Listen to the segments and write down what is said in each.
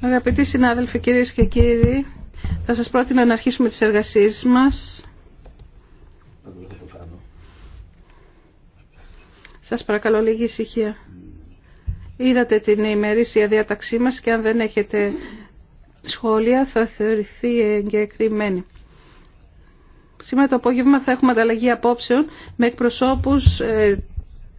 Αγαπητοί συνάδελφοι, κυρίε και κύριοι, θα σα πρότεινα να αρχίσουμε τι εργασίε μα. Σα παρακαλώ λίγη ησυχία. Είδατε την ημερήσια διάταξή μα και αν δεν έχετε σχόλια θα θεωρηθεί εγκεκριμένη. Σήμερα το απόγευμα θα έχουμε ανταλλαγή απόψεων με εκπροσώπους ε,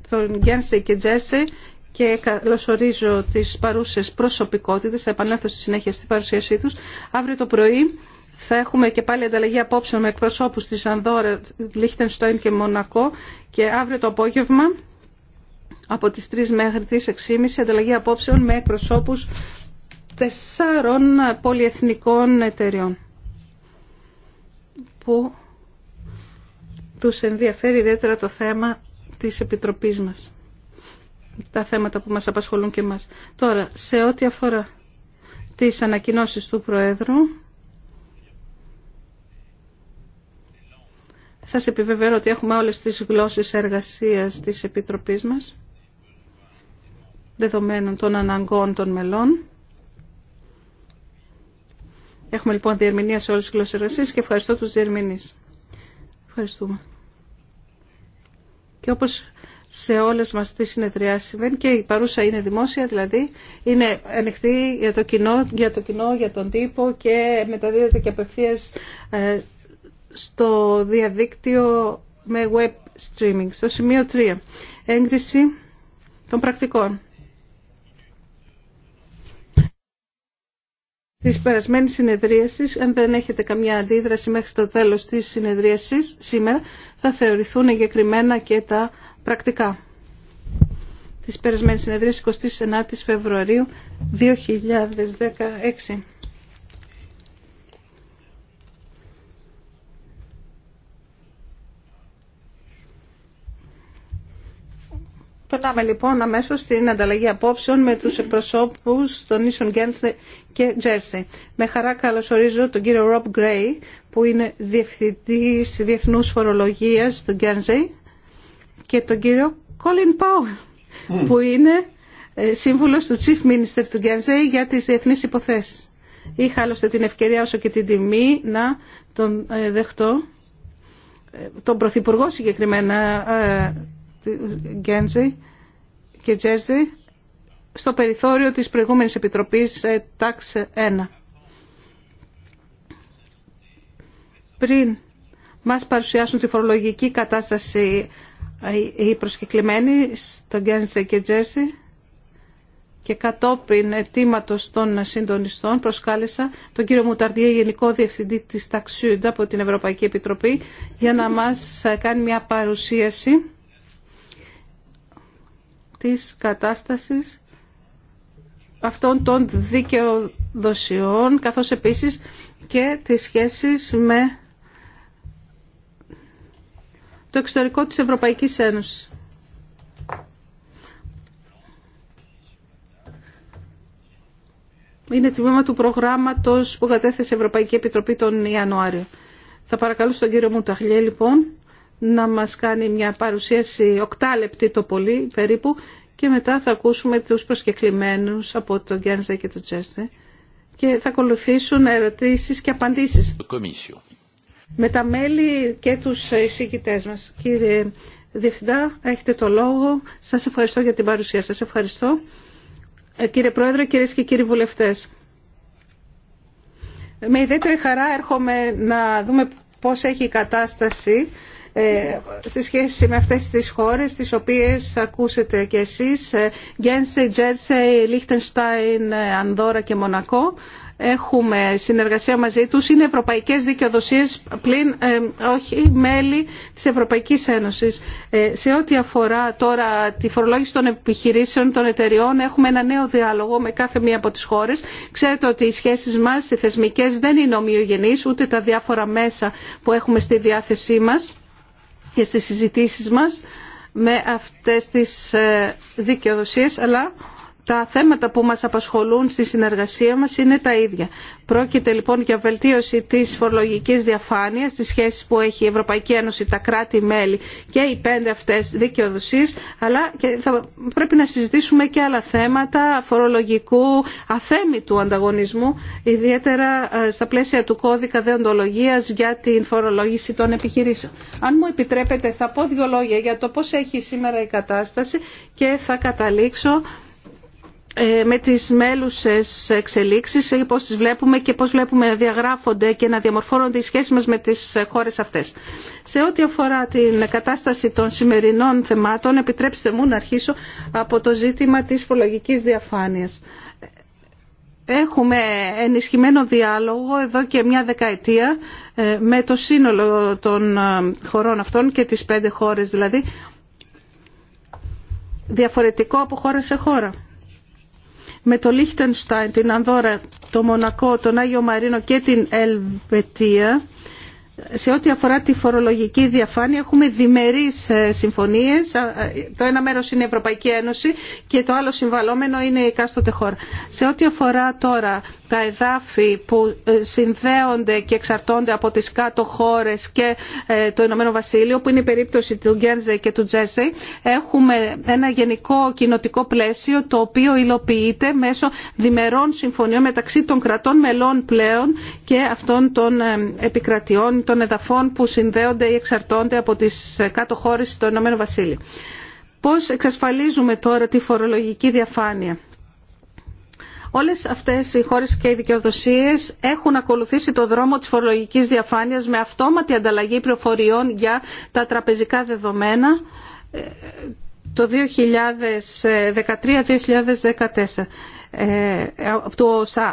των Γκένσε και Τζέσε και καλωσορίζω τις παρούσες προσωπικότητες. Θα επανέλθω στη συνέχεια στην παρουσίασή τους. Αύριο το πρωί θα έχουμε και πάλι ανταλλαγή απόψεων με εκπροσώπους της Ανδόρα, Λίχτενστόιν και Μονακό και αύριο το απόγευμα από τις 3 μέχρι τις 6.30 ανταλλαγή απόψεων με εκπροσώπους τεσσάρων πολυεθνικών εταιριών που τους ενδιαφέρει ιδιαίτερα το θέμα της Επιτροπής μας τα θέματα που μας απασχολούν και μας. Τώρα, σε ό,τι αφορά τις ανακοινώσεις του Προέδρου, σας επιβεβαιώ ότι έχουμε όλες τις γλώσσες εργασίας της Επιτροπής μας, δεδομένων των αναγκών των μελών. Έχουμε λοιπόν διερμηνία σε όλες τις γλώσσες και ευχαριστώ τους διερμηνείς. Ευχαριστούμε. Και όπως σε όλες μας τις συνεδριάσεις και η παρούσα είναι δημόσια, δηλαδή είναι ανοιχτή για το κοινό, για, το κοινό, για τον τύπο και μεταδίδεται και απευθείας ε, στο διαδίκτυο με web streaming. Στο σημείο 3, έγκριση των πρακτικών. Τη περασμένης συνεδρίασης, αν δεν έχετε καμιά αντίδραση μέχρι το τέλος της συνεδρίασης σήμερα, θα θεωρηθούν εγκεκριμένα και τα πρακτικά τις περασμένης συνεδρίες, 29 Φεβρουαρίου 2016. Περνάμε λοιπόν αμέσως στην ανταλλαγή απόψεων με τους εκπροσώπους των Ίσον Γκένσλε και Τζέρσι. Με χαρά καλωσορίζω τον κύριο Ρομπ Γκρέι που είναι Διευθυντής Διεθνούς Φορολογίας του Γκένζεϊ και τον κύριο Colin Powell, mm. που είναι ε, σύμβουλος του Chief Minister του Γκένζεϊ για τις διεθνεί υποθέσεις. Είχα άλλωστε την ευκαιρία όσο και την τιμή να τον ε, δεχτώ, ε, τον Πρωθυπουργό συγκεκριμένα Γκένζεϊ και Τζέρζεϊ, στο περιθώριο της προηγούμενης Επιτροπής ΤΑΞ 1. Πριν μας παρουσιάσουν τη φορολογική κατάσταση οι προσκεκλημένοι στο Γκένσε και Τζέρσι και κατόπιν αιτήματο των συντονιστών προσκάλεσα τον κύριο Μουταρδιέ, Γενικό Διευθυντή της Ταξιούντα από την Ευρωπαϊκή Επιτροπή για να μας κάνει μια παρουσίαση της κατάστασης αυτών των δικαιοδοσιών καθώς επίσης και τις σχέσεις με το εξωτερικό της Ευρωπαϊκής Ένωσης. Είναι τμήμα του προγράμματος που κατέθεσε η Ευρωπαϊκή Επιτροπή τον Ιανουάριο. Θα παρακαλώ τον κύριο Μουταχλιέ λοιπόν να μας κάνει μια παρουσίαση οκτάλεπτη το πολύ περίπου και μετά θα ακούσουμε τους προσκεκλημένους από τον Γκέρνζα και τον Τσέστε και θα ακολουθήσουν ερωτήσεις και απαντήσεις με τα μέλη και τους εισηγητές μας. Κύριε Διευθυντά, έχετε το λόγο. Σας ευχαριστώ για την παρουσία σας. Ευχαριστώ. Ε, κύριε Πρόεδρε, κυρίες και κύριοι βουλευτές. Με ιδιαίτερη χαρά έρχομαι να δούμε πώς έχει η κατάσταση ε, σε σχέση με αυτές τις χώρες τις οποίες ακούσετε και εσείς ε, Γένσε, Τζέρσε, Λίχτενστάιν, Ανδόρα και Μονακό έχουμε συνεργασία μαζί τους είναι ευρωπαϊκές δικαιοδοσίες πλην ε, όχι μέλη της Ευρωπαϊκής Ένωσης. Ε, σε ό,τι αφορά τώρα τη φορολόγηση των επιχειρήσεων, των εταιριών έχουμε ένα νέο διάλογο με κάθε μία από τις χώρες. Ξέρετε ότι οι σχέσεις μας οι θεσμικές δεν είναι ομοιογενείς ούτε τα διάφορα μέσα που έχουμε στη διάθεσή μας και στις συζητήσεις μας με αυτές τις ε, δικαιοδοσίες αλλά τα θέματα που μας απασχολούν στη συνεργασία μας είναι τα ίδια. Πρόκειται λοιπόν για βελτίωση της φορολογικής διαφάνειας, της σχέσης που έχει η Ευρωπαϊκή Ένωση, τα κράτη-μέλη και οι πέντε αυτές δικαιοδοσίες, αλλά και θα πρέπει να συζητήσουμε και άλλα θέματα φορολογικού αθέμητου ανταγωνισμού, ιδιαίτερα ε, στα πλαίσια του κώδικα δεοντολογίας για την φορολόγηση των επιχειρήσεων. Αν μου επιτρέπετε θα πω δύο λόγια για το πώς έχει σήμερα η κατάσταση και θα καταλήξω ε, με τις μέλουσες εξελίξεις, ε, πώς τις βλέπουμε και πώς βλέπουμε να διαγράφονται και να διαμορφώνονται οι σχέσεις μας με τις χώρες αυτές. Σε ό,τι αφορά την κατάσταση των σημερινών θεμάτων, επιτρέψτε μου να αρχίσω από το ζήτημα της φορολογικής διαφάνειας. Έχουμε ενισχυμένο διάλογο εδώ και μια δεκαετία ε, με το σύνολο των χωρών αυτών και τις πέντε χώρες δηλαδή, διαφορετικό από χώρα σε χώρα με το Λίχτενστάιν, την Ανδόρα, το Μονακό, τον Άγιο Μαρίνο και την Ελβετία σε ό,τι αφορά τη φορολογική διαφάνεια έχουμε διμερείς ε, συμφωνίες. Ε, το ένα μέρος είναι η Ευρωπαϊκή Ένωση και το άλλο συμβαλόμενο είναι η κάστοτε χώρα. Σε ό,τι αφορά τώρα τα εδάφη που ε, συνδέονται και εξαρτώνται από τις κάτω χώρες και ε, το Ηνωμένο Βασίλειο, που είναι η περίπτωση του Γκέρζε και του Τζέρσεϊ, έχουμε ένα γενικό κοινοτικό πλαίσιο το οποίο υλοποιείται μέσω διμερών συμφωνιών μεταξύ των κρατών μελών πλέον και αυτών των ε, επικρατιών, των εδαφών που συνδέονται ή εξαρτώνται από τις κάτω χώρες στο Ηνωμένο Βασίλειο. Πώς εξασφαλίζουμε τώρα τη φορολογική διαφάνεια. Όλες αυτές οι χώρες και οι δικαιοδοσίες έχουν ακολουθήσει το δρόμο της φορολογικής διαφάνειας με αυτόματη ανταλλαγή πληροφοριών για τα τραπεζικά δεδομένα ε, το 2013-2014 ε,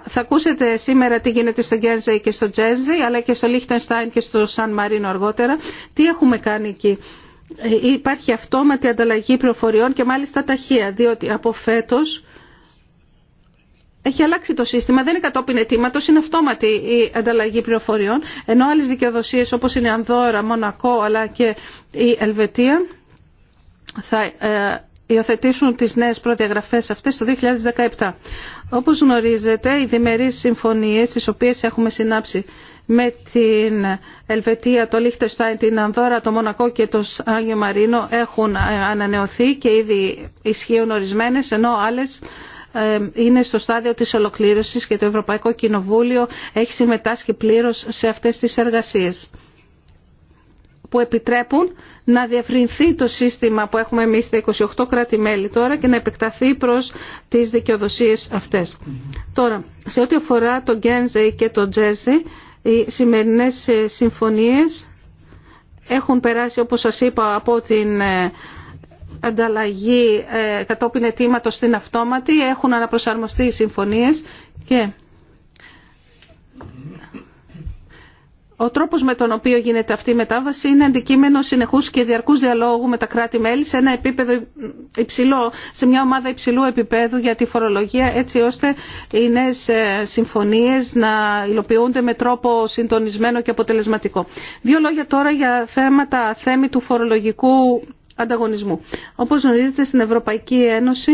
θα ακούσετε σήμερα τι γίνεται στο Γκένζεϊ και στο Τζένζεϊ, αλλά και στο Λίχτενστάιν και στο Σαν Μαρίνο αργότερα τι έχουμε κάνει εκεί ε, υπάρχει αυτόματη ανταλλαγή πληροφοριών και μάλιστα ταχεία διότι από φέτος έχει αλλάξει το σύστημα, δεν είναι κατόπιν αιτήματο, είναι αυτόματη η ανταλλαγή πληροφοριών, ενώ άλλε δικαιοδοσίε όπω είναι η Ανδόρα, Μονακό αλλά και η Ελβετία θα ε, υιοθετήσουν τις νέες προδιαγραφές αυτές το 2017. Όπως γνωρίζετε, οι διμερείς συμφωνίες τις οποίες έχουμε συνάψει με την Ελβετία, το Λίχτεστάιν, την Ανδόρα, το Μονακό και το Άγιο Μαρίνο έχουν ε, ανανεωθεί και ήδη ισχύουν ορισμένες, ενώ άλλες ε, είναι στο στάδιο της ολοκλήρωσης και το Ευρωπαϊκό Κοινοβούλιο έχει συμμετάσχει πλήρως σε αυτές τις εργασίες που επιτρέπουν να διευρυνθεί το σύστημα που έχουμε εμείς τα 28 κράτη-μέλη τώρα και να επεκταθεί προς τις δικαιοδοσίες αυτές. Τώρα, σε ό,τι αφορά το Γκένζε και το Τζέζι, οι σημερινές ε, συμφωνίες έχουν περάσει, όπως σας είπα, από την ε, ανταλλαγή ε, κατόπιν αιτήματος στην αυτόματη, έχουν αναπροσαρμοστεί οι συμφωνίες και ο τρόπος με τον οποίο γίνεται αυτή η μετάβαση είναι αντικείμενο συνεχούς και διαρκούς διαλόγου με τα κράτη-μέλη σε ένα επίπεδο υψηλό, σε μια ομάδα υψηλού επίπεδου για τη φορολογία έτσι ώστε οι νέες ε, συμφωνίες να υλοποιούνται με τρόπο συντονισμένο και αποτελεσματικό. Δύο λόγια τώρα για θέματα θέμη του φορολογικού ανταγωνισμού. Όπως γνωρίζετε στην Ευρωπαϊκή Ένωση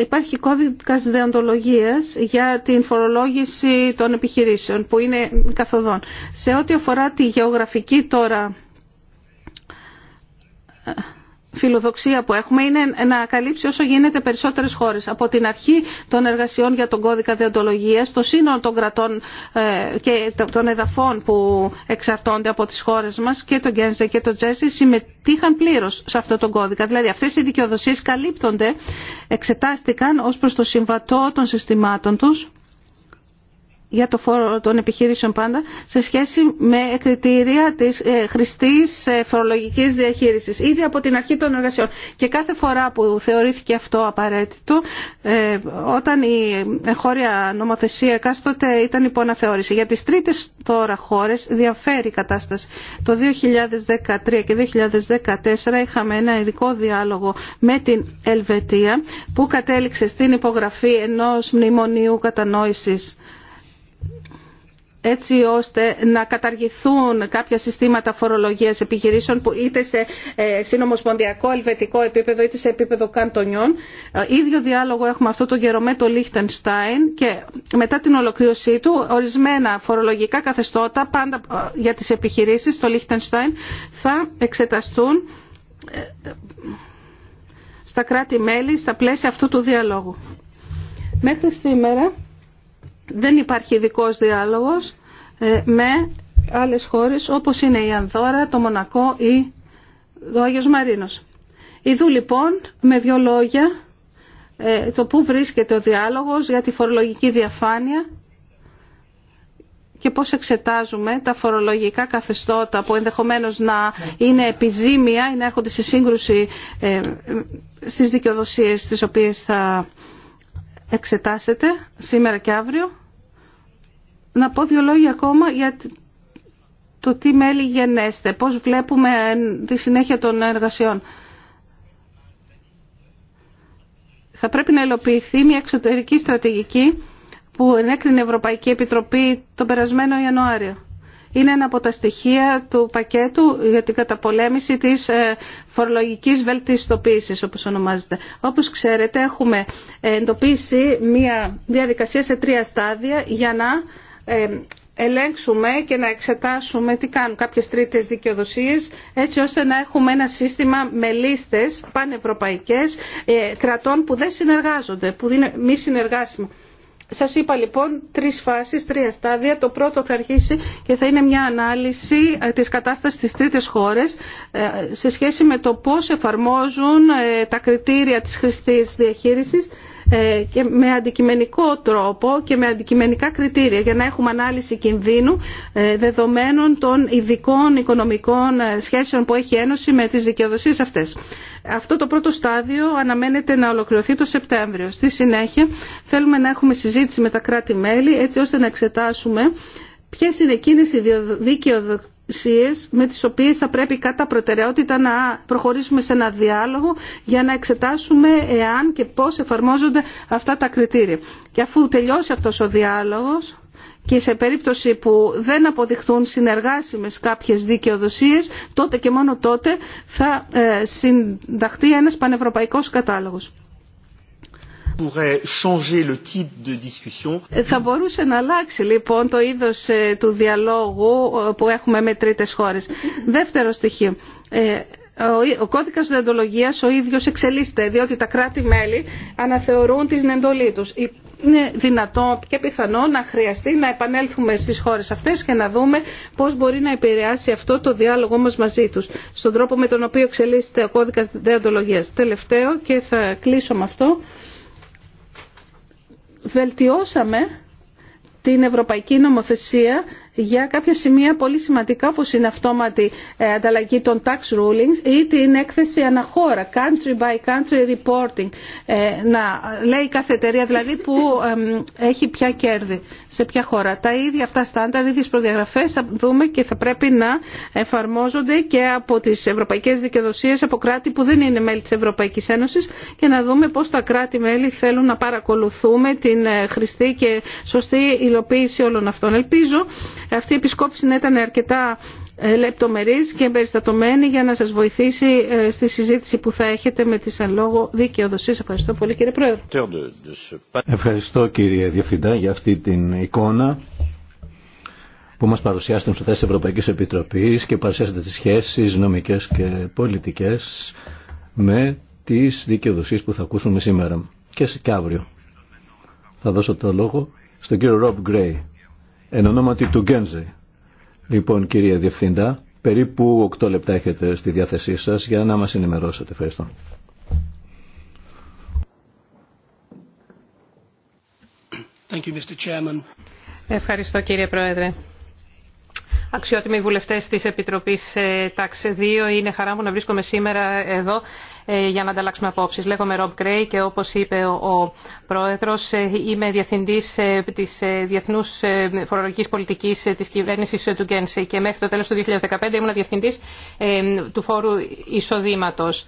υπάρχει κώδικα δεοντολογίας για την φορολόγηση των επιχειρήσεων που είναι καθοδόν. Σε ό,τι αφορά τη γεωγραφική τώρα φιλοδοξία που έχουμε είναι να καλύψει όσο γίνεται περισσότερες χώρες. Από την αρχή των εργασιών για τον κώδικα διοντολογίας, το σύνολο των κρατών ε, και των εδαφών που εξαρτώνται από τις χώρες μας και το Γκένζε και το Τζέσι συμμετείχαν πλήρως σε αυτό τον κώδικα. Δηλαδή αυτές οι δικαιοδοσίες καλύπτονται, εξετάστηκαν ως προς το συμβατό των συστημάτων τους για το φόρο των επιχειρήσεων πάντα, σε σχέση με κριτήρια της ε, χρηστής ε, φορολογικής διαχείρισης, ήδη από την αρχή των εργασιών. Και κάθε φορά που θεωρήθηκε αυτό απαραίτητο, ε, όταν η ε, χώρια νομοθεσία κάστοτε ήταν υπό αναθεώρηση. Για τις τρίτες τώρα χώρες διαφέρει η κατάσταση. Το 2013 και 2014 είχαμε ένα ειδικό διάλογο με την Ελβετία, που κατέληξε στην υπογραφή ενός μνημονίου κατανόησης έτσι ώστε να καταργηθούν κάποια συστήματα φορολογίας επιχειρήσεων που είτε σε ε, συνομοσπονδιακό ελβετικό επίπεδο είτε σε επίπεδο καντονιών. Ε, ίδιο διάλογο έχουμε αυτό το καιρό με το Λίχτενστάιν και μετά την ολοκλήρωσή του ορισμένα φορολογικά καθεστώτα πάντα ε, για τις επιχειρήσεις στο Λίχτενστάιν θα εξεταστούν στα κράτη-μέλη στα πλαίσια αυτού του διαλόγου. Μέχρι σήμερα δεν υπάρχει ειδικό διάλογος ε, με άλλες χώρες όπως είναι η Ανδόρα, το Μονακό ή ο Άγιος Μαρίνος. Ιδού λοιπόν με δύο λόγια ε, το πού βρίσκεται ο διάλογος για τη φορολογική διαφάνεια και πώς εξετάζουμε τα φορολογικά καθεστώτα που ενδεχομένως να είναι επιζήμια ή να έρχονται σε σύγκρουση ε, στις δικαιοδοσίες τις οποίες θα εξετάσετε σήμερα και αύριο. Να πω δύο λόγια ακόμα για το τι μέλη γενέστε, πώς βλέπουμε ε, τη συνέχεια των εργασιών. Θα πρέπει να υλοποιηθεί μια εξωτερική στρατηγική που ενέκρινε η Ευρωπαϊκή Επιτροπή τον περασμένο Ιανουάριο είναι ένα από τα στοιχεία του πακέτου για την καταπολέμηση της ε, φορολογικής βελτιστοποίησης, όπως ονομάζεται. Όπως ξέρετε, έχουμε ε, εντοπίσει μια διαδικασία σε τρία στάδια για να ε, ελέγξουμε και να εξετάσουμε τι κάνουν κάποιες τρίτες δικαιοδοσίες έτσι ώστε να έχουμε ένα σύστημα με λίστες πανευρωπαϊκές κρατών που δεν συνεργάζονται, που είναι μη συνεργάσιμα. Σας είπα λοιπόν τρεις φάσεις, τρία στάδια. Το πρώτο θα αρχίσει και θα είναι μια ανάλυση ε, της κατάστασης στις τρίτες χώρες ε, σε σχέση με το πώς εφαρμόζουν ε, τα κριτήρια της χρηστής διαχείρισης ε, και με αντικειμενικό τρόπο και με αντικειμενικά κριτήρια για να έχουμε ανάλυση κινδύνου ε, δεδομένων των ειδικών οικονομικών ε, σχέσεων που έχει Ένωση με τις δικαιοδοσίες αυτές. Αυτό το πρώτο στάδιο αναμένεται να ολοκληρωθεί το Σεπτέμβριο. Στη συνέχεια θέλουμε να έχουμε συζήτηση με τα κράτη-μέλη έτσι ώστε να εξετάσουμε ποιες είναι εκείνες οι δικαιοδοσίες με τις οποίες θα πρέπει κατά προτεραιότητα να προχωρήσουμε σε ένα διάλογο για να εξετάσουμε εάν και πώς εφαρμόζονται αυτά τα κριτήρια. Και αφού τελειώσει αυτός ο διάλογος και σε περίπτωση που δεν αποδειχθούν συνεργάσιμες κάποιες δικαιοδοσίες, τότε και μόνο τότε θα ε, συνταχθεί ένας πανευρωπαϊκός κατάλογος. Ε, θα μπορούσε να αλλάξει λοιπόν το είδος ε, του διαλόγου ε, που έχουμε με τρίτες χώρες. Δεύτερο στοιχείο. Ο κώδικα διοντολογία ο ίδιο εξελίσσεται διότι τα κράτη-μέλη αναθεωρούν την εντολή του. είναι δυνατό και πιθανό να χρειαστεί να επανέλθουμε στι χώρε αυτέ και να δούμε πώ μπορεί να επηρεάσει αυτό το διάλογο μα μαζί του στον τρόπο με τον οποίο εξελίσσεται ο κώδικα διοντολογία. Τελευταίο και θα κλείσω με αυτό βελτιώσαμε την ευρωπαϊκή νομοθεσία για κάποια σημεία πολύ σημαντικά όπως είναι αυτόματη ε, ανταλλαγή των tax rulings ή την έκθεση αναχώρα, country by country reporting, ε, να λέει κάθε εταιρεία δηλαδή που έχει ποια κέρδη σε ποια χώρα. Τα ίδια αυτά στάνταρ, ίδιες προδιαγραφές θα δούμε και θα πρέπει να εφαρμόζονται και από τις ευρωπαϊκές δικαιοδοσίες από κράτη που δεν είναι μέλη της Ευρωπαϊκής Ένωσης και να δούμε πώς τα κράτη-μέλη θέλουν να παρακολουθούμε την ε, χρηστή και σωστή υλοποίηση όλων αυτών. Ελπίζω αυτή η επισκόπηση ήταν αρκετά ε, λεπτομερής και εμπεριστατωμένη για να σας βοηθήσει ε, στη συζήτηση που θα έχετε με τις αλόγω λόγω δικαιοδοσίες. Ευχαριστώ πολύ κύριε Πρόεδρε. Ευχαριστώ κύριε Διευθυντά για αυτή την εικόνα που μας παρουσιάσετε στο θέση Ευρωπαϊκής Επιτροπής και παρουσιάσετε τις σχέσεις νομικές και πολιτικές με τις δικαιοδοσίες που θα ακούσουμε σήμερα και, και αύριο. Θα δώσω το λόγο στον κύριο Ρόμπ Γκρέι εν ονόματι του Γκέντζε. Λοιπόν, κύριε Διευθύντα, περίπου 8 λεπτά έχετε στη διάθεσή σας για να μας ενημερώσετε. Ευχαριστώ. Thank you, Mr. Ευχαριστώ κύριε Πρόεδρε αξιότιμοι βουλευτές της Επιτροπής Tax ε, 2. Είναι χαρά μου να βρίσκομαι σήμερα εδώ ε, για να ανταλλάξουμε απόψει. Λέγομαι Ρομπ Κρέι και όπω είπε ο πρόεδρο, ε, είμαι διευθυντή τη Διεθνού Φορολογικής Πολιτική τη κυβέρνηση του Γκένση και μέχρι το τέλο του 2015 ήμουν διευθυντή του Φόρου Εισοδήματος.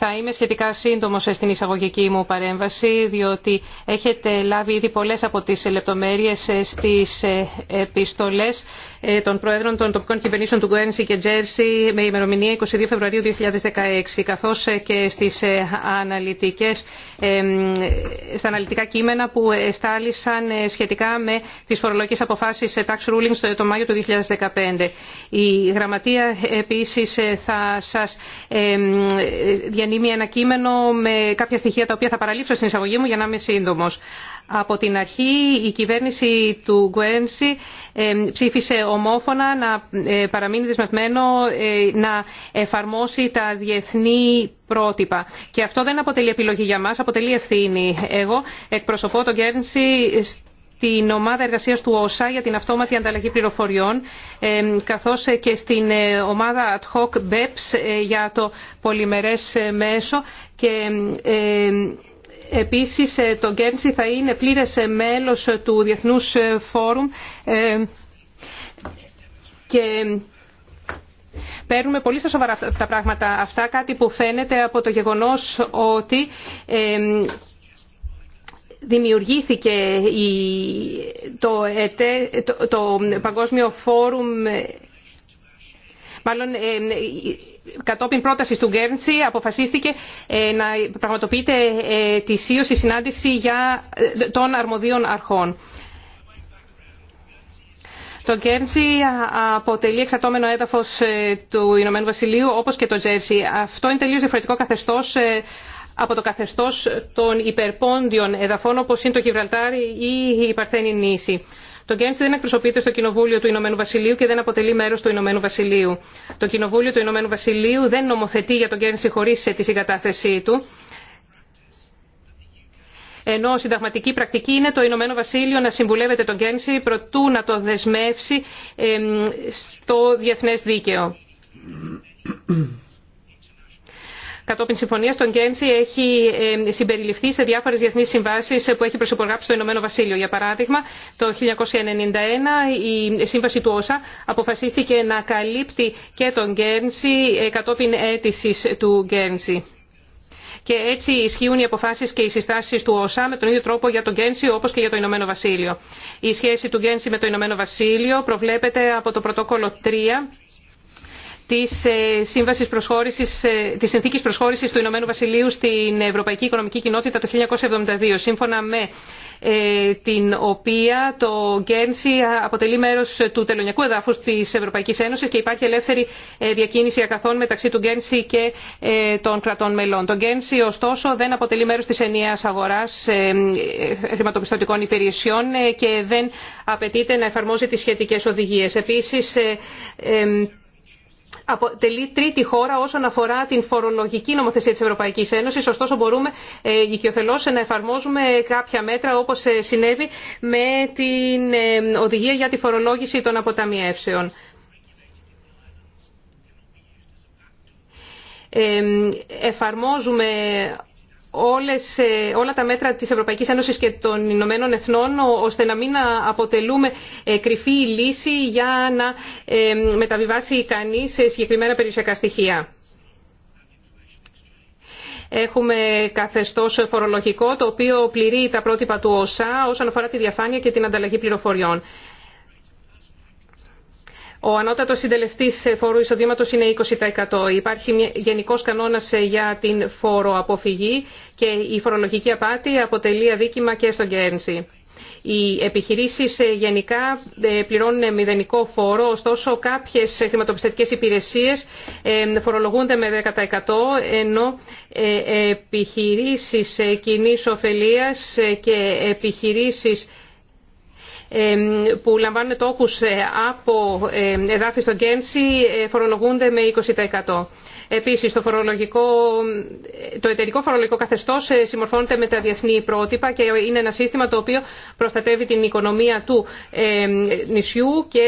Θα είμαι σχετικά σύντομος στην εισαγωγική μου παρέμβαση, διότι έχετε λάβει ήδη πολλές από τις λεπτομέρειε στις επιστολές ε, των Προέδρων των τοπικών κυβερνήσεων του Γκουένση και Τζέρσι με ημερομηνία 22 Φεβρουαρίου 2016, καθώ ε, και στις ε, αναλυτικές, στα αναλυτικά κείμενα που εστάλησαν σχετικά με τις φορολογικές αποφάσεις tax rulings το Μάιο του 2015. Η Γραμματεία επίση θα σα διανύμει ένα κείμενο με κάποια στοιχεία τα οποία θα παραλείψω στην εισαγωγή μου για να είμαι σύντομο. Από την αρχή η κυβέρνηση του Γκουένση ε, ψήφισε ομόφωνα να ε, παραμείνει δεσμευμένο ε, να εφαρμόσει τα διεθνή πρότυπα. Και αυτό δεν αποτελεί επιλογή για μας, αποτελεί ευθύνη. Εγώ εκπροσωπώ τον Γκουένση την ομάδα εργασίας του ΟΣΑ για την αυτόματη ανταλλαγή πληροφοριών, καθώς και στην ομάδα ad hoc BEPS για το πολυμερές μέσο και Επίσης ε, το Γκέρνσι θα είναι πλήρες ε, μέλος ε, του Διεθνούς Φόρουμ και παίρνουμε πολύ στα σοβαρά τα πράγματα αυτά, κάτι που φαίνεται από το γεγονός ότι δημιουργήθηκε το, το Παγκόσμιο Φόρουμ μάλλον ε, κατόπιν πρόταση του Γκέρντσι αποφασίστηκε ε, να πραγματοποιείται τη ε, συνάντηση για των αρμοδίων αρχών. Το Γκέρντσι αποτελεί εξαρτώμενο έδαφο του Ηνωμένου Βασιλείου όπω και το Τζέρσι. Αυτό είναι τελείω διαφορετικό καθεστώ από το καθεστώ των υπερπόντιων εδαφών όπω είναι το Γιβραλτάρι ή η Παρθένη νήση. Το Γενση δεν εκπροσωπείται στο Κοινοβούλιο του Ηνωμένου Βασιλείου και δεν αποτελεί μέρο του Ηνωμένου Βασιλείου. Το Κοινοβούλιο του Ηνωμένου Βασιλείου δεν νομοθετεί για τον Γκέντσι χωρί τη συγκατάθεσή του. Ενώ συνταγματική πρακτική είναι το Ηνωμένο Βασίλειο να συμβουλεύεται τον Γενση προτού να το δεσμεύσει στο διεθνέ δίκαιο κατόπιν συμφωνία των Γκένση έχει ε, συμπεριληφθεί σε διάφορε διεθνεί συμβάσει που έχει προσυπογράψει το Ηνωμένο Βασίλειο. Για παράδειγμα, το 1991 η σύμβαση του ΩΣΑ αποφασίστηκε να καλύπτει και τον Γκένση ε, κατόπιν αίτηση του Γκένση. Και έτσι ισχύουν οι αποφάσει και οι συστάσει του ΩΣΑ με τον ίδιο τρόπο για τον Γκένση όπω και για το Ηνωμένο Βασίλειο. Η σχέση του Γκένση με το Ηνωμένο Βασίλειο προβλέπεται από το πρωτόκολλο 3 της, ε, σύμβασης προσχώρησης, ε, συνθήκης προσχώρησης του Ηνωμένου Βασιλείου στην Ευρωπαϊκή Οικονομική Κοινότητα το 1972, σύμφωνα με ε, την οποία το Γκέρνσι αποτελεί μέρος του τελωνιακού εδάφους της Ευρωπαϊκής Ένωσης και υπάρχει ελεύθερη διακίνηση ακαθών μεταξύ του Γκέρνσι και των κρατών μελών. Το Γκέρνσι ωστόσο δεν αποτελεί μέρος της ενιαίας αγοράς χρηματοπιστωτικών υπηρεσιών και δεν απαιτείται να εφαρμόζει τις σχετικές οδηγίες. Επίσης, αποτελεί τρίτη χώρα όσον αφορά την φορολογική νομοθεσία της Ευρωπαϊκής Ένωσης, ωστόσο μπορούμε ε, οικειοθελώς να εφαρμόζουμε κάποια μέτρα όπως ε, συνέβη με την ε, οδηγία για τη φορολόγηση των αποταμιεύσεων. εφαρμόζουμε όλες, ε, όλα τα μέτρα της Ευρωπαϊκής Ένωσης και των Ηνωμένων Εθνών ώστε να μην αποτελούμε ε, κρυφή λύση για να ε, μεταβιβάσει κανεί σε συγκεκριμένα περιουσιακά στοιχεία. Έχουμε καθεστώς φορολογικό το οποίο πληρεί τα πρότυπα του ΩΣΑ όσον αφορά τη διαφάνεια και την ανταλλαγή πληροφοριών. Ο ανώτατο συντελεστή φόρου εισοδήματο είναι 20%. Υπάρχει γενικό κανόνα ε, για την φοροαποφυγή και η φορολογική απάτη αποτελεί αδίκημα και στον Κέρνση. Οι επιχειρήσεις ε, γενικά ε, πληρώνουν μηδενικό φόρο, ωστόσο κάποιες χρηματοπιστωτικές υπηρεσίες φορολογούνται με 10% ενώ επιχειρήσεις κοινή ωφελία και επιχειρήσεις που λαμβάνουν τόκους ε, από εδάφη στο ε, φορολογούνται με 20%. Επίσης, το, φορολογικό, ε, το εταιρικό φορολογικό καθεστώς ε, συμμορφώνεται με τα διεθνή πρότυπα και είναι ένα σύστημα το οποίο προστατεύει την οικονομία του νησιού και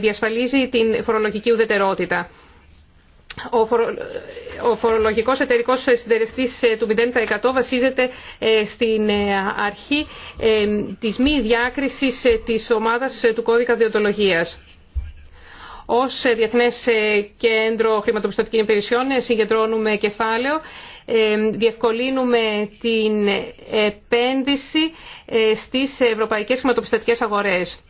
διασφαλίζει την φορολογική ουδετερότητα ο φορολογικός εταιρικός συντελεστής ε, του 0% βασίζεται ε, στην ε, αρχή της μη διάκρισης της ομάδας του κώδικα διοντολογίας. Ως Διεθνές Κέντρο Χρηματοπιστωτικών Υπηρεσιών συγκεντρώνουμε κεφάλαιο, διευκολύνουμε την επένδυση στις ευρωπαϊκές χρηματοπιστωτικές αγορές.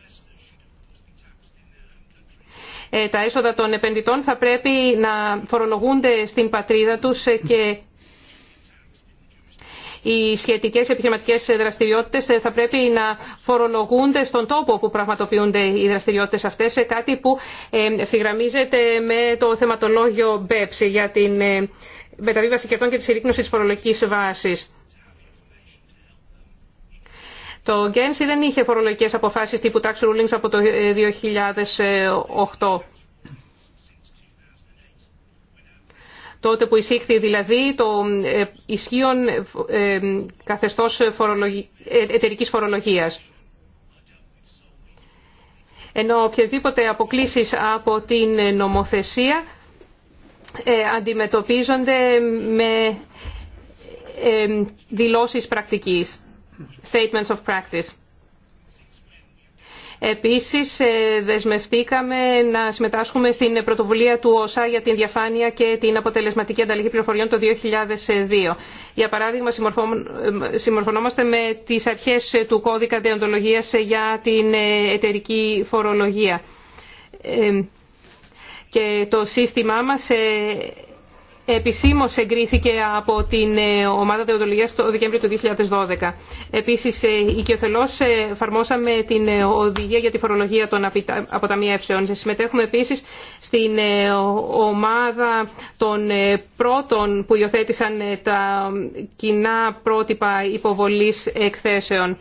Ε, τα έσοδα των επενδυτών θα πρέπει να φορολογούνται στην πατρίδα τους ε, και οι σχετικές επιχειρηματικές δραστηριότητες ε, θα πρέπει να φορολογούνται στον τόπο που πραγματοποιούνται οι δραστηριότητες αυτές, κάτι που ευθυγραμμίζεται με το θεματολόγιο BEPS για την μεταβίβαση κερδών και τη συρρήκνωση της φορολογικής βάσης. Το Γκένσι δεν είχε φορολογικές αποφάσεις τύπου tax rulings από το 2008. Ε, ε, Τότε που εισήχθη δηλαδή το ε, ισχύον καθεστώς εταιρικής φορολογίας. Ενώ οποιασδήποτε αποκλήσεις από την νομοθεσία αντιμετωπίζονται με δηλώσεις πρακτικής statements of practice. Επίσης, ε, δεσμευτήκαμε να συμμετάσχουμε στην πρωτοβουλία του ΟΣΑ για την διαφάνεια και την αποτελεσματική ανταλλαγή πληροφοριών το 2002. Για παράδειγμα, ε, συμμορφωνόμαστε με τις αρχές του κώδικα διοντολογίας για την ε, εταιρική φορολογία. Και το σύστημά μας Επίσημώ εγκρίθηκε από την ε, ομάδα δεοντολογίας το Δεκέμβριο του 2012. Επίσης, ε, οικειοθελώ ε, εφαρμόσαμε την οδηγία για τη φορολογία των αποταμιεύσεων. Συμμετέχουμε επίσης στην ομάδα των πρώτων που υιοθέτησαν τα κοινά πρότυπα υποβολή εκθέσεων.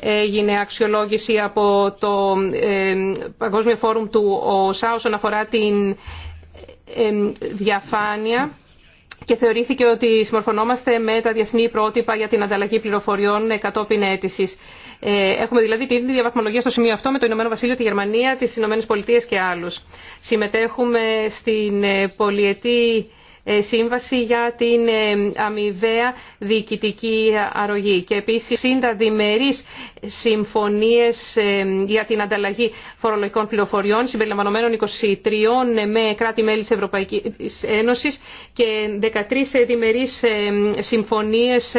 Έγινε αξιολόγηση από το Παγκόσμιο Φόρουμ του ΟΣΑ όσον αφορά την διαφάνεια και θεωρήθηκε ότι συμμορφωνόμαστε με τα διεθνή πρότυπα για την ανταλλαγή πληροφοριών κατόπιν αίτηση. Ε, έχουμε δηλαδή την ίδια βαθμολογία στο σημείο αυτό με το Ηνωμένο Βασίλειο, τη Γερμανία, τι Ηνωμένε Πολιτείε και άλλου. Συμμετέχουμε στην ε, πολιετή ε, σύμβαση για την ε, αμοιβαία διοικητική αρρωγή και επίσης σύντα διμερείς συμφωνίες ε, για την ανταλλαγή φορολογικών πληροφοριών συμπεριλαμβανομένων 23 με κράτη-μέλη της Ευρωπαϊκής Ένωσης και 13 διμερείς συμφωνίες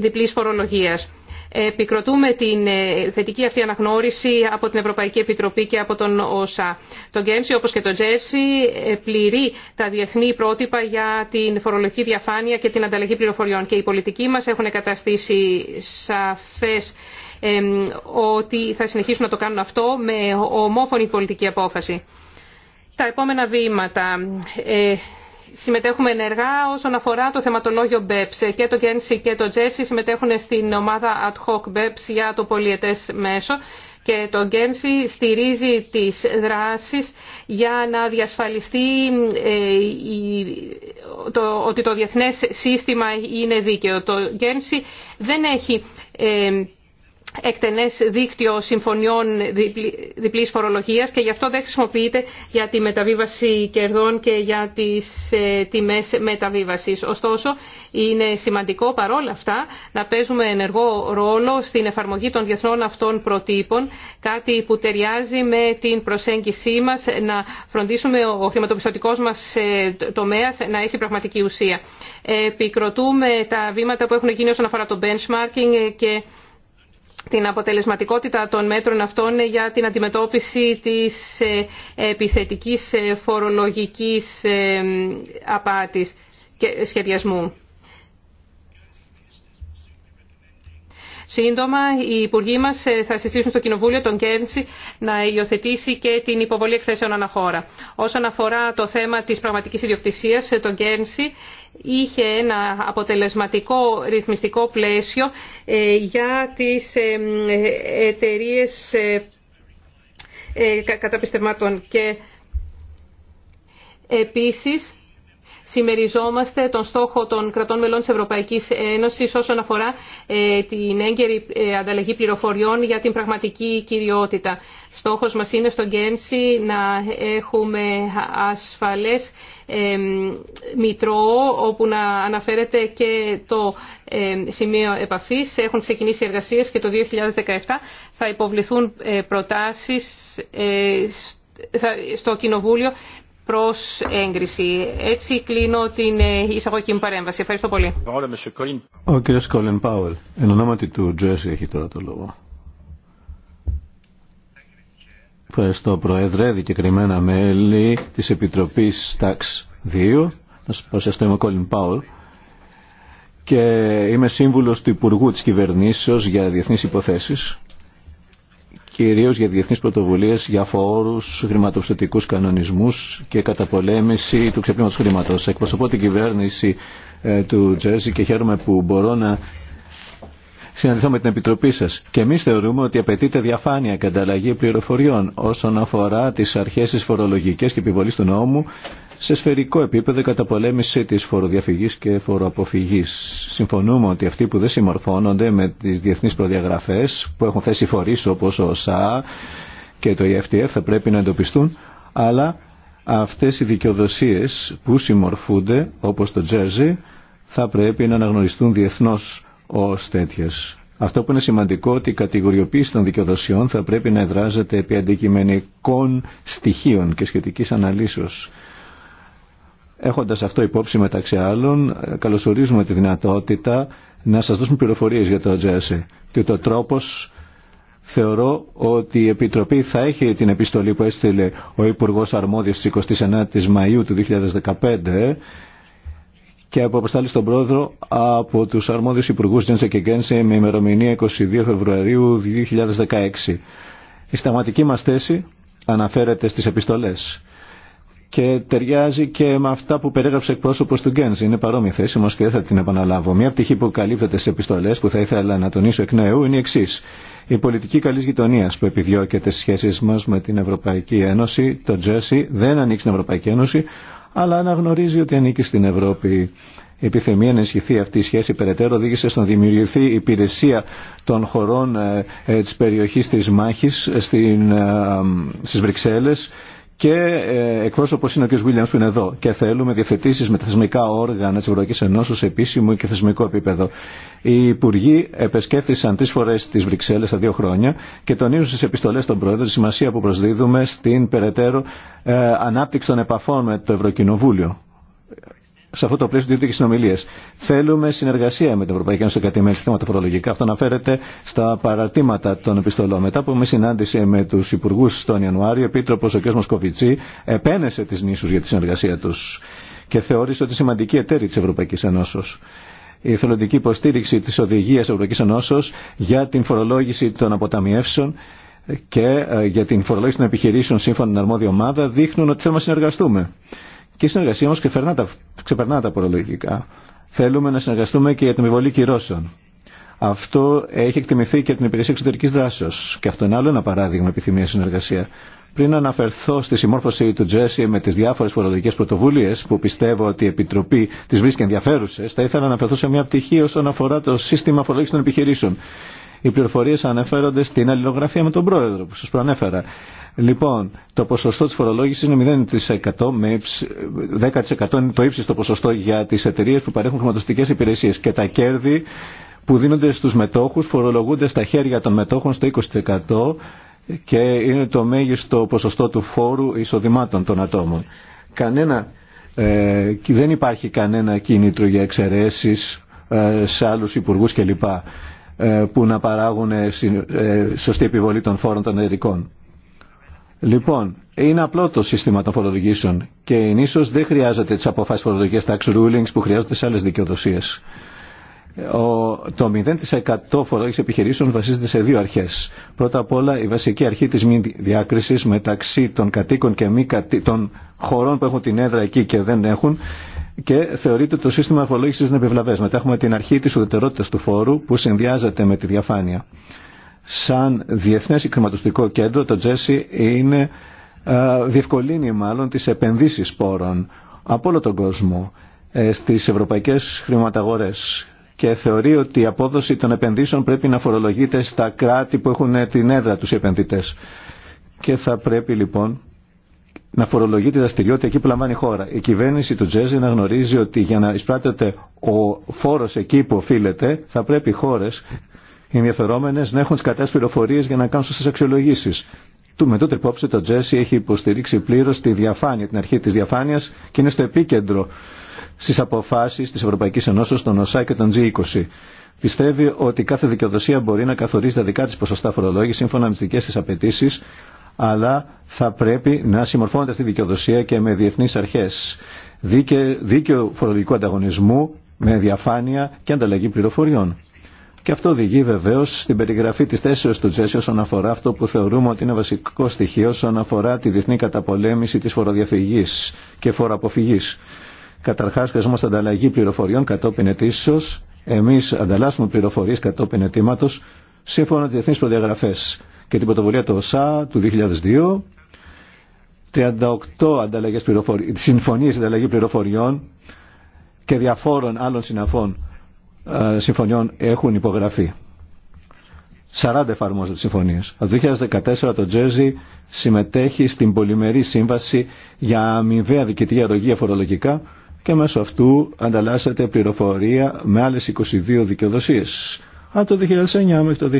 διπλής φορολογίας επικροτούμε την ε, θετική αυτή αναγνώριση από την Ευρωπαϊκή Επιτροπή και από τον ΩΣΑ. Το Γκένσι όπως και το Τζέρσι ε, πληρεί τα διεθνή πρότυπα για την φορολογική διαφάνεια και την ανταλλαγή πληροφοριών και οι πολιτικοί μας έχουν καταστήσει σαφές ότι θα συνεχίσουν να το κάνουν αυτό με ομόφωνη πολιτική απόφαση. Τα επόμενα βήματα ε, συμμετέχουμε ενεργά όσον αφορά το θεματολόγιο BEPS. Και το Γκένσι και το Τζέσι συμμετέχουν στην ομάδα ad hoc BEPS για το πολιετές μέσο και το Γκένσι στηρίζει τις δράσεις για να διασφαλιστεί ε, ότι το διεθνές σύστημα είναι δίκαιο. Το Γκένσι δεν έχει ε, εκτενές δίκτυο συμφωνιών διπλής φορολογίας και γι' αυτό δεν χρησιμοποιείται για τη μεταβίβαση κερδών και για τις ε, τιμές μεταβίβασης. Ωστόσο, είναι σημαντικό παρόλα αυτά να παίζουμε ενεργό ρόλο στην εφαρμογή των διεθνών αυτών προτύπων, κάτι που ταιριάζει με την προσέγγισή μας να φροντίσουμε ο χρηματοπιστωτικός μας ε, τομέας να έχει πραγματική ουσία. Επικροτούμε τα βήματα που έχουν γίνει όσον αφορά το benchmarking και την αποτελεσματικότητα των μέτρων αυτών για την αντιμετώπιση της ε, επιθετικής ε, φορολογικής ε, απάτης και σχεδιασμού. Σύντομα, οι υπουργοί μα ε, θα συστήσουν στο Κοινοβούλιο τον Κέρνση να υιοθετήσει και την υποβολή εκθέσεων αναχώρα. Όσον αφορά το θέμα τη πραγματική ιδιοκτησία, ε, τον Κέρνση είχε ένα αποτελεσματικό ρυθμιστικό πλαίσιο ε, για τις εταιρείε καταπιστευμάτων και επίσης συμμεριζόμαστε τον στόχο των κρατών μελών της Ευρωπαϊκής Ένωσης όσον αφορά ε, την έγκαιρη ε, ανταλλαγή πληροφοριών για την πραγματική κυριότητα. Στόχος μας είναι στον Γκένσι να έχουμε ασφαλές μητρό όπου να αναφέρεται και το σημείο επαφής. Έχουν ξεκινήσει εργασίες και το 2017 θα υποβληθούν ε, προτάσεις στο Κοινοβούλιο προς έγκριση. Έτσι κλείνω την ε, εισαγωγική μου παρέμβαση. Ευχαριστώ πολύ. Ο κ. Κόλιν Πάουελ, εν ονόματι του Τζέρσι έχει τώρα το λόγο. Ευχαριστώ Προέδρε, δικαιωμένα μέλη της Επιτροπής ΤΑΞ 2. Να σας παρουσιαστώ είμαι ο Κόλιν Πάουλ και είμαι σύμβουλος του Υπουργού της Κυβερνήσεως για Διεθνείς Υποθέσεις κυρίως για διεθνείς πρωτοβουλίες για φόρους, χρηματοοικονομικούς κανονισμούς και καταπολέμηση του ξεπλήματος χρήματος. Εκπροσωπώ την κυβέρνηση ε, του Τζέρσι και χαίρομαι που μπορώ να συναντηθώ με την Επιτροπή σας. Και εμείς θεωρούμε ότι απαιτείται διαφάνεια και ανταλλαγή πληροφοριών όσον αφορά τις αρχές της φορολογικές και επιβολής του νόμου σε σφαιρικό επίπεδο η καταπολέμηση της φοροδιαφυγής και φοροαποφυγής. Συμφωνούμε ότι αυτοί που δεν συμμορφώνονται με τις διεθνείς προδιαγραφές που έχουν θέσει φορείς όπως ο ΣΑ και το EFTF θα πρέπει να εντοπιστούν, αλλά αυτές οι δικαιοδοσίες που συμμορφούνται όπως το Τζέρζι θα πρέπει να αναγνωριστούν διεθνώς ως τέτοιες. Αυτό που είναι σημαντικό ότι η κατηγοριοποίηση των δικαιοδοσιών θα πρέπει να εδράζεται επί αντικειμενικών στοιχείων και σχετικής αναλύσεως. Έχοντας αυτό υπόψη μεταξύ άλλων, καλωσορίζουμε τη δυνατότητα να σας δώσουμε πληροφορίες για το Τζέσι. Και το τρόπος θεωρώ ότι η Επιτροπή θα έχει την επιστολή που έστειλε ο Υπουργός Αρμόδιος στις 29 Μαΐου του 2015 και από αποστάλει στον πρόεδρο από τους αρμόδιους υπουργούς Τζένσε και Γκένσε με ημερομηνία 22 Φεβρουαρίου 2016. Η σταματική μας θέση αναφέρεται στις επιστολές και ταιριάζει και με αυτά που περιέγραψε εκπρόσωπο του Γκένζ. Είναι παρόμοια θέση όμω και δεν θα την επαναλάβω. Μια πτυχή που καλύπτεται σε επιστολέ που θα ήθελα να τονίσω εκ νέου είναι η εξή. Η πολιτική καλή γειτονία που επιδιώκεται στι σχέσει μα με την Ευρωπαϊκή Ένωση, το Τζέρσι, δεν ανήκει στην Ευρωπαϊκή Ένωση, αλλά αναγνωρίζει ότι ανήκει στην Ευρώπη. Η επιθυμία να ενισχυθεί αυτή η σχέση περαιτέρω οδήγησε στο να δημιουργηθεί υπηρεσία των χωρών ε, ε, της περιοχής της Μάχης ε, ε, ε, στις και ε, εκπρόσωπο είναι ο κ. Βίλιαμ που είναι εδώ. Και θέλουμε διαθετήσει με τα θεσμικά όργανα τη Ευρωπαϊκή Ενώσεω σε επίσημο και θεσμικό επίπεδο. Οι υπουργοί επεσκέφθησαν τρει φορέ τι Βρυξέλλε τα δύο χρόνια και τονίζουν στι επιστολέ των Πρόεδρων τη σημασία που προσδίδουμε στην περαιτέρω ε, ανάπτυξη των επαφών με το Ευρωκοινοβούλιο σε αυτό το πλαίσιο διότι και συνομιλίε. Θέλουμε συνεργασία με την Ευρωπαϊκή Ένωση και θέματα φορολογικά. Αυτό αναφέρεται στα παρατήματα των επιστολών. Μετά από μια συνάντηση με του υπουργού τον Ιανουάριο, ο Επίτροπο ο κ. Μοσκοβιτσή επένεσε τι νήσου για τη συνεργασία του και θεώρησε ότι σημαντική εταίρη τη Ευρωπαϊκή Ενώσεω η εθελοντική υποστήριξη τη οδηγία Ευρωπαϊκή Ενώσεω για την φορολόγηση των αποταμιεύσεων και ε, για την φορολόγηση των επιχειρήσεων σύμφωνα με ομάδα δείχνουν ότι θέλουμε συνεργαστούμε. Και η συνεργασία όμω ξεπερνά τα, ξεπερνά τα προλογικά. Θέλουμε να συνεργαστούμε και για την επιβολή κυρώσεων. Αυτό έχει εκτιμηθεί και την Υπηρεσία Εξωτερική Δράσεω. Και αυτό είναι άλλο ένα παράδειγμα επιθυμία συνεργασία. Πριν αναφερθώ στη συμμόρφωση του Τζέσι με τι διάφορε φορολογικέ πρωτοβουλίε που πιστεύω ότι η Επιτροπή τι βρίσκει ενδιαφέρουσε, θα ήθελα να αναφερθώ σε μια πτυχή όσον αφορά το σύστημα φορολογική των επιχειρήσεων. Οι πληροφορίε αναφέρονται στην αλληλογραφία με τον Πρόεδρο που σα προανέφερα. Λοιπόν, το ποσοστό της φορολόγησης είναι 0%, με 10% είναι το ύψιστο ποσοστό για τις εταιρείε που παρέχουν χρηματοστικές υπηρεσίες και τα κέρδη που δίνονται στους μετόχους φορολογούνται στα χέρια των μετόχων στο 20% και είναι το μέγιστο ποσοστό του φόρου εισοδημάτων των ατόμων. Κανένα, ε, δεν υπάρχει κανένα κίνητρο για εξαιρέσει ε, σε άλλους υπουργούς κλπ ε, που να παράγουν ε, σωστή επιβολή των φόρων των εταιρικών. Λοιπόν, είναι απλό το σύστημα των φορολογήσεων και ενίσω δεν χρειάζεται τι αποφάσει φορολογικέ tax rulings που χρειάζονται σε άλλε δικαιοδοσίε. Το 0% φορολογική επιχειρήσεων βασίζεται σε δύο αρχέ. Πρώτα απ' όλα η βασική αρχή τη μη διάκριση μεταξύ των κατοίκων και μη των χωρών που έχουν την έδρα εκεί και δεν έχουν και θεωρείται ότι το σύστημα φορολογήσεων είναι επιβλαβέ. Μετά έχουμε την αρχή τη ουδετερότητα του φόρου που συνδυάζεται με τη διαφάνεια σαν Διεθνές κρηματοστικό Κέντρο το Τζέσι είναι ε, διευκολύνει μάλλον τις επενδύσεις πόρων από όλο τον κόσμο ε, στις ευρωπαϊκές χρηματαγορές και θεωρεί ότι η απόδοση των επενδύσεων πρέπει να φορολογείται στα κράτη που έχουν ε, την έδρα τους οι επενδυτές. Και θα πρέπει λοιπόν να φορολογείται η δραστηριότητα εκεί που λαμβάνει η χώρα. Η κυβέρνηση του Τζέζι να γνωρίζει ότι για να εισπράττεται ο φόρος εκεί που οφείλεται θα πρέπει χώρες οι ενδιαφερόμενε να έχουν τι κατάλληλες πληροφορίε για να κάνουν σωστέ αξιολογήσει. Του με τότε υπόψη το Τζέσι έχει υποστηρίξει πλήρω τη διαφάνεια, την αρχή τη διαφάνεια και είναι στο επίκεντρο στι αποφάσει τη Ευρωπαϊκή Ενώση των ΟΣΑ και των G20. Πιστεύει ότι κάθε δικαιοδοσία μπορεί να καθορίζει τα δικά τη ποσοστά φορολόγηση σύμφωνα με τι δικέ της απαιτήσει, αλλά θα πρέπει να συμμορφώνεται αυτή η δικαιοδοσία και με διεθνεί αρχέ, δίκαιο φορολογικού ανταγωνισμού με διαφάνεια και ανταλλαγή πληροφοριών. Και αυτό οδηγεί βεβαίω στην περιγραφή τη θέσεω του Τζέσι όσον αφορά αυτό που θεωρούμε ότι είναι βασικό στοιχείο όσον αφορά τη διεθνή καταπολέμηση τη φοροδιαφυγή και φοροαποφυγή. Καταρχά, χρειαζόμαστε ανταλλαγή πληροφοριών κατόπιν ετήσεω. Εμεί ανταλλάσσουμε πληροφορίε κατόπιν αιτήματο σύμφωνα με τι διεθνεί προδιαγραφέ και την πρωτοβουλία του ΟΣΑ του 2002. 38 ανταλλαγές συμφωνίες ανταλλαγή πληροφοριών και διαφόρων άλλων συναφών ε, συμφωνιών έχουν υπογραφεί. 40 εφαρμόζονται συμφωνίες. Από το 2014 το Τζέζι συμμετέχει στην πολυμερή σύμβαση για αμοιβαία διοικητική αρρωγή φορολογικά και μέσω αυτού ανταλλάσσεται πληροφορία με άλλες 22 δικαιοδοσίες. Από το 2009 μέχρι το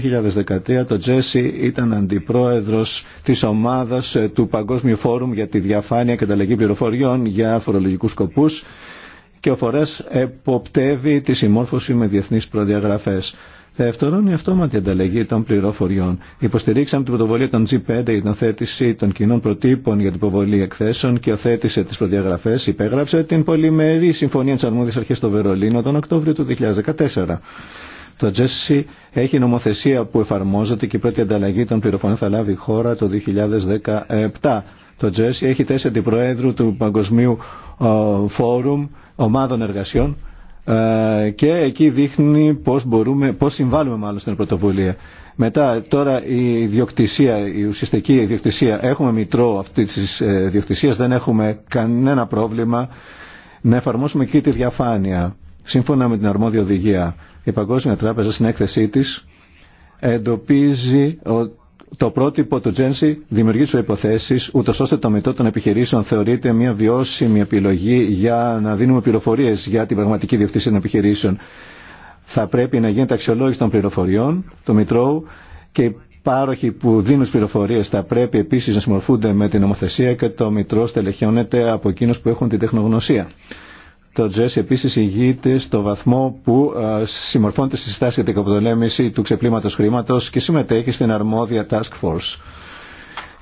2013 το Τζέσι ήταν αντιπρόεδρος της ομάδας ε, του Παγκόσμιου Φόρουμ για τη διαφάνεια και ανταλλαγή πληροφοριών για φορολογικού σκοπούς και ο φορέας εποπτεύει τη συμμόρφωση με διεθνείς προδιαγραφές. Δεύτερον, η αυτόματη ανταλλαγή των πληροφοριών. Υποστηρίξαμε την πρωτοβολία των G5 για την θέτηση των κοινών προτύπων για την υποβολή εκθέσεων και οθέτησε τι προδιαγραφέ. Υπέγραψε την πολυμερή συμφωνία τη Αρμόδια Αρχή στο Βερολίνο τον Οκτώβριο του 2014. Το Τζέσσι έχει νομοθεσία που εφαρμόζεται και η πρώτη ανταλλαγή των πληροφοριών θα λάβει χώρα το 2017. Το Τζέσσι έχει θέσει αντιπροέδρου του Παγκοσμίου ε, Φόρουμ ομάδων εργασιών ε, και εκεί δείχνει πώς, μπορούμε, πώς συμβάλλουμε μάλλον στην πρωτοβουλία. Μετά τώρα η ιδιοκτησία, η ουσιαστική ιδιοκτησία. Έχουμε μητρό αυτή της ε, ιδιοκτησία, δεν έχουμε κανένα πρόβλημα να εφαρμόσουμε εκεί τη διαφάνεια. Σύμφωνα με την αρμόδια οδηγία, η Παγκόσμια Τράπεζα στην έκθεσή της εντοπίζει ότι το πρότυπο του Τζένσι δημιουργεί τι προποθέσει, ούτω ώστε το μητό των επιχειρήσεων θεωρείται μια βιώσιμη επιλογή για να δίνουμε πληροφορίε για την πραγματική διοκτήση των επιχειρήσεων. Θα πρέπει να γίνεται αξιολόγηση των πληροφοριών του Μητρώου και οι πάροχοι που δίνουν πληροφορίε θα πρέπει επίση να συμμορφούνται με την νομοθεσία και το Μητρό στελεχιώνεται από εκείνου που έχουν την τεχνογνωσία. Το Τζέσι επίση ηγείται στο βαθμό που ε, συμμορφώνεται στη στάση για την καποδολέμηση του ξεπλήματο χρήματο και συμμετέχει στην αρμόδια Task Force.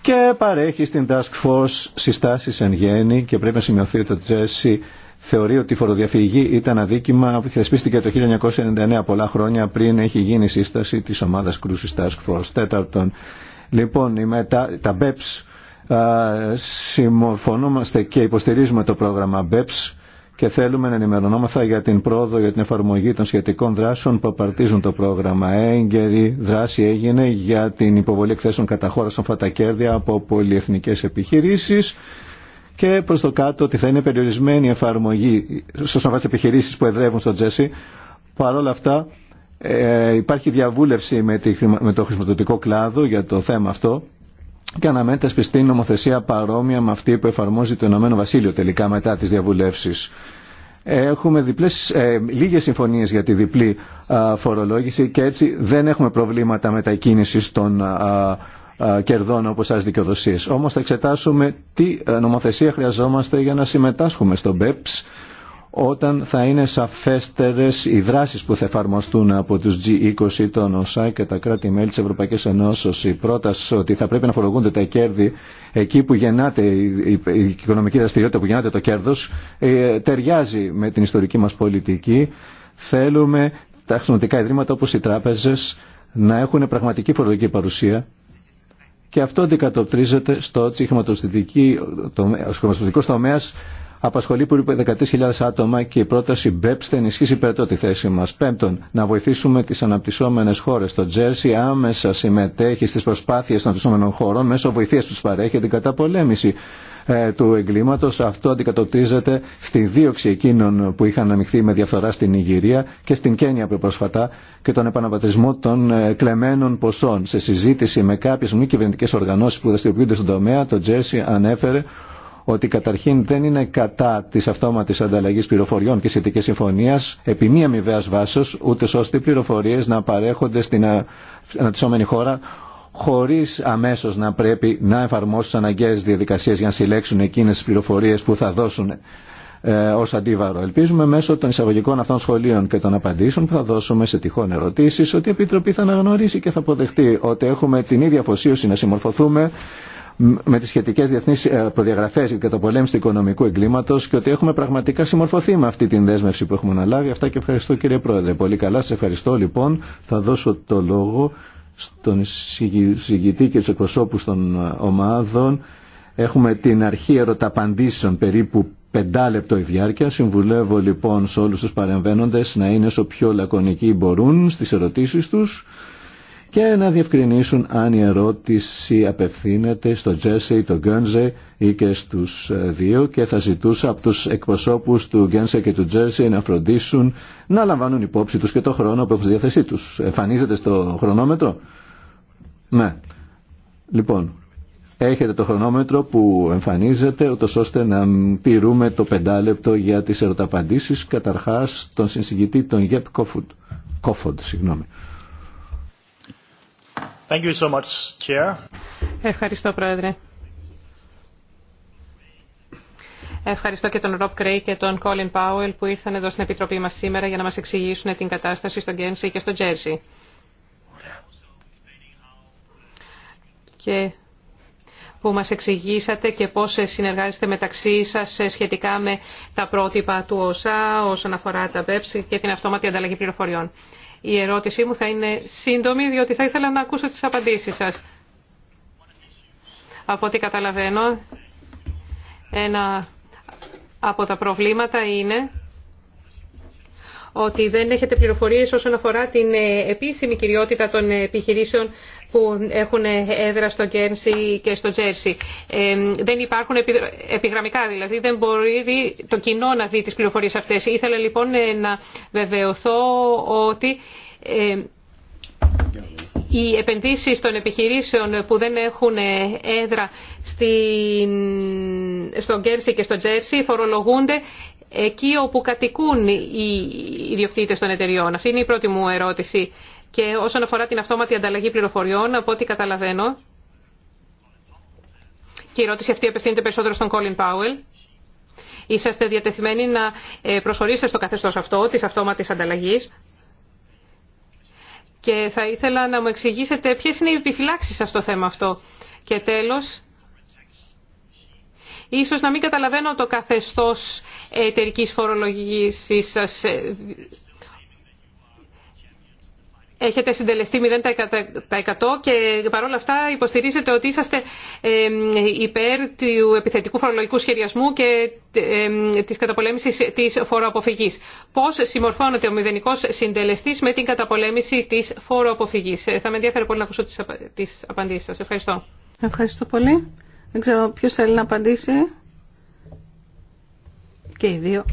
Και παρέχει στην Task Force συστάσει εν γέννη και πρέπει να σημειωθεί ότι το Τζέσι θεωρεί ότι η φοροδιαφυγή ήταν αδίκημα που θεσπίστηκε το 1999 πολλά χρόνια πριν έχει γίνει η σύσταση τη ομάδα κρούση Task Force. Τέταρτον, λοιπόν, τα BEPS ε, συμμορφωνόμαστε και υποστηρίζουμε το πρόγραμμα BEPS και θέλουμε να ενημερωνόμαθα για την πρόοδο για την εφαρμογή των σχετικών δράσεων που απαρτίζουν το πρόγραμμα. Έγκαιρη δράση έγινε για την υποβολή εκθέσεων κατά χώρα σαν φατακέρδια από πολυεθνικές επιχειρήσεις και προς το κάτω ότι θα είναι περιορισμένη η εφαρμογή στους αφορά επιχειρήσεις που εδρεύουν στο Τζέσι. Παρ' όλα αυτά ε, υπάρχει διαβούλευση με, με το χρηματοδοτικό κλάδο για το θέμα αυτό και αναμένεται σπιστή νομοθεσία παρόμοια με αυτή που εφαρμόζει το Ηνωμένο Βασίλειο τελικά μετά τις διαβουλεύσεις. Έχουμε διπλές, ε, λίγες συμφωνίες για τη διπλή φορολόγηση και έτσι δεν έχουμε προβλήματα μετακίνηση των κερδών όπως σας δικαιοδοσίες. Όμως θα εξετάσουμε τι ε, νομοθεσία χρειαζόμαστε για να συμμετάσχουμε στο BEPS όταν θα είναι σαφέστερες οι δράσεις που θα εφαρμοστούν από τους G20 τον ΟΣΑ και τα κράτη-μέλη της Ευρωπαϊκής Ενώσεως. Η πρόταση ότι θα πρέπει να φορολογούνται τα κέρδη εκεί που γεννάται η οικονομική δραστηριότητα, που γεννάται το κέρδος, ε, ταιριάζει με την ιστορική μας πολιτική. Θέλουμε τα χρησιμοτικά ιδρύματα όπως οι τράπεζες να έχουν πραγματική φορολογική παρουσία και αυτό αντικατοπτρίζεται στο ότι ο τομέα απασχολεί περίπου 13.000 άτομα και η πρόταση BEPS θα ενισχύσει περαιτέρω τη θέση μα. Πέμπτον, να βοηθήσουμε τι αναπτυσσόμενε χώρε. Το Τζέρσι άμεσα συμμετέχει στι προσπάθειε των αναπτυσσόμενων χωρών μέσω βοηθεία του παρέχει την καταπολέμηση ε, του εγκλήματος. Αυτό αντικατοπτρίζεται στη δίωξη εκείνων που είχαν ανοιχθεί με διαφθορά στην Ιγυρία και στην Κένια πιο πρόσφατα και τον επαναπατρισμό των ε, κλεμμένων ποσών. Σε συζήτηση με κάποιε μη κυβερνητικέ οργανώσει που δραστηριοποιούνται στον τομέα, το Τζέρσι ανέφερε ότι καταρχήν δεν είναι κατά τη αυτόματη ανταλλαγής πληροφοριών και σχετική συμφωνίας επί μία αμοιβαία βάση, ούτε ώστε οι πληροφορίες να παρέχονται στην αναπτυσσόμενη χώρα χωρί αμέσω να πρέπει να εφαρμόσουν αναγκαίε διαδικασίε για να συλλέξουν εκείνε τι πληροφορίε που θα δώσουν ε, ως αντίβαρο. Ελπίζουμε μέσω των εισαγωγικών αυτών σχολείων και των απαντήσεων που θα δώσουμε σε τυχόν ερωτήσει, ότι η Επιτροπή θα αναγνωρίσει και θα αποδεχτεί ότι έχουμε την ίδια αφοσίωση να συμμορφωθούμε με τις σχετικές διεθνεί ε, προδιαγραφές και το πολέμηση του οικονομικού εγκλήματος και ότι έχουμε πραγματικά συμμορφωθεί με αυτή την δέσμευση που έχουμε αναλάβει. Αυτά και ευχαριστώ κύριε Πρόεδρε. Πολύ καλά, σας ευχαριστώ λοιπόν. Θα δώσω το λόγο στον συγγητή και τους εκπροσώπους των ε, ομάδων. Έχουμε την αρχή ερωταπαντήσεων περίπου πεντάλεπτο η διάρκεια. Συμβουλεύω λοιπόν σε όλους τους παρεμβαίνοντες να είναι όσο πιο λακωνικοί μπορούν στις ερωτήσεις τους και να διευκρινίσουν αν η ερώτηση απευθύνεται στο Τζέρσεϊ, το Γκέρνζε ή και στους ε, δύο και θα ζητούσα από τους εκπροσώπους του Γκέρνζε και του Τζέρσεϊ να φροντίσουν να λαμβάνουν υπόψη τους και το χρόνο που έχουν στη διάθεσή τους. Εμφανίζεται στο χρονόμετρο. Ναι. Λοιπόν, έχετε το χρονόμετρο που εμφανίζεται ούτως ώστε να τηρούμε το πεντάλεπτο για τις ερωταπαντήσεις καταρχάς τον συνσηγητή τον Γεπ Κόφοντ. Κόφοντ, Ευχαριστώ, Πρόεδρε. Ευχαριστώ και τον Ρομπ Κρέι και τον Κόλιν Πάουελ που ήρθαν εδώ στην Επιτροπή μας σήμερα για να μας εξηγήσουν την κατάσταση στο Γκένσι και στο Τζέρσι. Και που μας εξηγήσατε και πώς συνεργάζεστε μεταξύ σας σχετικά με τα πρότυπα του ΩΣΑ όσον αφορά τα BEPS και την αυτόματη ανταλλαγή πληροφοριών. Η ερώτησή μου θα είναι σύντομη, διότι θα ήθελα να ακούσω τις απαντήσεις σας. Από ό,τι καταλαβαίνω, ένα από τα προβλήματα είναι ότι δεν έχετε πληροφορίες όσον αφορά την επίσημη κυριότητα των επιχειρήσεων που έχουν έδρα στο Γκέρνσι και στο Τζέρσι. Ε, δεν υπάρχουν επιγραμμικά δηλαδή, δεν μπορεί το κοινό να δει τις πληροφορίες αυτές. Ήθελα λοιπόν ε, να βεβαιωθώ ότι ε, οι επενδύσεις των επιχειρήσεων που δεν έχουν έδρα στην... στο Κέρσι και στο Τζέρσι φορολογούνται εκεί όπου κατοικούν οι ιδιοκτήτες των εταιριών. Αυτή είναι η πρώτη μου ερώτηση. Και όσον αφορά την αυτόματη ανταλλαγή πληροφοριών, από ό,τι καταλαβαίνω, και η ερώτηση αυτή απευθύνεται περισσότερο στον Colin Powell, είσαστε διατεθειμένοι να ε, προσορίσετε στο καθεστώς αυτό, της αυτόματης ανταλλαγής. Και θα ήθελα να μου εξηγήσετε ποιες είναι οι επιφυλάξεις αυτό το θέμα αυτό. Και τέλος, ίσως να μην καταλαβαίνω το καθεστώς εταιρικής φορολογικής σας ε, έχετε συντελεστεί 0% και παρόλα αυτά υποστηρίζετε ότι είσαστε υπέρ του επιθετικού φορολογικού σχεδιασμού και της καταπολέμησης της φοροαποφυγής. Πώς συμμορφώνεται ο μηδενικός συντελεστής με την καταπολέμηση της φοροαποφυγής. Ε, θα με ενδιαφέρει πολύ να ακούσω τις απαντήσεις σας. Ευχαριστώ. Ευχαριστώ πολύ. Δεν ξέρω ποιος θέλει να απαντήσει. Και οι δύο.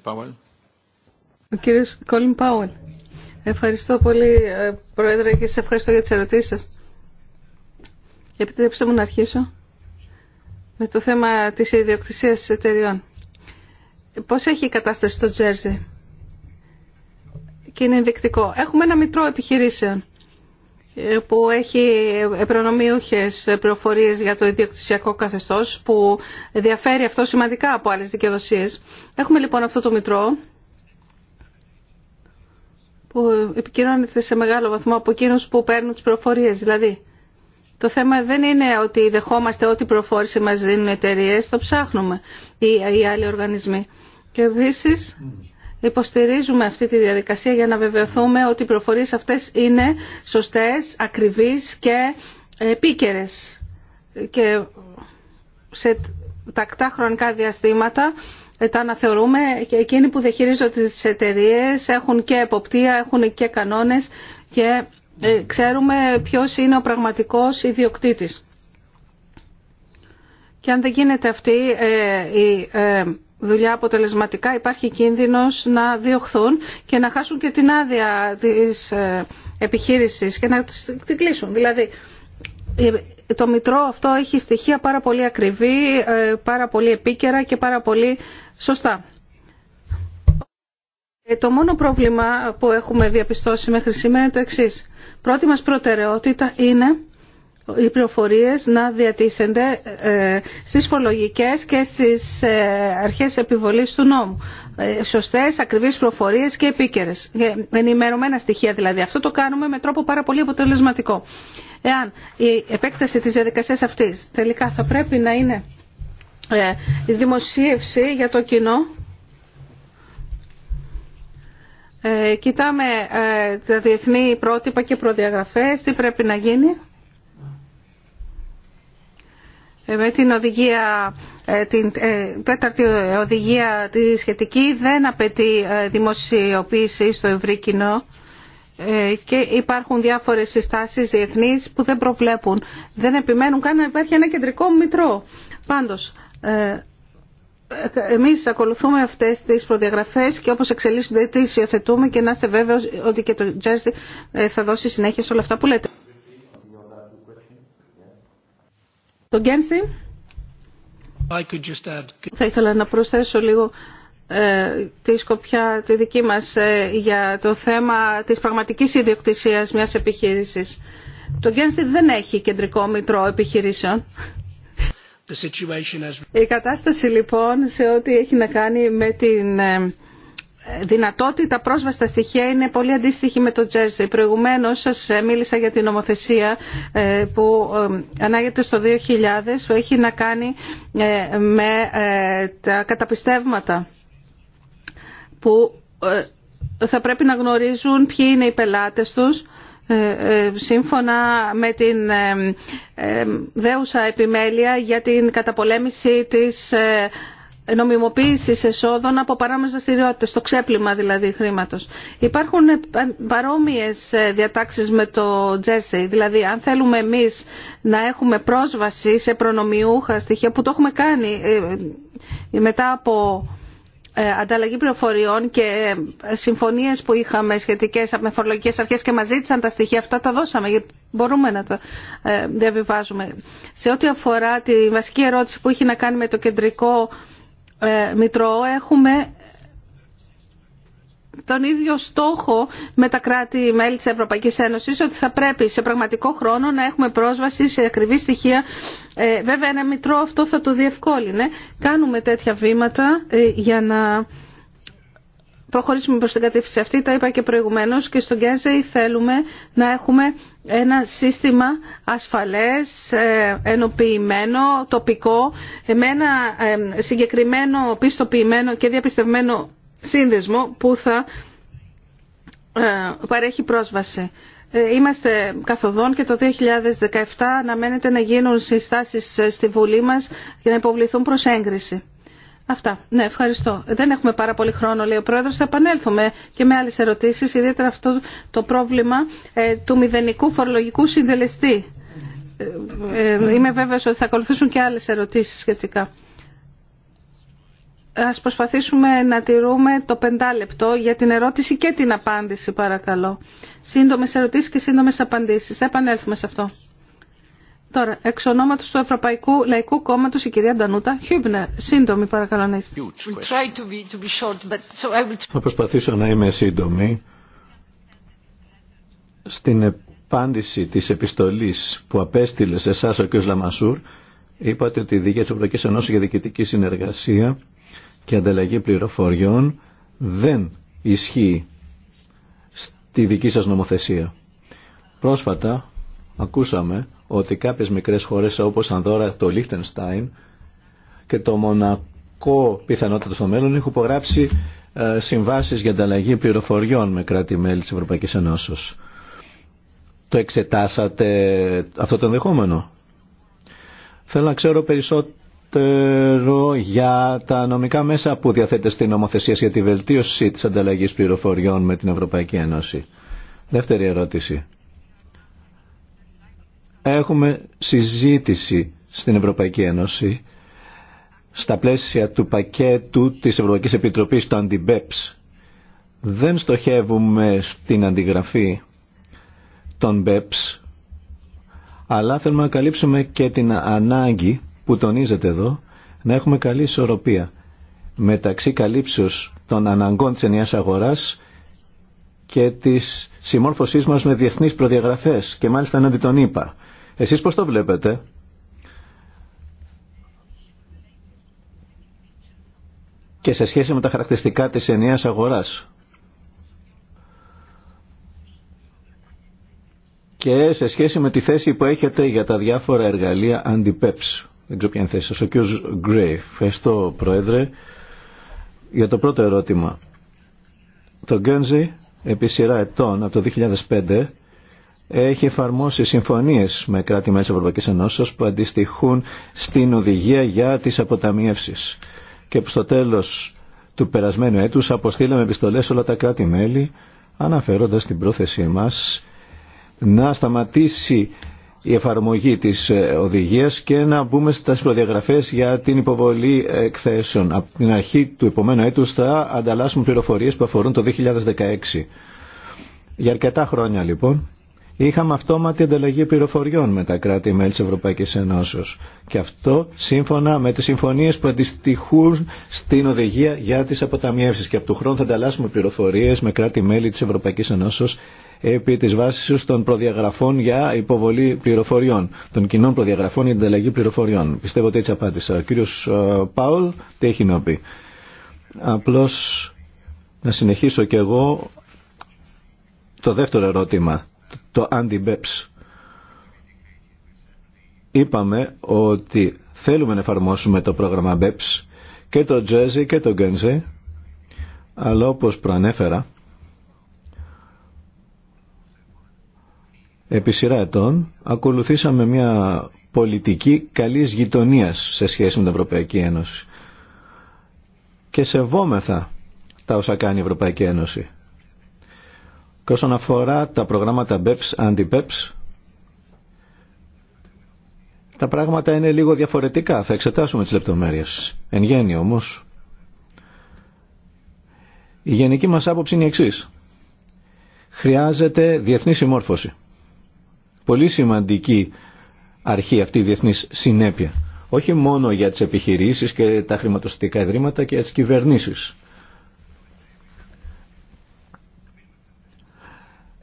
Ο κύριος Πάουελ. Ευχαριστώ πολύ, ε, Πρόεδρε, και σε ευχαριστώ για τις ερωτήσεις σας. Επιτρέψτε μου να αρχίσω με το θέμα της ιδιοκτησίας εταιριών. Πώς έχει η κατάσταση στο Τζέρζι και είναι ενδεικτικό. Έχουμε ένα μητρό επιχειρήσεων που έχει προνομιούχες προφορίες για το ιδιοκτησιακό καθεστώς που διαφέρει αυτό σημαντικά από άλλες δικαιοδοσίες. Έχουμε λοιπόν αυτό το μητρό που επικοινώνεται σε μεγάλο βαθμό από εκείνους που παίρνουν τις προφορίες. Δηλαδή, το θέμα δεν είναι ότι δεχόμαστε ό,τι προφόρηση μας δίνουν εταιρείε, το ψάχνουμε οι, οι άλλοι οργανισμοί. Και επίση mm. Υποστηρίζουμε αυτή τη διαδικασία για να βεβαιωθούμε ότι οι προφορίες αυτές είναι σωστές, ακριβείς και επίκαιρες και σε τακτά χρονικά διαστήματα τα αναθεωρούμε και εκείνοι που διαχειρίζονται τι εταιρείε έχουν και εποπτεία, έχουν και κανόνες και ε, ξέρουμε ποιος είναι ο πραγματικός ιδιοκτήτης. Και αν δεν γίνεται αυτή ε, η ε, δουλειά αποτελεσματικά υπάρχει κίνδυνος να διωχθούν και να χάσουν και την άδεια της ε, επιχείρησης και να την κλείσουν. Δηλαδή το μητρό αυτό έχει στοιχεία πάρα πολύ ακριβή, ε, πάρα πολύ επίκαιρα και πάρα πολύ σωστά. Ε, το μόνο πρόβλημα που έχουμε διαπιστώσει μέχρι σήμερα είναι το εξής. Πρώτη μας προτεραιότητα είναι οι πληροφορίες να διατίθενται ε, στις φορολογικές και στις ε, αρχές επιβολής του νόμου. Ε, σωστές, ακριβείς πληροφορίες και επίκαιρες. Ενημερωμένα στοιχεία δηλαδή. Αυτό το κάνουμε με τρόπο πάρα πολύ αποτελεσματικό. Εάν η επέκταση της διαδικασίας αυτής τελικά θα πρέπει να είναι η δημοσίευση για το κοινό, κοιτάμε τα διεθνή πρότυπα και προδιαγραφές, τι πρέπει να γίνει. Ε, με την οδηγία, ε, την ε, τέταρτη οδηγία τη σχετική δεν απαιτεί δημοσιοποίηση στο ευρύ κοινό και υπάρχουν διάφορες συστάσεις διεθνείς που δεν προβλέπουν. Δεν επιμένουν καν να υπάρχει ένα κεντρικό μητρό. Πάντως, εμείς ακολουθούμε αυτές τις προδιαγραφές και όπως εξελίσσονται τις υιοθετούμε και να είστε βέβαιοι ότι και το Τζέρσι θα δώσει συνέχεια σε όλα αυτά που λέτε. Το Γκένσι. Θα ήθελα να προσθέσω λίγο ε, τη σκοπιά τη δική μας ε, για το θέμα της πραγματικής ιδιοκτησίας μιας επιχείρησης. Το Γκένσι δεν έχει κεντρικό μητρό επιχειρήσεων. Η κατάσταση λοιπόν σε ό,τι έχει να κάνει με την ε, δυνατότητα πρόσβαση στα στοιχεία είναι πολύ αντίστοιχη με το Τζέρσι. Προηγουμένω σα μίλησα για την νομοθεσία ε, που ε, ανάγεται στο 2000 που έχει να κάνει ε, με τα καταπιστεύματα που θα πρέπει να γνωρίζουν ποιοι είναι οι πελάτες τους σύμφωνα με την δέουσα επιμέλεια για την καταπολέμηση της νομιμοποίηση εσόδων από παράνομε δραστηριότητε, το ξέπλυμα δηλαδή χρήματο. Υπάρχουν παρόμοιε διατάξει με το Τζέρσεϊ, δηλαδή αν θέλουμε εμεί να έχουμε πρόσβαση σε προνομιούχα στοιχεία που το έχουμε κάνει ε, ε, μετά από ε, ανταλλαγή πληροφοριών και συμφωνίες που είχαμε σχετικές με φορολογικές αρχές και μας ζήτησαν τα στοιχεία αυτά τα δώσαμε γιατί μπορούμε να τα διαβιβάζουμε. Σε ό,τι αφορά τη βασική ερώτηση που έχει να κάνει με το κεντρικό ε, μητρό έχουμε τον ίδιο στόχο με τα κράτη-μέλη της Ευρωπαϊκής Ένωσης ότι θα πρέπει σε πραγματικό χρόνο να έχουμε πρόσβαση σε ακριβή στοιχεία. Ε, βέβαια ένα μητρό αυτό θα το διευκόλυνε. Κάνουμε τέτοια βήματα ε, για να προχωρήσουμε προς την κατεύθυνση αυτή, τα είπα και προηγουμένως και στον Γκένζεϊ θέλουμε να έχουμε ένα σύστημα ασφαλές, ε, ενοποιημένο, τοπικό, με ένα ε, συγκεκριμένο πιστοποιημένο και διαπιστευμένο σύνδεσμο που θα ε, παρέχει πρόσβαση. Είμαστε καθοδόν και το 2017 αναμένεται να γίνουν συστάσεις στη Βουλή μας για να υποβληθούν προς έγκριση. Αυτά. Ναι, ευχαριστώ. Δεν έχουμε πάρα πολύ χρόνο, λέει ο Πρόεδρο. Θα επανέλθουμε και με άλλε ερωτήσει, ιδιαίτερα αυτό το πρόβλημα ε, του μηδενικού φορολογικού συντελεστή. Ε, ε είμαι βέβαιο ότι θα ακολουθήσουν και άλλε ερωτήσει σχετικά. Ας προσπαθήσουμε να τηρούμε το πεντάλεπτο για την ερώτηση και την απάντηση, παρακαλώ. Σύντομε ερωτήσει και σύντομε απαντήσει. Θα επανέλθουμε σε αυτό. Τώρα, εξ ονόματος του Ευρωπαϊκού Λαϊκού Κόμματος, η κυρία Ντανούτα Χιούμπνερ. Σύντομη, παρακαλώ να είστε. Θα προσπαθήσω να είμαι σύντομη. Στην επάντηση της επιστολής που απέστειλε σε εσά ο κ. Λαμασούρ, είπατε ότι η Διοίκηση της Ευρωπαϊκής Ενώσης για Διοικητική Συνεργασία και Ανταλλαγή Πληροφοριών δεν ισχύει στη δική σας νομοθεσία. Πρόσφατα ακούσαμε ότι κάποιες μικρές χώρες όπως Ανδόρα, το Λίχτενστάιν και το Μονακό πιθανότητα στο μέλλον έχουν υπογράψει ε, συμβάσεις για ανταλλαγή πληροφοριών με κράτη-μέλη της Ευρωπαϊκής Ενώσης. Το εξετάσατε αυτό το ενδεχόμενο. Θέλω να ξέρω περισσότερο για τα νομικά μέσα που διαθέτει στην νομοθεσία για τη βελτίωση της ανταλλαγής πληροφοριών με την Ευρωπαϊκή Ένωση. Δεύτερη ερώτηση έχουμε συζήτηση στην Ευρωπαϊκή Ένωση στα πλαίσια του πακέτου της Ευρωπαϊκής Επιτροπής του Αντιμπέψ. Δεν στοχεύουμε στην αντιγραφή των BEPS, αλλά θέλουμε να καλύψουμε και την ανάγκη που τονίζεται εδώ να έχουμε καλή ισορροπία μεταξύ καλύψεως των αναγκών της ενιαίας αγοράς και της συμμόρφωσής μας με διεθνείς προδιαγραφές και μάλιστα να τον εσείς πώς το βλέπετε. Και σε σχέση με τα χαρακτηριστικά της ενιαίας αγοράς. Και σε σχέση με τη θέση που έχετε για τα διάφορα εργαλεία αντιπέψ. Δεν ξέρω ποια είναι θέση σας. Ο κ. Γκρέι. Ευχαριστώ, Πρόεδρε. Για το πρώτο ερώτημα. Το Γκένζι επί σειρά ετών από το 2005 έχει εφαρμόσει συμφωνίες με κράτη μέσα Ευρωπαϊκής Ενώσης που αντιστοιχούν στην οδηγία για τις αποταμιεύσεις. Και που στο τέλος του περασμένου έτους αποστήλαμε επιστολές σε όλα τα κράτη-μέλη αναφέροντας την πρόθεσή μας να σταματήσει η εφαρμογή της ε, οδηγίας και να μπούμε στις προδιαγραφές για την υποβολή εκθέσεων. Από την αρχή του επομένου έτους θα ανταλλάσσουμε πληροφορίες που αφορούν το 2016. Για αρκετά χρόνια λοιπόν είχαμε αυτόματη ανταλλαγή πληροφοριών με τα κράτη-μέλη της Ευρωπαϊκής Ενώσεως. Και αυτό σύμφωνα με τις συμφωνίες που αντιστοιχούν στην οδηγία για τις αποταμιεύσεις. Και από του χρόνου θα ανταλλάσσουμε πληροφορίες με κράτη-μέλη της Ευρωπαϊκής Ενώσεως επί της βάσης των προδιαγραφών για υποβολή πληροφοριών, των κοινών προδιαγραφών για ανταλλαγή πληροφοριών. Πιστεύω ότι έτσι απάντησα. Ο κύριος ε, Πάουλ τι έχει να πει. Απλώς να συνεχίσω κι εγώ το δεύτερο ερώτημα το αντι Είπαμε ότι θέλουμε να εφαρμόσουμε το πρόγραμμα BEPS και το Jersey και το Genzy αλλά όπως προανέφερα, επί σειρά ετών ακολουθήσαμε μια πολιτική καλής γειτονίας σε σχέση με την Ευρωπαϊκή Ένωση και σεβόμεθα τα όσα κάνει η Ευρωπαϊκή Ένωση. Και όσον αφορά τα προγράμματα BEPS-ANTI-BEPS, τα πράγματα είναι λίγο διαφορετικά. Θα εξετάσουμε τις λεπτομέρειες. Εν γέννη όμως, η γενική μας άποψη είναι η εξής. Χρειάζεται διεθνή συμμόρφωση. Πολύ σημαντική αρχή αυτή η διεθνής συνέπεια. Όχι μόνο για τις επιχειρήσεις και τα χρηματοστατικά ιδρύματα και για τις κυβερνήσεις.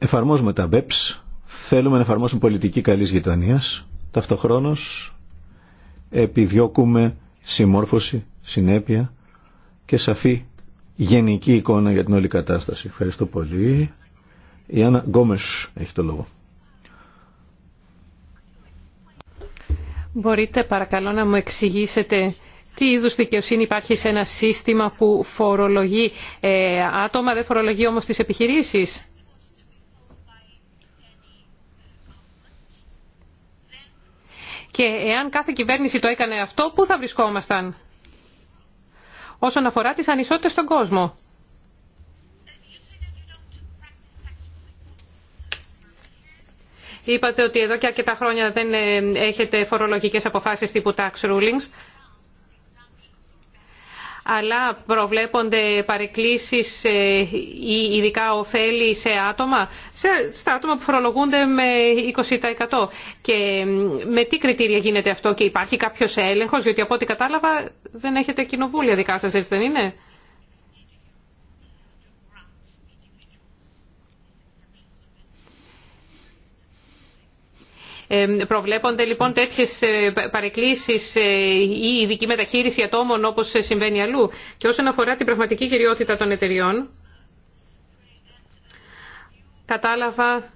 Εφαρμόζουμε τα BEPS, θέλουμε να εφαρμόσουμε πολιτική καλής γειτονίας, ταυτοχρόνως επιδιώκουμε συμμόρφωση, συνέπεια και σαφή γενική εικόνα για την όλη κατάσταση. Ευχαριστώ πολύ. Η Άννα Γκόμες έχει το λόγο. Μπορείτε παρακαλώ να μου εξηγήσετε τι είδους δικαιοσύνη υπάρχει σε ένα σύστημα που φορολογεί ε, άτομα, δεν φορολογεί όμως τις επιχειρήσεις. Και εάν κάθε κυβέρνηση το έκανε αυτό, πού θα βρισκόμασταν όσον αφορά τις ανισότητες στον κόσμο. Είπατε ότι εδώ και αρκετά χρόνια δεν ε, έχετε φορολογικές αποφάσεις τύπου tax rulings αλλά προβλέπονται παρεκκλήσεις ε, ή ειδικά ωφέλη σε άτομα, σε, στα άτομα που φορολογούνται με 20%. Και με τι κριτήρια γίνεται αυτό και υπάρχει κάποιος έλεγχος, γιατί από ό,τι κατάλαβα δεν έχετε κοινοβούλια δικά σας, έτσι δεν είναι. Προβλέπονται λοιπόν τέτοιε ε, παρεκκλήσει ε, ή ειδική μεταχείριση ατόμων όπω συμβαίνει αλλού. Και όσον αφορά την πραγματική κυριότητα των εταιριών, κατάλαβα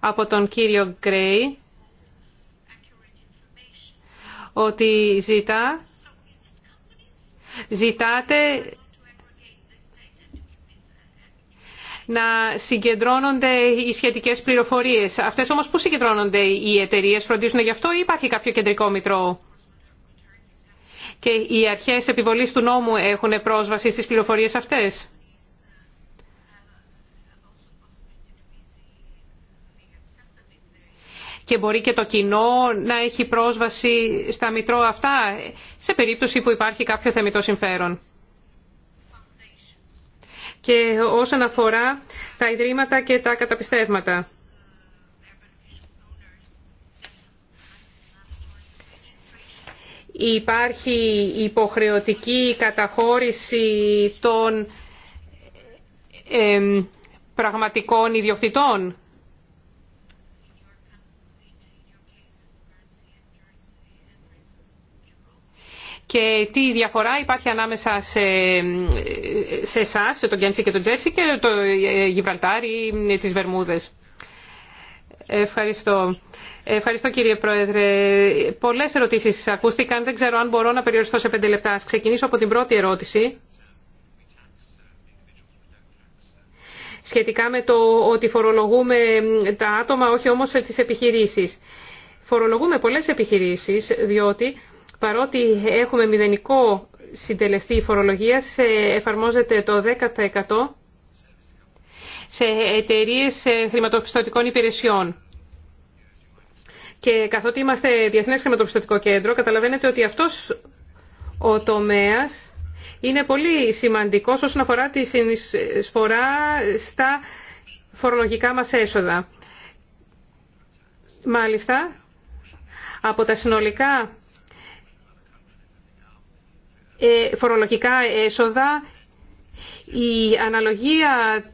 από τον κύριο Γκρέι ότι ζητά, ζητάτε να συγκεντρώνονται οι σχετικέ πληροφορίε. Αυτέ όμω πού συγκεντρώνονται οι εταιρείε, φροντίζουν γι' αυτό ή υπάρχει κάποιο κεντρικό μητρό. Και οι αρχέ επιβολή του νόμου έχουν πρόσβαση στι πληροφορίε αυτέ. και μπορεί και το κοινό να έχει πρόσβαση στα μητρώα αυτά σε περίπτωση που υπάρχει κάποιο θεμητό συμφέρον και όσον αφορά τα ιδρύματα και τα καταπιστεύματα. Υπάρχει υποχρεωτική καταχώρηση των πραγματικών ιδιοκτητών. και τι διαφορά υπάρχει ανάμεσα σε, σε εσά, σε τον Γκέντσι και τον Τζέρσι και το ε, Γιβραλτάρι ή ε, τις Βερμούδες. Ευχαριστώ. Ευχαριστώ κύριε Πρόεδρε. Πολλές ερωτήσεις ακούστηκαν. Δεν ξέρω αν μπορώ να περιοριστώ σε πέντε λεπτά. Ας ξεκινήσω από την πρώτη ερώτηση. Σχετικά με το ότι φορολογούμε ε, τα άτομα, όχι όμως τις επιχειρήσεις. Φορολογούμε πολλές επιχειρήσεις, διότι Παρότι έχουμε μηδενικό συντελεστή φορολογία, ε, εφαρμόζεται το 10% σε εταιρείε ε, χρηματοπιστωτικών υπηρεσιών. Και καθότι είμαστε Διεθνές Χρηματοπιστωτικό Κέντρο, καταλαβαίνετε ότι αυτός ο τομέας είναι πολύ σημαντικός όσον αφορά τη συνεισφορά στα φορολογικά μας έσοδα. Μάλιστα, από τα συνολικά ε, φορολογικά έσοδα, η αναλογία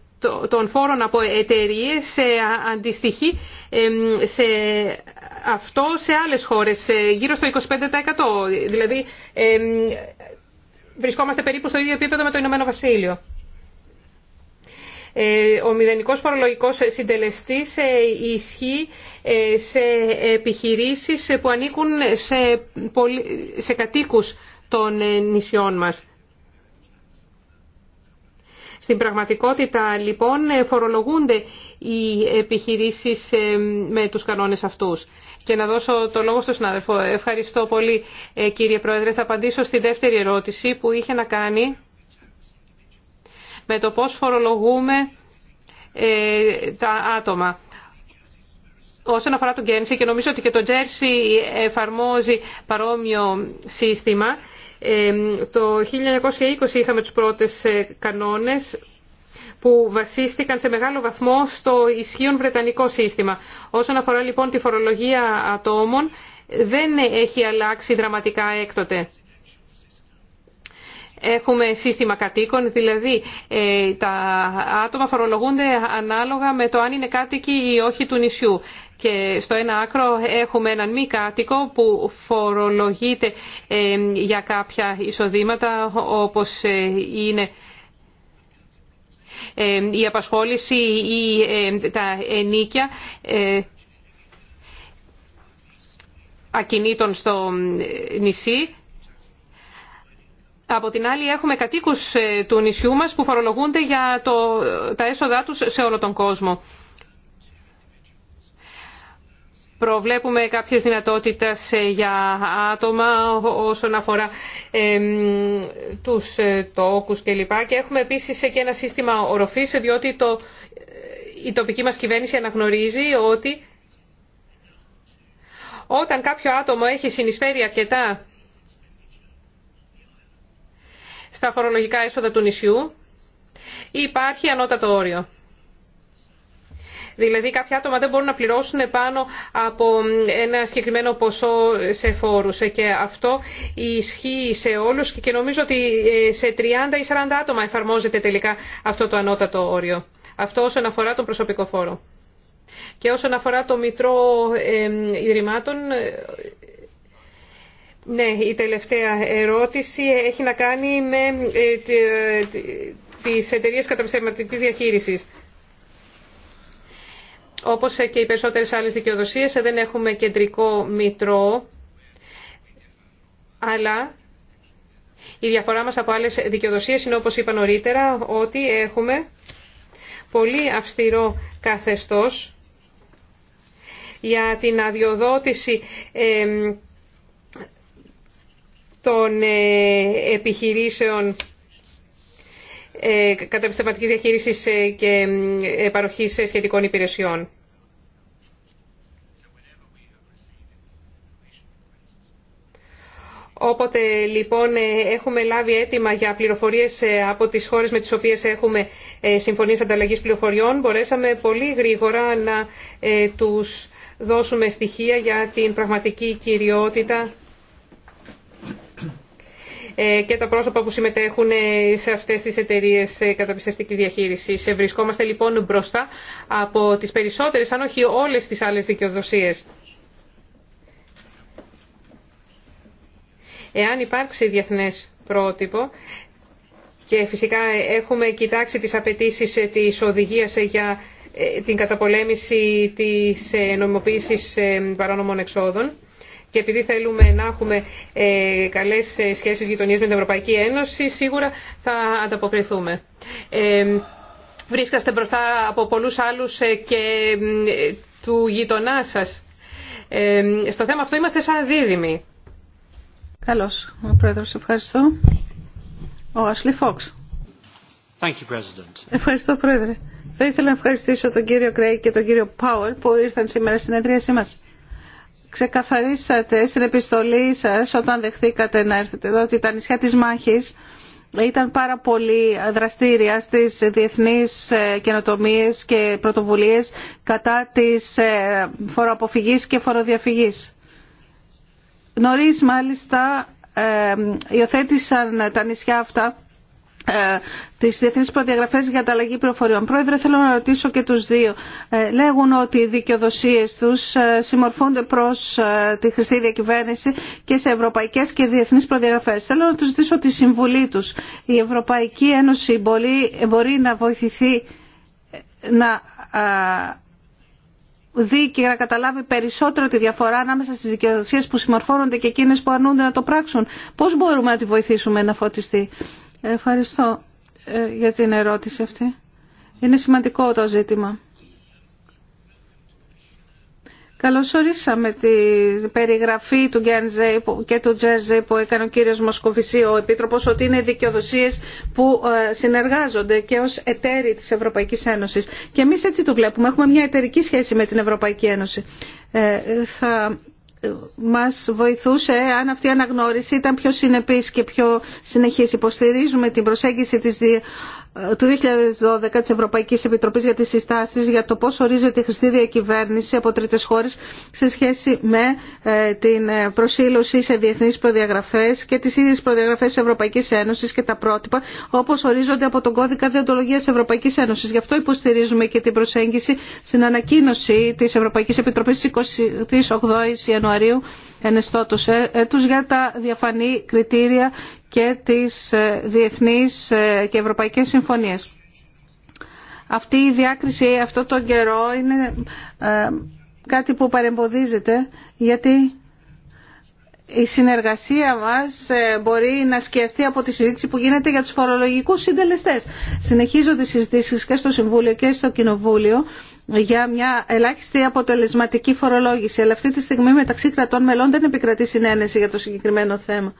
των φόρων από εταιρείε ε, αντιστοιχεί σε αυτό σε άλλες χώρες, ε, γύρω στο 25%. Δηλαδή βρισκόμαστε περίπου στο ίδιο επίπεδο με το Ηνωμένο Βασίλειο. Ο μηδενικός φορολογικός συντελεστής ισχύει σε επιχειρήσεις που ανήκουν σε κατοίκους των ε, νησιών μας. Στην πραγματικότητα, λοιπόν, ε, φορολογούνται οι επιχειρήσεις ε, με τους κανόνες αυτούς. Και να δώσω το λόγο στον συνάδελφο. Ευχαριστώ πολύ, κύριε Πρόεδρε. Θα απαντήσω στη δεύτερη ερώτηση που είχε να κάνει με το πώς φορολογούμε τα άτομα. Όσον αφορά τον Γκένση, και νομίζω ότι και το Τζέρσι εφαρμόζει παρόμοιο σύστημα, το 1920 είχαμε τους πρώτες ε, κανόνες που βασίστηκαν σε μεγάλο βαθμό στο ισχύον βρετανικό σύστημα. Όσον αφορά λοιπόν τη φορολογία ατόμων, δεν έχει αλλάξει δραματικά έκτοτε. Έχουμε σύστημα κατοίκων, δηλαδή ε, τα άτομα φορολογούνται ανάλογα με το αν είναι κάτοικοι ή όχι του νησιού και στο ένα άκρο έχουμε έναν μη κάτοικο που φορολογείται ε, για κάποια εισοδήματα όπως ε, είναι ε, η απασχόληση ή τα ενίκια ακινήτων στο νησί. Από την άλλη έχουμε κατοίκους του νησιού μας που φορολογούνται για τα έσοδά τους σε όλο τον κόσμο προβλέπουμε κάποιες δυνατότητες ε, για άτομα όσον αφορά τους ε, τόκους κλπ. Και έχουμε επίσης ε, και ένα σύστημα οροφής, διότι το, η τοπική μας κυβέρνηση αναγνωρίζει ότι όταν κάποιο άτομο έχει συνεισφέρει αρκετά στα φορολογικά έσοδα του νησιού, υπάρχει ανώτατο όριο. Δηλαδή κάποια άτομα δεν μπορούν να πληρώσουν πάνω από ένα συγκεκριμένο ποσό σε φόρους ε, και αυτό ισχύει σε όλους και νομίζω ότι ε, σε 30 ή 40 άτομα εφαρμόζεται τελικά αυτό το ανώτατο όριο. Αυτό όσον αφορά τον προσωπικό φόρο. Και όσον αφορά το Μητρό ε, Ιδρυμάτων, ναι, η τελευταία ερώτηση έχει να κάνει με τις εταιρείες καταπιστευματικής διαχείρισης. Όπως και οι περισσότερες άλλες δικαιοδοσίες, δεν έχουμε κεντρικό μητρό, αλλά η διαφορά μας από άλλες δικαιοδοσίες είναι, όπως είπα νωρίτερα, ότι έχουμε πολύ αυστηρό καθεστώς για την αδειοδότηση των ε, επιχειρήσεων ε, καταπιστευματικής διαχείρισης ε, και ε, παροχής σχετικών υπηρεσιών. Όποτε λοιπόν έχουμε λάβει αίτημα για πληροφορίες από τις χώρες με τις οποίες έχουμε συμφωνίες ανταλλαγής πληροφοριών, μπορέσαμε πολύ γρήγορα να τους δώσουμε στοιχεία για την πραγματική κυριότητα ε, και τα πρόσωπα που συμμετέχουν ε, σε αυτές τις εταιρείες ε, καταπιστευτικής διαχείρισης. Βρισκόμαστε λοιπόν μπροστά από τις περισσότερες, αν όχι όλες τις άλλες δικαιοδοσίες. Εάν υπάρξει διεθνές πρότυπο, και φυσικά έχουμε κοιτάξει τις απαιτήσει της οδηγίας για την καταπολέμηση της νομιμοποίησης παράνομων εξόδων, και επειδή θέλουμε να έχουμε ε, καλές ε, σχέσεις γειτονιές με την Ευρωπαϊκή Ένωση, σίγουρα θα ανταποκριθούμε. Ε, Βρίσκαστε μπροστά από πολλούς άλλους και του γειτονά σας. Στο θέμα αυτό είμαστε σαν δίδυμοι. Καλώς, ο Πρόεδρος, ευχαριστώ. Ο Ασλή Φόξ. Ευχαριστώ, Πρόεδρε. Θα ήθελα να ευχαριστήσω τον κύριο Κρέι και τον κύριο Πάουερ που ήρθαν σήμερα στην συνεδρίασή μας. Ξεκαθαρίσατε στην επιστολή σας όταν δεχθήκατε να έρθετε εδώ ότι τα νησιά της Μάχης ήταν πάρα πολύ δραστήρια στις διεθνείς ε, καινοτομίες και πρωτοβουλίες κατά της ε, φοροαποφυγής και φοροδιαφυγής. Νωρίς μάλιστα ε, υιοθέτησαν τα νησιά αυτά ε, τις διεθνεί προδιαγραφέ για ανταλλαγή Πληροφοριών. Πρόεδρε, θέλω να ρωτήσω και του δύο. Ε, λέγουν ότι οι δικαιοδοσίες τους ε, συμμορφώνται προς τη χρηστή διακυβέρνηση και σε Ευρωπαϊκέ και διεθνεί προδιαγραφέ. Θέλω να του ζητήσω τη συμβουλή του. Η Ευρωπαϊκή Ένωση μπορεί, μπορεί να βοηθηθεί να δει και να καταλάβει περισσότερο τη διαφορά ανάμεσα στις δικαιοδοσίες που συμμορφώνονται και εκείνες που αρνούνται να το πράξουν. Πώς μπορούμε να τη βοηθήσουμε να φωτιστεί. Ευχαριστώ ε, για την ερώτηση αυτή. Είναι σημαντικό το ζήτημα. Καλώς ορίσαμε την περιγραφή του Γκέρνζε και του Τζέρζε που έκανε ο κύριος Μοσκοβισή, ο Επίτροπος, ότι είναι δικαιοδοσίες που ε, συνεργάζονται και ως εταίροι της Ευρωπαϊκής Ένωσης. Και εμείς έτσι το βλέπουμε. Έχουμε μια εταιρική σχέση με την Ευρωπαϊκή Ένωση. Ε, θα μας βοηθούσε αν αυτή η αναγνώριση ήταν πιο συνεπής και πιο συνεχής. Υποστηρίζουμε την προσέγγιση της ε, του 2012 της Ευρωπαϊκής Επιτροπής για τις συστάσεις για το πώς ορίζεται η χρηστή διακυβέρνηση από τρίτες χώρες σε σχέση με ε, την ε, προσήλωση σε διεθνείς προδιαγραφές και τις ίδιες προδιαγραφές της Ευρωπαϊκής Ένωσης και τα πρότυπα όπως ορίζονται από τον κώδικα διοντολογίας Ευρωπαϊκής Ένωσης. Γι' αυτό υποστηρίζουμε και την προσέγγιση στην ανακοίνωση της Ευρωπαϊκής Επιτροπής της 28 Ιανουαρίου ενεστώτος έτους για τα διαφανή κριτήρια και τις ε, διεθνείς ε, και ευρωπαϊκές συμφωνίες. Αυτή η διάκριση αυτό τον καιρό είναι ε, κάτι που παρεμποδίζεται γιατί η συνεργασία μας μπορεί να σκιαστεί από τη συζήτηση που γίνεται για τους φορολογικούς συντελεστές. Συνεχίζονται οι συζητήσεις και στο Συμβούλιο και στο Κοινοβούλιο για μια ελάχιστη αποτελεσματική φορολόγηση. Αλλά αυτή τη στιγμή μεταξύ κρατών μελών δεν επικρατεί συνένεση για το συγκεκριμένο θέμα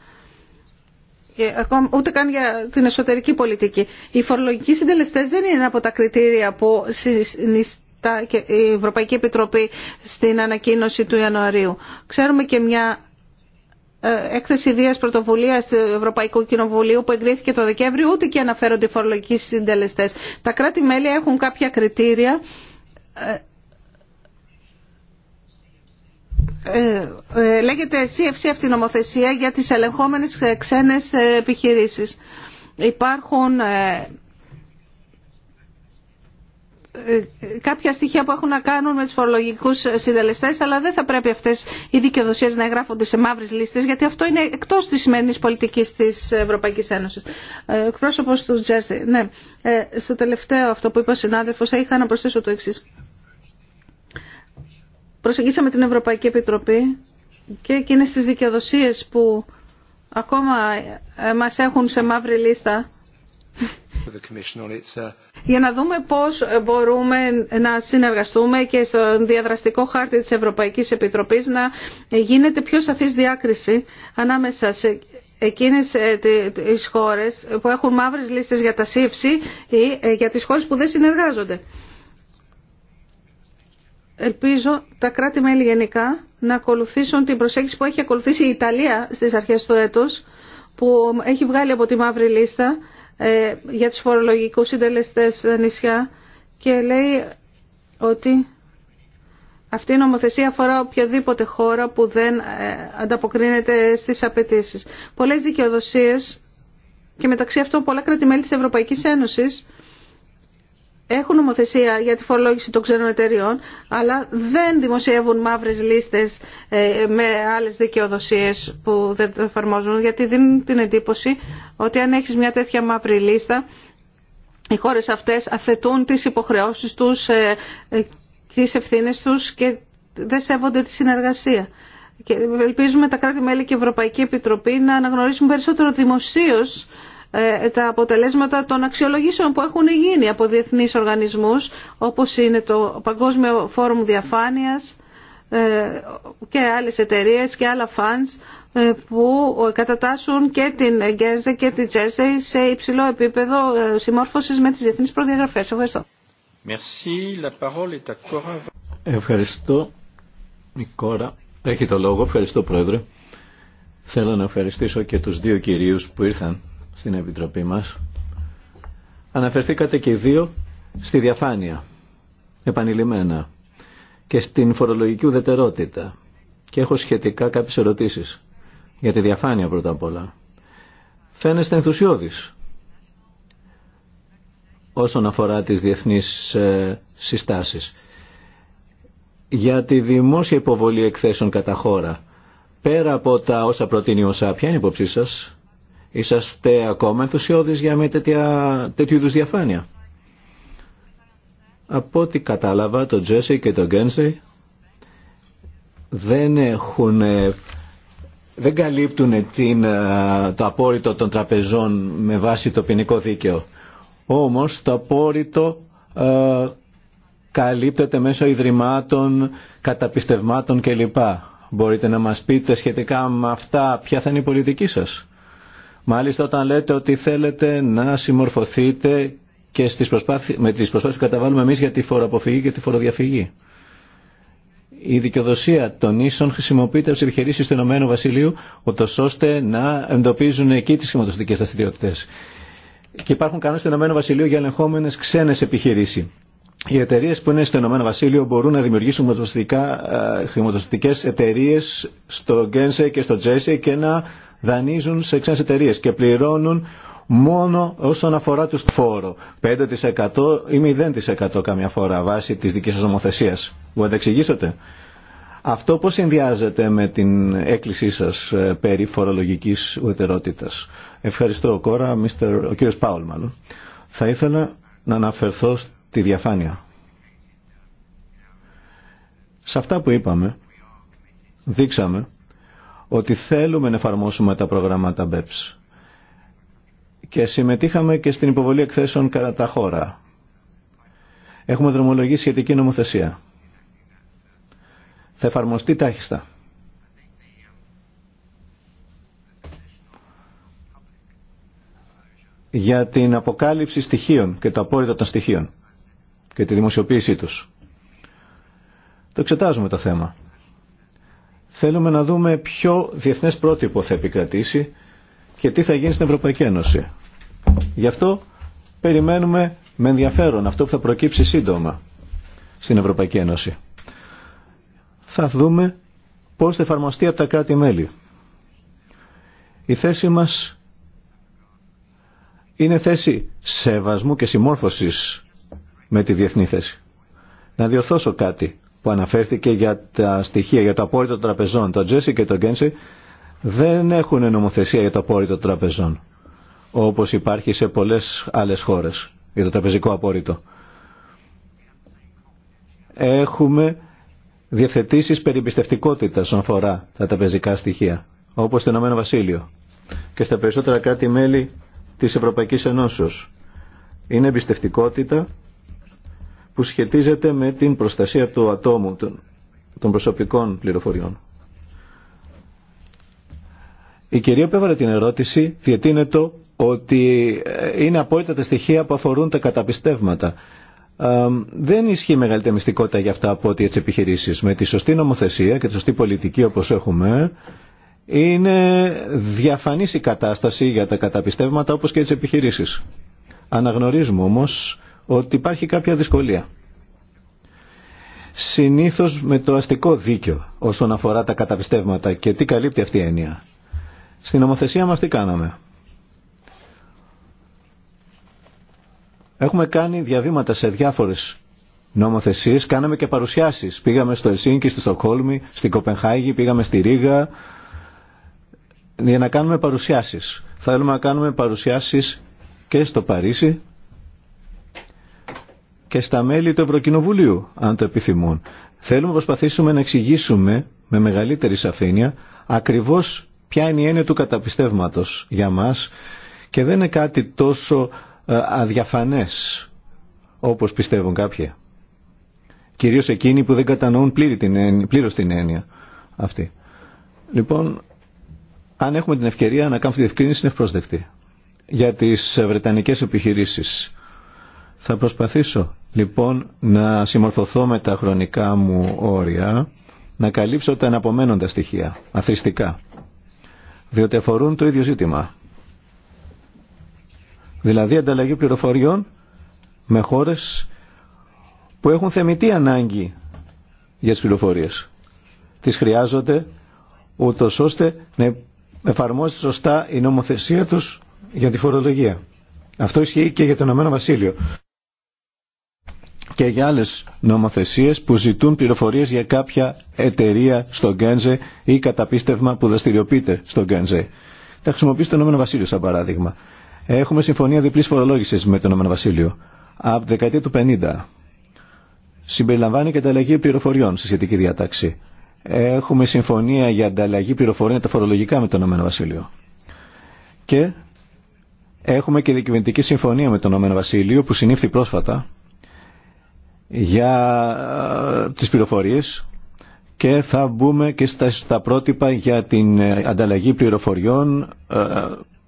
ακόμα, ούτε καν για την εσωτερική πολιτική. Οι φορολογικοί συντελεστέ δεν είναι από τα κριτήρια που συνιστά η Ευρωπαϊκή Επιτροπή στην ανακοίνωση του Ιανουαρίου. Ξέρουμε και μια ε, έκθεση ιδίας πρωτοβουλίας του Ευρωπαϊκού Κοινοβουλίου που εγκρίθηκε το Δεκέμβριο, ούτε και αναφέρονται οι φορολογικοί συντελεστές. Τα κράτη-μέλη έχουν κάποια κριτήρια ε, ε, ε, λέγεται CFC αυτή η νομοθεσία για τις ελεγχόμενες ε, ξένες επιχειρήσεις. Υπάρχουν κάποια στοιχεία που έχουν να κάνουν με τους φορολογικούς συντελεστές αλλά δεν θα πρέπει αυτές οι δικαιοδοσίες να εγγράφονται σε μαύρες λίστες γιατί αυτό είναι εκτός της σημερινής πολιτικής της Ευρωπαϊκής Ένωσης. Ε, εκπρόσωπος του Ναι, στο τελευταίο αυτό που είπε ο συνάδελφος θα είχα να προσθέσω το εξής προσεγγίσαμε την Ευρωπαϊκή Επιτροπή και εκείνες τις δικαιοδοσίες που ακόμα ε, μας έχουν σε μαύρη λίστα uh, για να δούμε πώς μπορούμε να συνεργαστούμε και στον διαδραστικό χάρτη της Ευρωπαϊκής Επιτροπής να γίνεται πιο σαφής διάκριση ανάμεσα σε εκείνες ε, τις χώρες που έχουν μαύρες λίστες για τα σύψη ή ε, για τις χώρες που δεν συνεργάζονται. Ελπίζω τα κράτη-μέλη γενικά να ακολουθήσουν την προσέγγιση που έχει ακολουθήσει η Ιταλία στις αρχές του έτους, που έχει βγάλει από τη μαύρη λίστα ε, για τους φορολογικούς συντελεστές νησιά και λέει ότι αυτή η νομοθεσία αφορά οποιαδήποτε χώρα που δεν ε, ανταποκρίνεται στις απαιτήσεις. Πολλές δικαιοδοσίες και μεταξύ αυτών πολλά κράτη-μέλη της Ευρωπαϊκής Ένωσης έχουν νομοθεσία για τη φορολόγηση των ξένων εταιριών, αλλά δεν δημοσιεύουν μαύρες λίστες ε, με άλλες δικαιοδοσίες που δεν το εφαρμόζουν, γιατί δίνουν την εντύπωση ότι αν έχεις μια τέτοια μαύρη λίστα, οι χώρες αυτές αθετούν τις υποχρεώσεις τους, ε, ε, τις ευθύνες τους και δεν σέβονται τη συνεργασία. Και ελπίζουμε τα κράτη-μέλη και η Ευρωπαϊκή Επιτροπή να αναγνωρίσουν περισσότερο δημοσίως ε, τα αποτελέσματα των αξιολογήσεων που έχουν γίνει από διεθνείς οργανισμούς όπως είναι το Παγκόσμιο Φόρουμ Διαφάνειας ε, και άλλες εταιρείες και άλλα funds ε, που κατατάσσουν και την Γκέρζε και την Τζέρζε σε υψηλό επίπεδο συμμόρφωσης με τις διεθνείς προδιαγραφές. Ευχαριστώ. Ευχαριστώ. Η Κόρα έχει το λόγο. Ευχαριστώ Πρόεδρε. Θέλω να ευχαριστήσω και τους δύο κυρίους που ήρθαν στην Επιτροπή μας. Αναφερθήκατε και δύο στη διαφάνεια, επανειλημμένα, και στην φορολογική ουδετερότητα. Και έχω σχετικά κάποιες ερωτήσεις για τη διαφάνεια πρώτα απ' όλα. Φαίνεστε ενθουσιώδης όσον αφορά τις διεθνείς ε, συστάσεις. Για τη δημόσια υποβολή εκθέσεων κατά χώρα, πέρα από τα όσα προτείνει ο ΣΑ, ποια είναι η υπόψή σας Είσαστε ακόμα ενθουσιώδεις για μια τέτοια, τέτοιου είδους διαφάνεια. Από ό,τι κατάλαβα, το Τζέσι και το Γκένσι δεν έχουν δεν καλύπτουν την, το απόρριτο των τραπεζών με βάση το ποινικό δίκαιο. Όμως το απόρριτο καλύπτεται μέσω ιδρυμάτων, καταπιστευμάτων κλπ. Μπορείτε να μας πείτε σχετικά με αυτά ποια θα είναι η πολιτική σας. Μάλιστα όταν λέτε ότι θέλετε να συμμορφωθείτε και στις προσπάθει... με τις προσπάθειες που καταβάλουμε εμείς για τη φοροαποφυγή και τη φοροδιαφυγή. Η δικαιοδοσία των ίσων χρησιμοποιείται από τι επιχειρήσει του Ηνωμένου Βασιλείου, ώστε να εντοπίζουν εκεί τι χρηματοστικέ δραστηριότητε. Και υπάρχουν κανόνε του Ηνωμένου Βασιλείου για ελεγχόμενε ξένες επιχειρήσει. Οι εταιρείε που είναι στο Ηνωμένο Βασίλειο μπορούν να δημιουργήσουν ε, χρηματοδοτικέ εταιρείε στο Γκένσε και στο Τζέσε και να δανείζουν σε ξένες εταιρείες και πληρώνουν μόνο όσον αφορά τους φόρο. 5% ή 0% καμιά φορά βάσει της δικής σας νομοθεσίας. Μου ανταξηγήσετε. Αυτό πώς συνδυάζεται με την έκκλησή σας ε, περί φορολογικής ουδετερότητας. Ευχαριστώ κόρα, Mr. ο κύριος Πάουλ μάλλον. Θα ήθελα να αναφερθώ στη διαφάνεια. Σε αυτά που είπαμε, δείξαμε ότι θέλουμε να εφαρμόσουμε τα προγράμματα BEPS. Και συμμετείχαμε και στην υποβολή εκθέσεων κατά τα χώρα. Έχουμε δρομολογήσει σχετική νομοθεσία. Θα εφαρμοστεί τάχιστα. για την αποκάλυψη στοιχείων και το απόρριτο των στοιχείων και τη δημοσιοποίησή τους. Το εξετάζουμε το θέμα. Θέλουμε να δούμε ποιο διεθνές πρότυπο θα επικρατήσει και τι θα γίνει στην Ευρωπαϊκή Ένωση. Γι' αυτό περιμένουμε με ενδιαφέρον αυτό που θα προκύψει σύντομα στην Ευρωπαϊκή Ένωση. Θα δούμε πώς θα εφαρμοστεί από τα κράτη-μέλη. Η θέση μας είναι θέση σεβασμού και συμμόρφωσης με τη διεθνή θέση. Να διορθώσω κάτι που αναφέρθηκε για τα στοιχεία, για το απόρριτο τραπεζόν, τραπεζών. Το Τζέσι και το Γκένσι δεν έχουν νομοθεσία για το απόρριτο τραπεζών, όπως υπάρχει σε πολλές άλλες χώρες για το τραπεζικό απόρριτο. Έχουμε διευθετήσεις περιπιστευτικότητας όσον αφορά τα τραπεζικά στοιχεία, όπως στο Ηνωμένο Βασίλειο και στα περισσότερα κράτη-μέλη της Ευρωπαϊκής Ενώσεως. Είναι εμπιστευτικότητα που σχετίζεται με την προστασία του ατόμου, των προσωπικών πληροφοριών. Η κυρία που έβαλε την ερώτηση διετείνεται ότι ε, είναι απόλυτα τα στοιχεία που αφορούν τα καταπιστεύματα. Ε, δεν ισχύει μεγαλύτερη μυστικότητα για αυτά από ό,τι έτσι επιχειρήσεις. Με τη σωστή νομοθεσία και τη σωστή πολιτική όπως έχουμε είναι διαφανής η κατάσταση για τα καταπιστεύματα όπως και τις επιχειρήσεις. Αναγνωρίζουμε όμως ότι υπάρχει κάποια δυσκολία. Συνήθως με το αστικό δίκαιο όσον αφορά τα καταπιστεύματα και τι καλύπτει αυτή η έννοια. Στην νομοθεσία μας τι κάναμε. Έχουμε κάνει διαβήματα σε διάφορες νομοθεσίες, κάναμε και παρουσιάσεις. Πήγαμε στο Ελσίνκι, στη Στοκχόλμη, στην Κοπενχάγη, πήγαμε στη Ρίγα για να κάνουμε παρουσιάσεις. Θέλουμε να κάνουμε παρουσιάσεις και στο Παρίσι και στα μέλη του Ευρωκοινοβουλίου, αν το επιθυμούν. Θέλουμε να προσπαθήσουμε να εξηγήσουμε με μεγαλύτερη σαφήνεια ακριβώς ποια είναι η έννοια του καταπιστεύματος για μας και δεν είναι κάτι τόσο ε, αδιαφανές όπως πιστεύουν κάποιοι. Κυρίως εκείνοι που δεν κατανοούν πλήρω την έννοια, πλήρως την έννοια αυτή. Λοιπόν, αν έχουμε την ευκαιρία να κάνουμε αυτή τη διευκρίνηση είναι ευπρόσδεκτη για τις ε, βρετανικές επιχειρήσεις. Θα προσπαθήσω λοιπόν να συμμορφωθώ με τα χρονικά μου όρια, να καλύψω τα αναπομένοντα στοιχεία, αθρηστικά, διότι αφορούν το ίδιο ζήτημα. Δηλαδή ανταλλαγή πληροφοριών με χώρες που έχουν θεμητή ανάγκη για τις πληροφορίες. Τις χρειάζονται ούτω ώστε να εφαρμόσει σωστά η νομοθεσία τους για τη φορολογία. Αυτό ισχύει και για το Ηνωμένο Βασίλειο και για άλλες νομοθεσίες που ζητούν πληροφορίες για κάποια εταιρεία στο Γκέντζε ή καταπίστευμα που δραστηριοποιείται στο Γκένζε. Θα χρησιμοποιήσω το Ηνωμένο Βασίλειο σαν παράδειγμα. Έχουμε συμφωνία διπλής φορολόγησης με το Ηνωμένο Βασίλειο από τη δεκαετία του 50. Συμπεριλαμβάνει και ανταλλαγή πληροφοριών στη σχετική διάταξη. Έχουμε συμφωνία για ανταλλαγή πληροφοριών τα φορολογικά με το Ηνωμένο Βασίλειο. Και έχουμε και διακυβερνητική συμφωνία με το Ηνωμένο Βασίλειο που συνήφθη πρόσφατα για ε, τις πληροφορίες και θα μπούμε και στα, στα πρότυπα για την ε, ανταλλαγή πληροφοριών ε,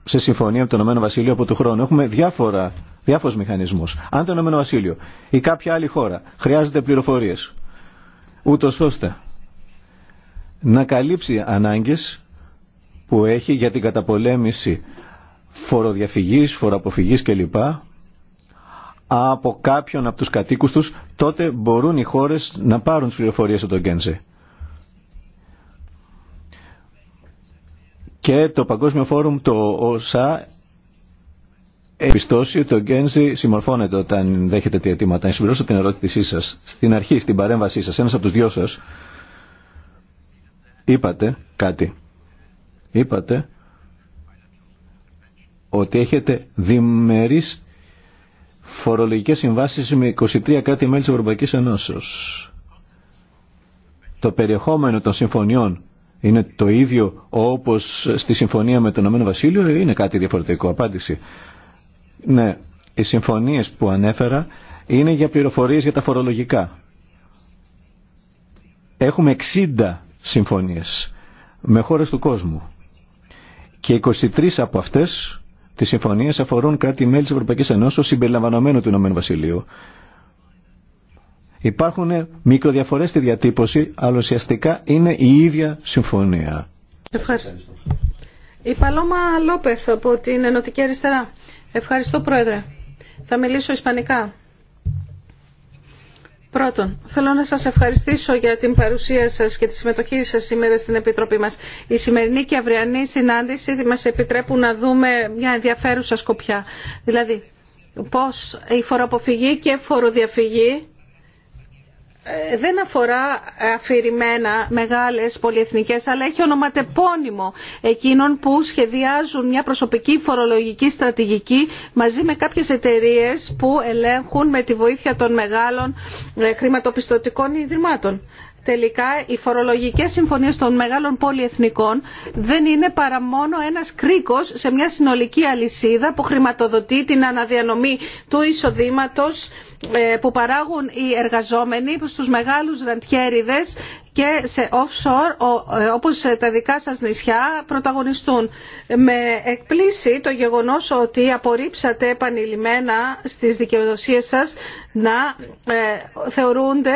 σε συμφωνία με το Ηνωμένο Βασίλειο από του χρόνου. Έχουμε διάφορα, διάφορους μηχανισμούς. Αν το Ηνωμένο Βασίλειο ή κάποια άλλη χώρα χρειάζεται πληροφορίες, ούτω ώστε να καλύψει ανάγκες που έχει για την καταπολέμηση φοροδιαφυγής, φοροαποφυγής κλπ από κάποιον από τους κατοίκους τους, τότε μπορούν οι χώρες να πάρουν τις πληροφορίες από τον Γκένζε. Και το Παγκόσμιο Φόρουμ, το ΩΣΑ, επιστώσει ότι το Γκένζι συμμορφώνεται όταν δέχεται τη αιτήματα. συμπληρώσω την ερώτησή σα. Στην αρχή, στην παρέμβασή σα, ένα από του δυο σα, είπατε κάτι. Είπατε ότι έχετε διμερείς φορολογικές συμβάσεις με 23 κράτη-μέλη της Ευρωπαϊκής Ενώσεως. Το περιεχόμενο των συμφωνιών είναι το ίδιο όπως στη συμφωνία με το Ηνωμένο Βασίλειο ή είναι κάτι διαφορετικό. Απάντηση. Ναι, οι συμφωνίες που ανέφερα είναι για πληροφορίες για τα φορολογικά. Έχουμε 60 συμφωνίες με χώρες του κόσμου και 23 από αυτές Τη συμφωνίες αφορούν κράτη-μέλη τη Ευρωπαϊκή Ενώση συμπεριλαμβανομένου του Ηνωμένου Βασιλείου. Υπάρχουν μικροδιαφορές στη διατύπωση, αλλά ουσιαστικά είναι η ίδια συμφωνία. Ευχαριστώ. Η Παλώμα Λόπεθ από την Ενωτική Αριστερά. Ευχαριστώ Πρόεδρε. Θα μιλήσω ισπανικά. Πρώτον, θέλω να σας ευχαριστήσω για την παρουσία σας και τη συμμετοχή σας σήμερα στην Επιτροπή μας. Η σημερινή και αυριανή συνάντηση μας επιτρέπουν να δούμε μια ενδιαφέρουσα σκοπιά. Δηλαδή, πώς η φοροαποφυγή και φοροδιαφυγή ε, δεν αφορά αφηρημένα μεγάλες πολυεθνικές, αλλά έχει ονοματεπώνυμο εκείνων που σχεδιάζουν μια προσωπική φορολογική στρατηγική μαζί με κάποιες εταιρείες που ελέγχουν με τη βοήθεια των μεγάλων ε, χρηματοπιστωτικών ιδρυμάτων. Τελικά, οι φορολογικές συμφωνίες των μεγάλων πολυεθνικών δεν είναι παρά μόνο ένας κρίκος σε μια συνολική αλυσίδα που χρηματοδοτεί την αναδιανομή του εισοδήματος ε, που παράγουν οι εργαζόμενοι στους μεγάλους ραντιέριδες και σε offshore ε, όπως τα δικά σας νησιά πρωταγωνιστούν. Με εκπλήσει το γεγονός ότι απορρίψατε επανειλημμένα στις δικαιοδοσίες σας να ε, θεωρούνται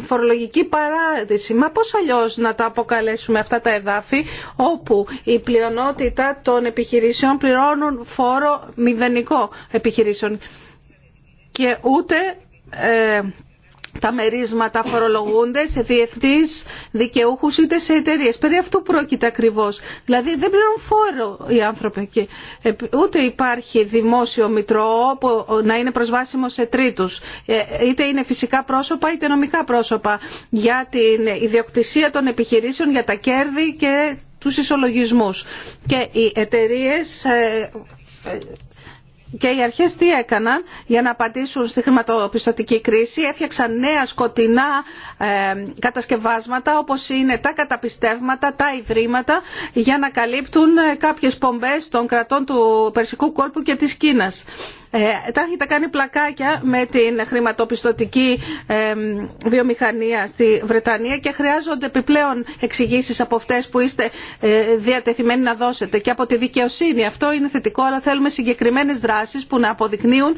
φορολογική παράδειση. Μα πώς αλλιώς να τα αποκαλέσουμε αυτά τα εδάφη όπου η πλειονότητα των επιχειρήσεων πληρώνουν φόρο μηδενικό επιχειρήσεων και ούτε ε, τα μερίσματα φορολογούνται σε διεθνείς δικαιούχους είτε σε εταιρείε. Περί αυτού πρόκειται ακριβώς. Δηλαδή δεν πληρώνουν φόρο οι άνθρωποι και ούτε υπάρχει δημόσιο μητρό που να είναι προσβάσιμο σε τρίτους. Ε, είτε είναι φυσικά πρόσωπα είτε νομικά πρόσωπα για την ιδιοκτησία των επιχειρήσεων, για τα κέρδη και τους ισολογισμούς. Και οι εταιρείε ε, και οι αρχές τι έκαναν για να απαντήσουν στη χρηματοπιστωτική κρίση. Έφτιαξαν νέα σκοτεινά ε, κατασκευάσματα όπως είναι τα καταπιστεύματα, τα ιδρύματα για να καλύπτουν ε, κάποιες πομπές των κρατών του Περσικού κόλπου και της Κίνας. Ε, τα έχετε κάνει πλακάκια με την χρηματοπιστωτική ε, βιομηχανία στη Βρετανία και χρειάζονται επιπλέον εξηγήσει από αυτέ που είστε ε, διατεθειμένοι να δώσετε και από τη δικαιοσύνη. Αυτό είναι θετικό, αλλά θέλουμε συγκεκριμένε δράσει που να αποδεικνύουν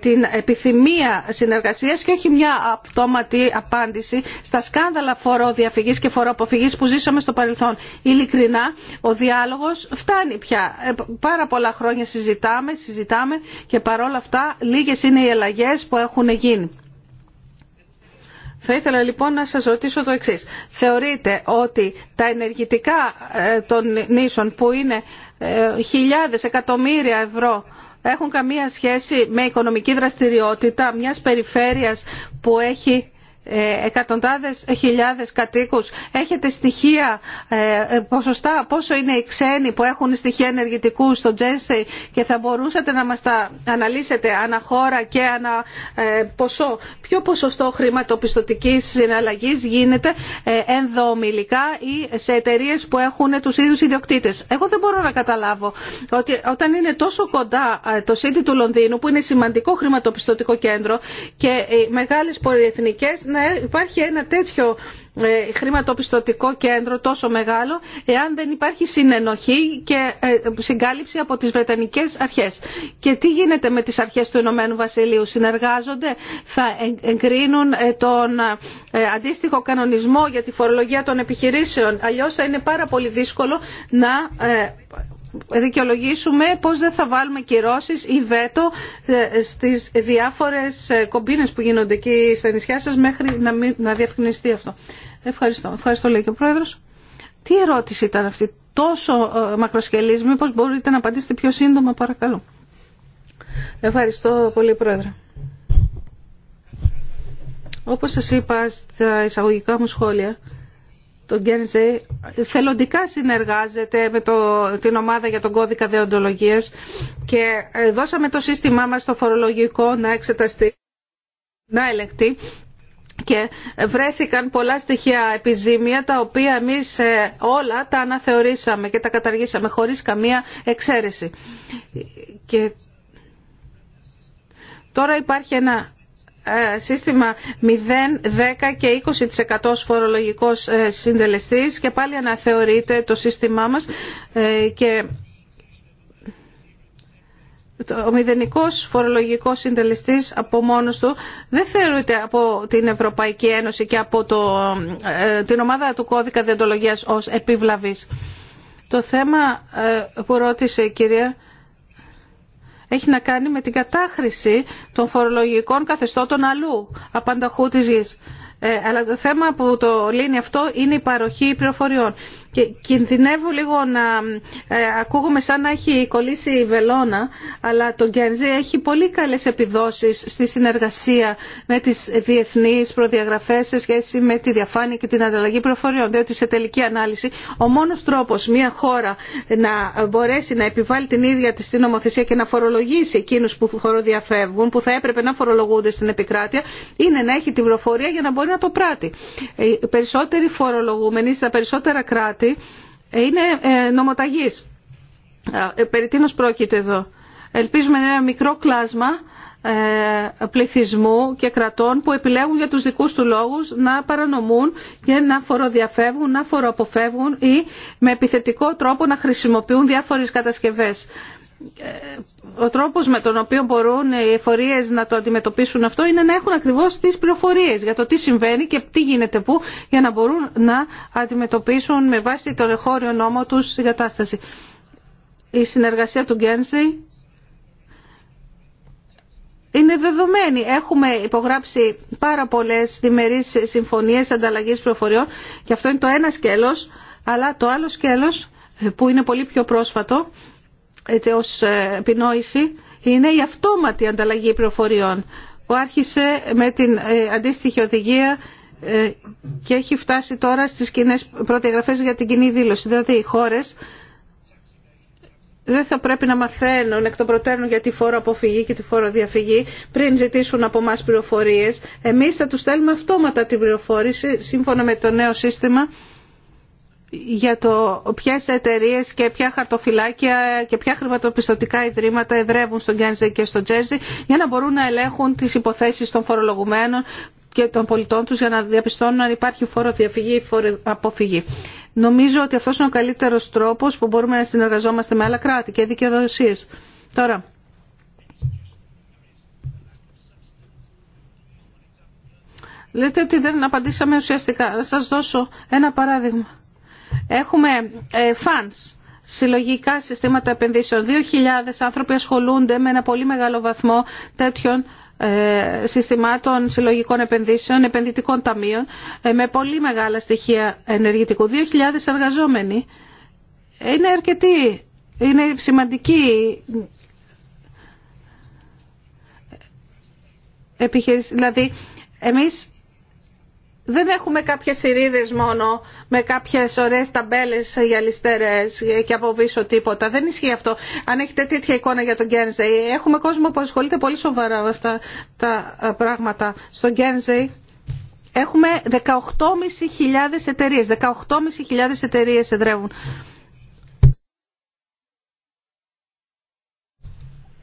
την επιθυμία συνεργασία και όχι μια αυτόματη απάντηση στα σκάνδαλα φοροδιαφυγή και φοροαποφυγή που ζήσαμε στο παρελθόν. Ειλικρινά, ο διάλογο φτάνει πια. Πάρα πολλά χρόνια συζητάμε, συζητάμε και παρόλα αυτά λίγες είναι οι ελλαγές που έχουν γίνει. Θα ήθελα λοιπόν να σας ρωτήσω το εξής. Θεωρείτε ότι τα ενεργητικά ε, των νήσων που είναι ε, χιλιάδες, εκατομμύρια ευρώ έχουν καμία σχέση με οικονομική δραστηριότητα μιας περιφέρειας που έχει ε, εκατοντάδες χιλιάδες κατοίκους. Έχετε στοιχεία, ε, ποσοστά, πόσο είναι οι ξένοι που έχουν στοιχεία ενεργητικού στο Τζένστη και θα μπορούσατε να μας τα αναλύσετε ανά χώρα και ανά ε, ποσό. Ποιο ποσοστό χρηματοπιστωτικής συναλλαγής γίνεται ενδομιλικά ή σε εταιρείε που έχουν τους ίδιους ιδιοκτήτες. Εγώ δεν μπορώ να καταλάβω ότι όταν είναι τόσο κοντά το City του Λονδίνου που είναι σημαντικό χρηματοπιστωτικό κέντρο και οι μεγάλες πολυεθνικές να υπάρχει ένα τέτοιο ε, χρηματοπιστωτικό κέντρο τόσο μεγάλο εάν δεν υπάρχει συνενοχή και ε, συγκάλυψη από τις Βρετανικές αρχές. Και τι γίνεται με τις αρχές του Ηνωμένου Βασιλείου. Συνεργάζονται, θα εγκρίνουν ε, τον αντίστοιχο κανονισμό για τη φορολογία των επιχειρήσεων. Αλλιώς θα είναι πάρα πολύ δύσκολο να δικαιολογήσουμε πώς δεν θα βάλουμε κυρώσεις ή βέτο ε, στις διάφορες ε, κομπίνες που γίνονται εκεί στα νησιά σας μέχρι να, μην, να διευκρινιστεί αυτό. Ευχαριστώ. Ευχαριστώ λέει και ο Πρόεδρος. Τι ερώτηση ήταν αυτή τόσο ε, μακροσκελής, μήπως μπορείτε να απαντήσετε πιο σύντομα παρακαλώ. Ευχαριστώ πολύ Πρόεδρε. Όπως σας είπα στα εισαγωγικά μου σχόλια, το Γκέρντζε θελοντικά συνεργάζεται με το, την ομάδα για τον κώδικα δεοντολογίας και ε, δώσαμε το σύστημά μας στο φορολογικό να εξεταστεί, να ελεγχτεί και βρέθηκαν πολλά στοιχεία επιζήμια τα οποία εμείς ε, όλα τα αναθεωρήσαμε και τα καταργήσαμε χωρίς καμία εξαίρεση. Και τώρα υπάρχει ένα ε, σύστημα 0, 10 και 20% φορολογικός ε, συντελεστής και πάλι αναθεωρείται το σύστημά μας ε, και ο μηδενικός φορολογικός συντελεστής από μόνος του δεν θεωρείται από την Ευρωπαϊκή Ένωση και από το, την ομάδα του κώδικα διοντολογίας ως επιβλαβής. Το θέμα που ρώτησε η κυρία έχει να κάνει με την κατάχρηση των φορολογικών καθεστώτων αλλού, απανταχού της γης. Ε, αλλά το θέμα που το λύνει αυτό είναι η παροχή πληροφοριών και κινδυνεύω λίγο να ε, ακούγομαι σαν να έχει κολλήσει η βελόνα, αλλά το Γκένζι έχει πολύ καλές επιδόσεις στη συνεργασία με τις διεθνείς προδιαγραφές σε σχέση με τη διαφάνεια και την ανταλλαγή προφοριών, διότι σε τελική ανάλυση ο μόνος τρόπος μια χώρα να μπορέσει να επιβάλλει την ίδια της στην νομοθεσία και να φορολογήσει εκείνους που φοροδιαφεύγουν, που θα έπρεπε να φορολογούνται στην επικράτεια, είναι να έχει την προφορία για να μπορεί να το πράττει. Οι περισσότεροι φορολογούμενοι στα περισσότερα κράτη ε, είναι ε, νομοταγής. Ε, περί τίνος πρόκειται εδώ. Ελπίζουμε ένα μικρό κλάσμα πληθυσμού και κρατών που επιλέγουν για τους δικούς του λόγους να παρανομούν και να φοροδιαφεύγουν, να φοροαποφεύγουν ή με επιθετικό τρόπο να χρησιμοποιούν διάφορες κατασκευές ο τρόπος με τον οποίο μπορούν οι εφορίες να το αντιμετωπίσουν αυτό είναι να έχουν ακριβώς τις πληροφορίες για το τι συμβαίνει και τι γίνεται πού για να μπορούν να αντιμετωπίσουν με βάση τον εχώριο νόμο τους την κατάσταση. Η συνεργασία του Γκένσι είναι δεδομένη. Έχουμε υπογράψει πάρα πολλές διμερείς συμφωνίες ανταλλαγής πληροφοριών και αυτό είναι το ένα σκέλος, αλλά το άλλο σκέλος που είναι πολύ πιο πρόσφατο έτσι ως ε, επινόηση είναι η αυτόματη ανταλλαγή πληροφοριών που άρχισε με την ε, αντίστοιχη οδηγία ε, και έχει φτάσει τώρα στις κοινέ προδιαγραφές για την κοινή δήλωση. Δηλαδή οι χώρες δεν θα πρέπει να μαθαίνουν εκ των προτέρων για τη φόρο αποφυγή και τη φόρο διαφυγή πριν ζητήσουν από εμά πληροφορίες. Εμείς θα τους στέλνουμε αυτόματα την πληροφόρηση σύμφωνα με το νέο σύστημα για το ποιες εταιρείε και ποια χαρτοφυλάκια και ποια χρηματοπιστωτικά ιδρύματα εδρεύουν στο Γκένζε και στο Τζέρζι για να μπορούν να ελέγχουν τις υποθέσεις των φορολογουμένων και των πολιτών τους για να διαπιστώνουν αν υπάρχει φόρο διαφυγή ή φόρο Νομίζω ότι αυτός είναι ο καλύτερος τρόπο που μπορούμε να συνεργαζόμαστε με άλλα κράτη και δικαιοδοσίε. Τώρα, λέτε ότι δεν απαντήσαμε ουσιαστικά. Θα σας δώσω ένα παράδειγμα. Έχουμε ε, funds, συλλογικά συστήματα επενδύσεων. 2.000 άνθρωποι ασχολούνται με ένα πολύ μεγάλο βαθμό τέτοιων ε, συστημάτων συλλογικών επενδύσεων, επενδυτικών ταμείων, ε, με πολύ μεγάλα στοιχεία ενεργητικού. 2.000 εργαζόμενοι. Είναι αρκετοί, είναι σημαντική επιχείρηση. Δηλαδή, εμείς δεν έχουμε κάποιες θηρίδες μόνο με κάποιες ωραίες ταμπέλες γυαλιστερές και από πίσω τίποτα. Δεν ισχύει αυτό. Αν έχετε τέτοια εικόνα για τον Γκέρνζεϊ, έχουμε κόσμο που ασχολείται πολύ σοβαρά με αυτά τα ε, πράγματα. Στον Γκέρνζεϊ έχουμε 18.500 εταιρείες. 18.500 εταιρείες εδρεύουν.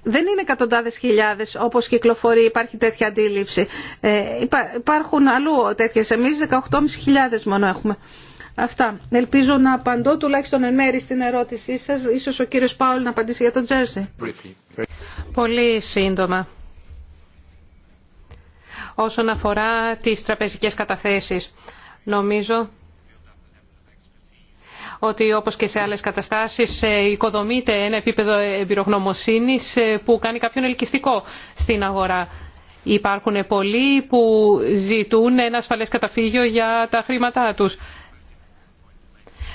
δεν είναι εκατοντάδες χιλιάδες όπως κυκλοφορεί, υπάρχει τέτοια αντίληψη. Ε, υπάρχουν αλλού τέτοιες, εμείς 18.500 μόνο έχουμε. Αυτά. Ελπίζω να απαντώ τουλάχιστον εν μέρη στην ερώτησή σας. Ίσως ο κύριος Πάολ να απαντήσει για τον Τζέρσι. Πολύ σύντομα. Όσον αφορά τις τραπεζικές καταθέσεις, νομίζω ότι όπως και σε άλλες καταστάσεις ε, οικοδομείται ένα επίπεδο εμπειρογνωμοσύνης ε, που κάνει κάποιον ελκυστικό στην αγορά. Υπάρχουν πολλοί που ζητούν ένα ασφαλές καταφύγιο για τα χρήματά τους.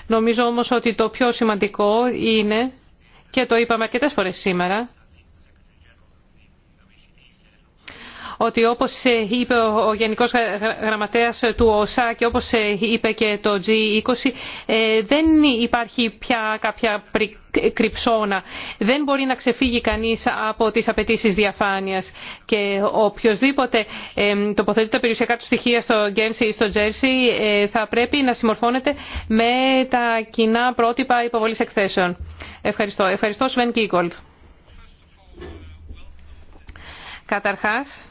Νομίζω όμως ότι το πιο σημαντικό είναι, και το είπαμε αρκετές φορές σήμερα, ότι όπως ε, είπε ο Γενικός Γραμματέας του ΟΣΑ και όπως ε, είπε και το G20 ε, δεν υπάρχει πια κάποια κρυψώνα. Δεν μπορεί να ξεφύγει κανείς από τις απαιτήσεις διαφάνειας και οποιοδήποτε τοποθετεί τα περιουσιακά του στοιχεία στο Γκένσι ή στο Τζέρσι θα πρέπει να συμμορφώνεται με τα κοινά πρότυπα υποβολής εκθέσεων. Ευχαριστώ. Ευχαριστώ Σβέν Κίγκολτ. Καταρχάς,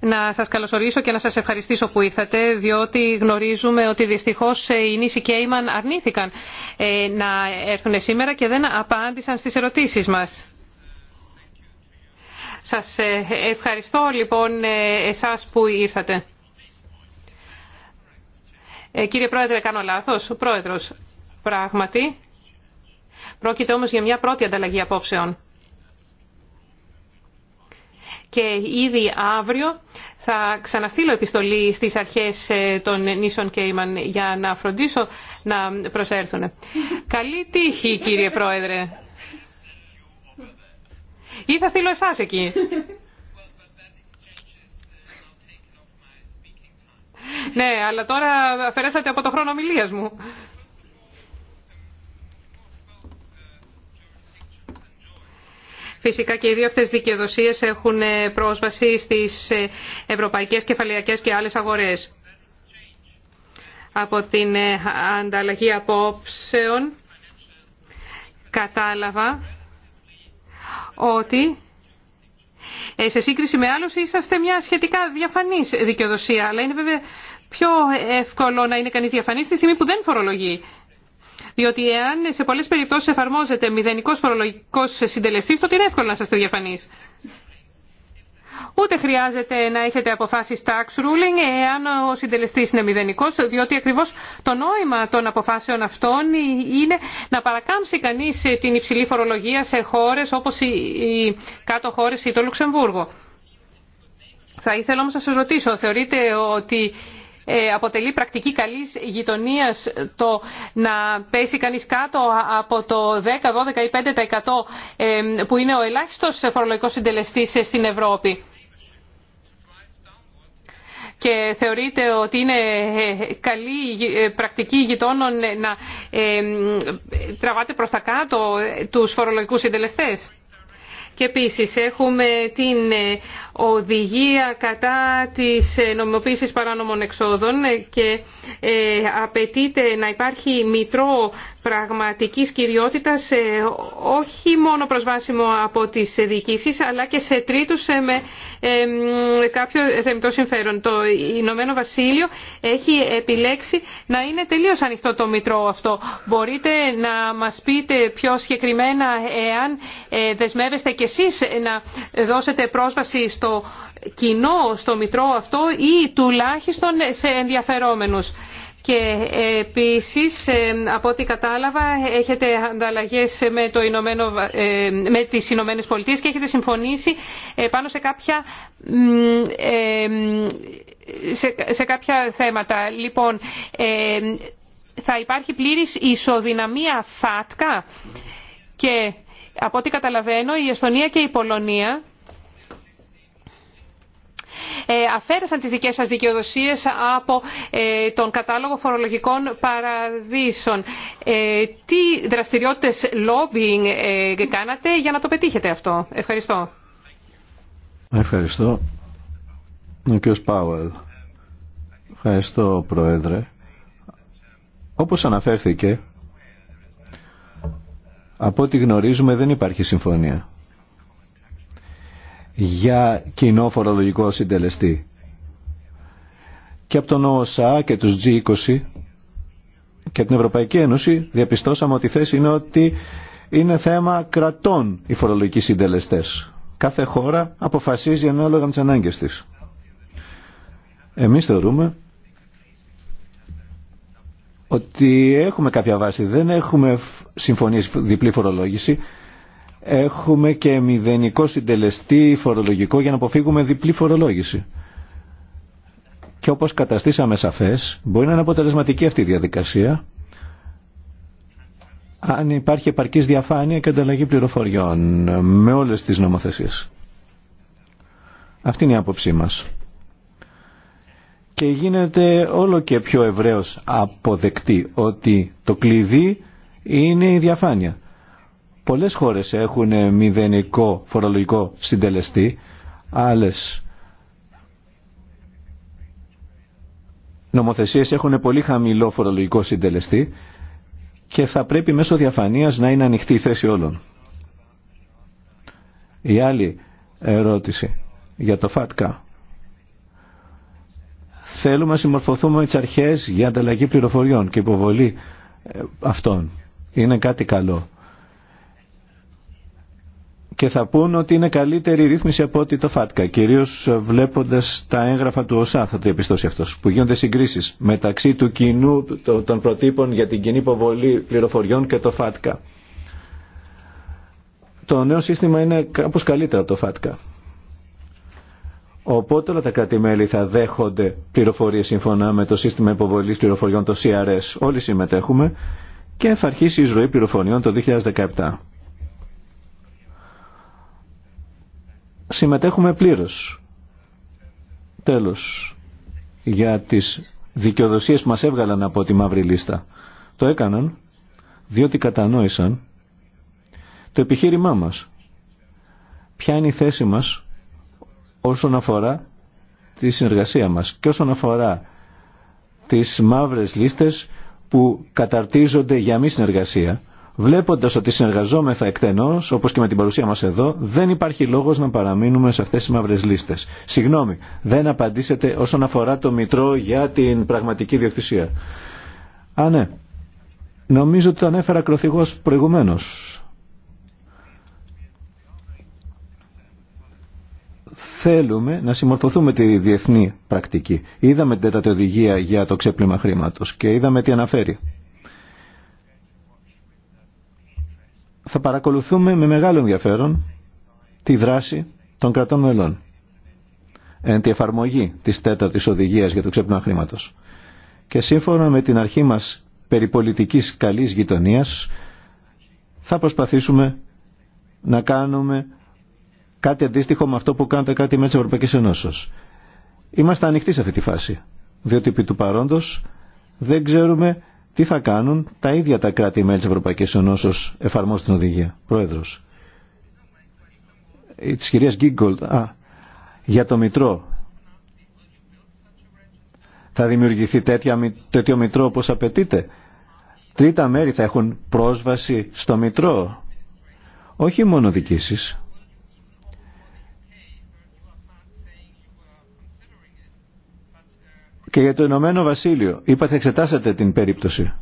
να σας καλωσορίσω και να σας ευχαριστήσω που ήρθατε, διότι γνωρίζουμε ότι δυστυχώς ε, οι νήσοι Κέιμαν αρνήθηκαν ε, να έρθουν σήμερα και δεν απάντησαν στις ερωτήσεις μας. Σας ε, ευχαριστώ λοιπόν εσάς που ήρθατε. Κύριε Πρόεδρε, κάνω λάθος. Πρόεδρος, πράγματι. Πρόκειται όμως για μια πρώτη ανταλλαγή απόψεων. Και ήδη αύριο θα ξαναστείλω επιστολή στις αρχές ε, των νήσων Κέιμαν για να φροντίσω να προσέρθουν. Καλή τύχη κύριε Πρόεδρε. Ή θα στείλω εσάς εκεί. Ναι, αλλά τώρα αφαιρέσατε από το χρόνο ομιλίας μου. Φυσικά και οι δύο αυτές δικαιοδοσίες έχουν ε, πρόσβαση στις ε, ευρωπαϊκές, κεφαλαιακές και άλλες αγορές. Από την ε, ανταλλαγή απόψεων κατάλαβα ότι σε σύγκριση με άλλους είσαστε μια σχετικά διαφανής δικαιοδοσία, αλλά είναι βέβαια πιο εύκολο να είναι κανείς διαφανής τη στιγμή που δεν φορολογεί. Διότι εάν σε πολλές περιπτώσεις εφαρμόζεται μηδενικός φορολογικός συντελεστής, τότε είναι εύκολο να το διαφανείς. Ούτε χρειάζεται να έχετε αποφάσει tax ruling εάν ο συντελεστή είναι μηδενικό, διότι ακριβώ το νόημα των αποφάσεων αυτών είναι να παρακάμψει κανεί την υψηλή φορολογία σε χώρε όπω οι κάτω χώρε ή το Λουξεμβούργο. Θα ήθελα όμω να σα ρωτήσω, θεωρείτε ότι ε, αποτελεί πρακτική καλής γειτονίας το να πέσει κανείς κάτω από το 10, 12 ή 5% ε, που είναι ο ελάχιστος φορολογικός συντελεστής στην Ευρώπη και θεωρείτε ότι είναι ε, καλή πρακτική γειτόνων να τραβάτε προς τα κάτω τους φορολογικούς συντελεστές. Και επίσης έχουμε την οδηγία κατά της ε, νομιμοποίησης παράνομων εξόδων ε, και ε, απαιτείται να υπάρχει μητρό πραγματικής κυριότητας όχι μόνο προσβάσιμο από τις διοικήσεις αλλά και σε τρίτους με κάποιο θεμητό συμφέρον. Το Ηνωμένο Βασίλειο έχει επιλέξει να είναι τελείως ανοιχτό το μητρό αυτό. Μπορείτε να μας πείτε πιο συγκεκριμένα εάν δεσμεύεστε κι εσείς να δώσετε πρόσβαση στο κοινό, στο μητρό αυτό ή τουλάχιστον σε ενδιαφερόμενους. Και επίσης, ε, από ό,τι κατάλαβα, έχετε ανταλλαγές με, το Ηνωμένο, ε, με τις Ηνωμένε Πολιτείε και έχετε συμφωνήσει ε, πάνω σε κάποια, σε, κάποια θέματα. Λοιπόν, θα υπάρχει πλήρης ισοδυναμία ΦΑΤΚΑ και από ό,τι καταλαβαίνω η Εστονία και η Πολωνία ε, αφαίρεσαν τις δικές σας δικαιοδοσίες από ε, τον κατάλογο φορολογικών παραδείσων. Ε, τι δραστηριότητες lobbying κάνατε για να το πετύχετε αυτό. Ευχαριστώ. Ευχαριστώ. Ο κ. Πάουελ. Ευχαριστώ, Πρόεδρε. Όπως αναφέρθηκε, από ό,τι γνωρίζουμε δεν υπάρχει συμφωνία για κοινό φορολογικό συντελεστή. Και από τον ΟΣΑ και τους G20 και την Ευρωπαϊκή Ένωση διαπιστώσαμε ότι η θέση είναι ότι είναι θέμα κρατών οι φορολογικοί συντελεστές. Κάθε χώρα αποφασίζει ανάλογα με τις ανάγκες της. Εμείς θεωρούμε ότι έχουμε κάποια βάση, δεν έχουμε συμφωνίες διπλή φορολόγηση, έχουμε και μηδενικό συντελεστή φορολογικό για να αποφύγουμε διπλή φορολόγηση. Και όπως καταστήσαμε σαφές, μπορεί να είναι αποτελεσματική αυτή η διαδικασία αν υπάρχει επαρκής διαφάνεια και ανταλλαγή πληροφοριών με όλες τις νομοθεσίες. Αυτή είναι η άποψή μας. Και γίνεται όλο και πιο ευρέως αποδεκτή ότι το κλειδί είναι η διαφάνεια. Πολλές χώρες έχουν μηδενικό φορολογικό συντελεστή, άλλες νομοθεσίες έχουν πολύ χαμηλό φορολογικό συντελεστή και θα πρέπει μέσω διαφανείας να είναι ανοιχτή η θέση όλων. Η άλλη ερώτηση για το ΦΑΤΚΑ. Θέλουμε να συμμορφωθούμε με τις αρχές για ανταλλαγή πληροφοριών και υποβολή ε, αυτών. Είναι κάτι καλό και θα πούν ότι είναι καλύτερη η ρύθμιση από ότι το ΦΑΤΚΑ. Κυρίω βλέποντα τα έγγραφα του ΟΣΑ θα το διαπιστώσει αυτό, που γίνονται συγκρίσει μεταξύ του κοινού των προτύπων για την κοινή υποβολή πληροφοριών και το ΦΑΤΚΑ. Το νέο σύστημα είναι κάπω καλύτερο από το ΦΑΤΚΑ. Οπότε όλα τα κράτη-μέλη θα δέχονται πληροφορίε σύμφωνα με το σύστημα υποβολή πληροφοριών, το CRS. Όλοι συμμετέχουμε και θα αρχίσει η ζωή πληροφοριών το 2017. συμμετέχουμε πλήρως. Τέλος, για τις δικαιοδοσίες που μας έβγαλαν από τη μαύρη λίστα. Το έκαναν διότι κατανόησαν το επιχείρημά μας. Ποια είναι η θέση μας όσον αφορά τη συνεργασία μας και όσον αφορά τις μαύρες λίστες που καταρτίζονται για μη συνεργασία Βλέποντας ότι συνεργαζόμεθα εκτενώς, όπως και με την παρουσία μας εδώ, δεν υπάρχει λόγος να παραμείνουμε σε αυτές τις μαύρες λίστες. Συγγνώμη, δεν απαντήσετε όσον αφορά το Μητρό για την πραγματική διοκτησία. Α, ναι. Νομίζω ότι το ανέφερα κροθυγός προηγουμένως. θέλουμε να συμμορφωθούμε τη διεθνή πρακτική. Είδαμε την τέταρτη οδηγία για το ξέπλυμα χρήματος και είδαμε τι αναφέρει. θα παρακολουθούμε με μεγάλο ενδιαφέρον τη δράση των κρατών μελών εν τη εφαρμογή της τέταρτης οδηγίας για το ξέπνο χρήματος. Και σύμφωνα με την αρχή μας περιπολιτικής καλής γειτονίας θα προσπαθήσουμε να κάνουμε κάτι αντίστοιχο με αυτό που κάνουν τα κράτη της Ευρωπαϊκής Ενώσεως. Είμαστε ανοιχτοί σε αυτή τη φάση, διότι επί του παρόντος δεν ξέρουμε τι θα κάνουν τα ίδια τα κράτη-μέλη της Ευρωπαϊκής Ενώσεως εφαρμόζουν την οδηγία. Πρόεδρος. Τη κυρία Γκίγκολτ, για το Μητρό. Θα δημιουργηθεί τέτοιο Μητρό όπως απαιτείται. Τρίτα μέρη θα έχουν πρόσβαση στο Μητρό. Όχι μόνο δικήσεις. και για το Ηνωμένο Βασίλειο. είπατε, εξετάσατε την περίπτωση.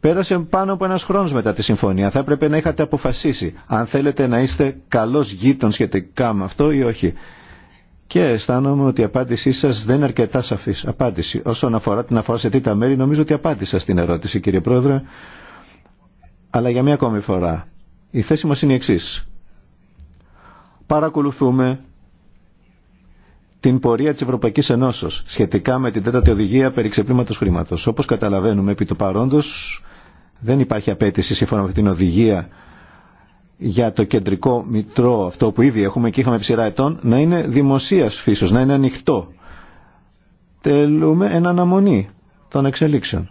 Πέρασε πάνω από ένα χρόνο μετά τη συμφωνία. Θα έπρεπε να είχατε αποφασίσει αν θέλετε να είστε καλό γείτον σχετικά με αυτό ή όχι. Και αισθάνομαι ότι η απάντησή σα δεν είναι αρκετά σαφή. Απάντηση. Όσον αφορά την αφορά σε τρίτα μέρη, νομίζω ότι απάντησα στην ερώτηση, κύριε Πρόεδρε. Αλλά για μία ακόμη φορά. Η θέση μα είναι η εξή. Παρακολουθούμε την πορεία τη Ευρωπαϊκή Ενώσεω σχετικά με την τέταρτη οδηγία περί ξεπλήματο χρήματο. Όπως καταλαβαίνουμε επί του παρόντο, δεν υπάρχει απέτηση σύμφωνα με την οδηγία για το κεντρικό μητρό αυτό που ήδη έχουμε και είχαμε ψηρά ετών να είναι δημοσία φύσεως, να είναι ανοιχτό. Τελούμε εν αναμονή των εξελίξεων.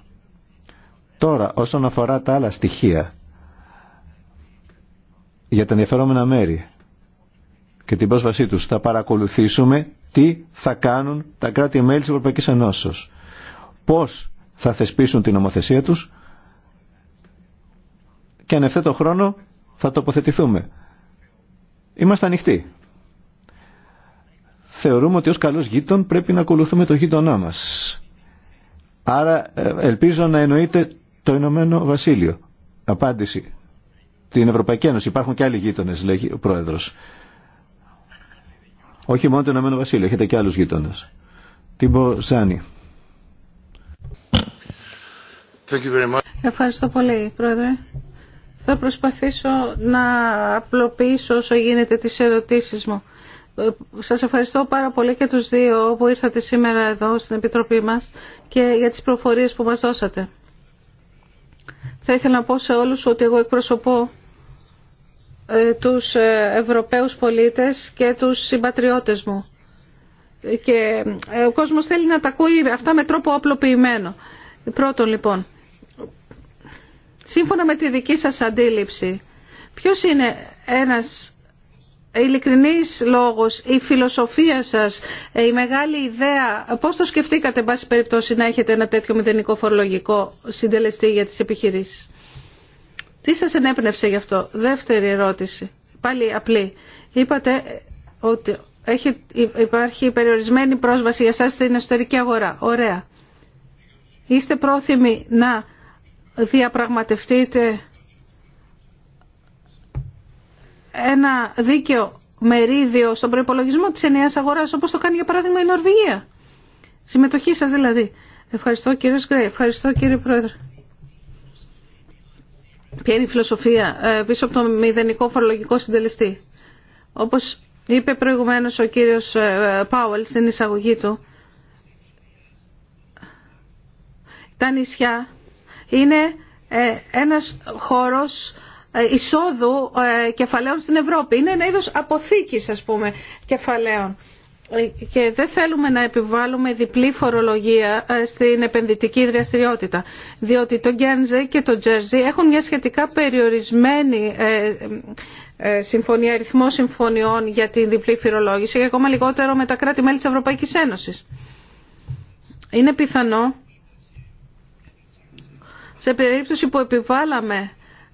Τώρα όσον αφορά τα άλλα στοιχεία για τα ενδιαφερόμενα μέρη και την πρόσβασή τους θα παρακολουθήσουμε τι θα κάνουν τα κράτη-μέλη της Ευρωπαϊκής Ενώσεως. Πώς θα θεσπίσουν την νομοθεσία τους και αν ευθέτω χρόνο θα τοποθετηθούμε. Είμαστε ανοιχτοί. Θεωρούμε ότι ως καλούς γείτον πρέπει να ακολουθούμε το γείτονά μας. Άρα ε, ελπίζω να εννοείται το Ηνωμένο Βασίλειο. Απάντηση. Την Ευρωπαϊκή Ένωση. Υπάρχουν και άλλοι γείτονε, λέει ο Πρόεδρο. Όχι μόνο το Ηνωμένο Βασίλειο, έχετε και άλλους γείτονες. Τίμπο Ζάνη. Ευχαριστώ πολύ, Πρόεδρε. Θα προσπαθήσω να απλοποιήσω όσο γίνεται τις ερωτήσεις μου. Σας ευχαριστώ πάρα πολύ και τους δύο που ήρθατε σήμερα εδώ στην Επιτροπή μας και για τις προφορίες που μας δώσατε. Θα ήθελα να πω σε όλους ότι εγώ εκπροσωπώ ε, τους ε, Ευρωπαίους πολίτες και τους συμπατριώτες μου. Και ε, ο κόσμος θέλει να τα ακούει αυτά με τρόπο απλοποιημένο. Πρώτον λοιπόν, σύμφωνα με τη δική σας αντίληψη, ποιος είναι ένας ειλικρινής λόγος, η φιλοσοφία σας, η μεγάλη ιδέα, πώς το σκεφτήκατε, εν πάση περιπτώσει, να έχετε ένα τέτοιο μηδενικό φορολογικό συντελεστή για τις επιχειρήσεις. Τι σας ενέπνευσε γι' αυτό. Δεύτερη ερώτηση. Πάλι απλή. Είπατε ότι έχει, υπάρχει περιορισμένη πρόσβαση για σας στην εσωτερική αγορά. Ωραία. Είστε πρόθυμοι να διαπραγματευτείτε ένα δίκαιο μερίδιο στον προϋπολογισμό της ενιαίας αγοράς όπως το κάνει για παράδειγμα η Νορβηγία. Συμμετοχή σας δηλαδή. Ευχαριστώ κύριε Σκρέ. Ευχαριστώ κύριε Πρόεδρε. Ποια είναι η φιλοσοφία ε, πίσω από το μηδενικό φορολογικό συντελεστή. Όπως είπε προηγουμένως ο κύριος ε, Πάουελ στην εισαγωγή του, τα νησιά είναι ε, ένας χώρος εισόδου κεφαλαίων στην Ευρώπη. Είναι ένα είδος αποθήκης, ας πούμε, κεφαλαίων και δεν θέλουμε να επιβάλλουμε διπλή φορολογία ε, στην επενδυτική δραστηριότητα. Διότι το Γκένζε και το Τζέρζι έχουν μια σχετικά περιορισμένη ε, ε, συμφωνία, αριθμό συμφωνιών για την διπλή φορολόγηση και ακόμα λιγότερο με τα κράτη-μέλη της Ευρωπαϊκής Ένωσης. Είναι πιθανό σε περίπτωση που επιβάλαμε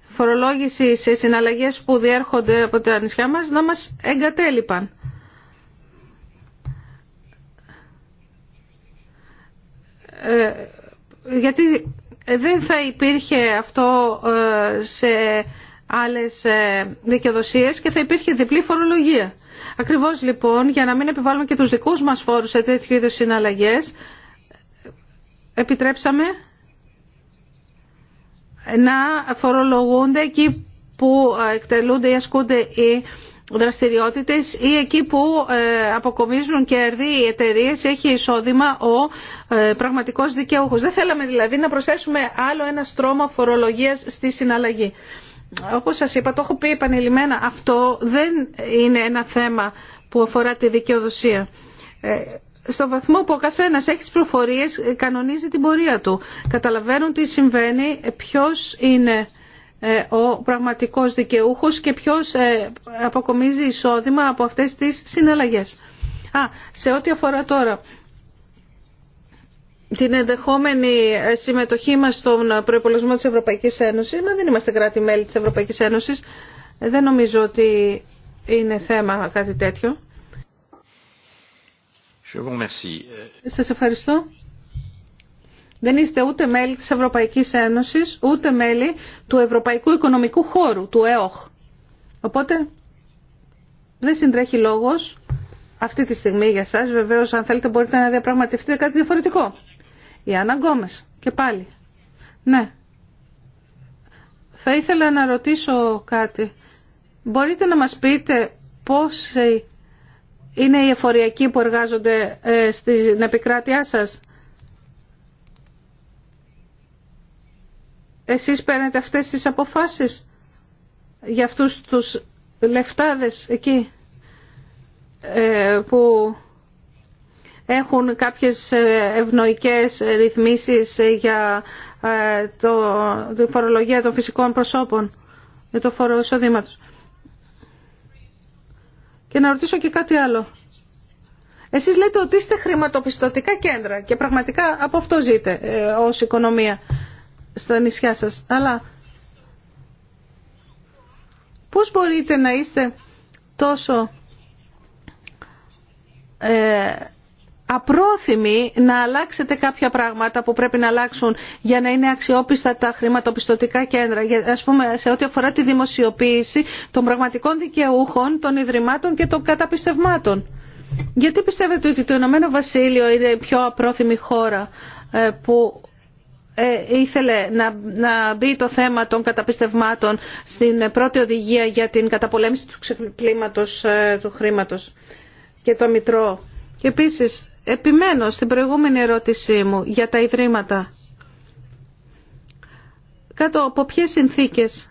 φορολόγηση σε συναλλαγές που διέρχονται από τα νησιά μας να μας εγκατέλειπαν. Ε, γιατί δεν θα υπήρχε αυτό ε, σε άλλες ε, δικαιοδοσίες και θα υπήρχε διπλή φορολογία. Ακριβώς λοιπόν, για να μην επιβάλλουμε και τους δικούς μας φόρους σε τέτοιου είδους συναλλαγές, επιτρέψαμε να φορολογούνται εκεί που εκτελούνται ή ασκούνται οι δραστηριότητες ή εκεί που ε, αποκομίζουν κέρδη οι εταιρείε έχει εισόδημα ο ε, πραγματικός δικαιούχος. Δεν θέλαμε δηλαδή να προσθέσουμε άλλο ένα στρώμα φορολογίας στη συναλλαγή. Όπως σας είπα, το έχω πει επανειλημμένα, αυτό δεν είναι ένα θέμα που αφορά τη δικαιοδοσία. Ε, στο βαθμό που ο καθένας έχει τις προφορίες, κανονίζει την πορεία του. Καταλαβαίνουν τι συμβαίνει, ποιος είναι ε, ο πραγματικός δικαιούχος και ποιος ε, αποκομίζει εισόδημα από αυτές τις συναλλαγές. Α, σε ό,τι αφορά τώρα την ενδεχόμενη ε, συμμετοχή μας στον προϋπολογισμό της Ευρωπαϊκής Ένωσης, μα δεν είμαστε κράτη-μέλη της Ευρωπαϊκής Ένωσης, δεν νομίζω ότι είναι θέμα κάτι τέτοιο. Je Σας ευχαριστώ. Δεν είστε ούτε μέλη της Ευρωπαϊκής Ένωσης, ούτε μέλη του Ευρωπαϊκού Οικονομικού Χώρου, του ΕΟΧ. Οπότε δεν συντρέχει λόγος αυτή τη στιγμή για σας. Βεβαίως αν θέλετε μπορείτε να διαπραγματευτείτε κάτι διαφορετικό. Η Άννα και πάλι. Ναι. Θα ήθελα να ρωτήσω κάτι. Μπορείτε να μας πείτε πώς είναι οι εφοριακοί που εργάζονται ε, στην επικράτειά σας. Εσείς παίρνετε αυτές τις αποφάσεις για αυτούς τους λεφτάδες εκεί ε, που έχουν κάποιες ε, ευνοϊκές ρυθμίσεις για ε, το, τη φορολογία των φυσικών προσώπων για το φόρο εισοδήματος. Και να ρωτήσω και κάτι άλλο. Εσείς λέτε ότι είστε χρηματοπιστωτικά κέντρα και πραγματικά από αυτό ζείτε ως οικονομία στα νησιά σας. Αλλά πώς μπορείτε να είστε τόσο ε, απρόθυμοι να αλλάξετε κάποια πράγματα που πρέπει να αλλάξουν για να είναι αξιόπιστα τα χρηματοπιστωτικά κέντρα, ας πούμε σε ό,τι αφορά τη δημοσιοποίηση των πραγματικών δικαιούχων, των ιδρυμάτων και των καταπιστευμάτων. Γιατί πιστεύετε ότι το Ηνωμένο Βασίλειο είναι η πιο απρόθυμη χώρα ε, που ε, ήθελε να μπει το θέμα των καταπιστευμάτων στην πρώτη οδηγία για την καταπολέμηση του ξεκλήματος ε, του χρήματος και το μητρό. Και επίσης, επιμένω στην προηγούμενη ερώτησή μου για τα ιδρύματα. Κάτω από ποιες συνθήκες,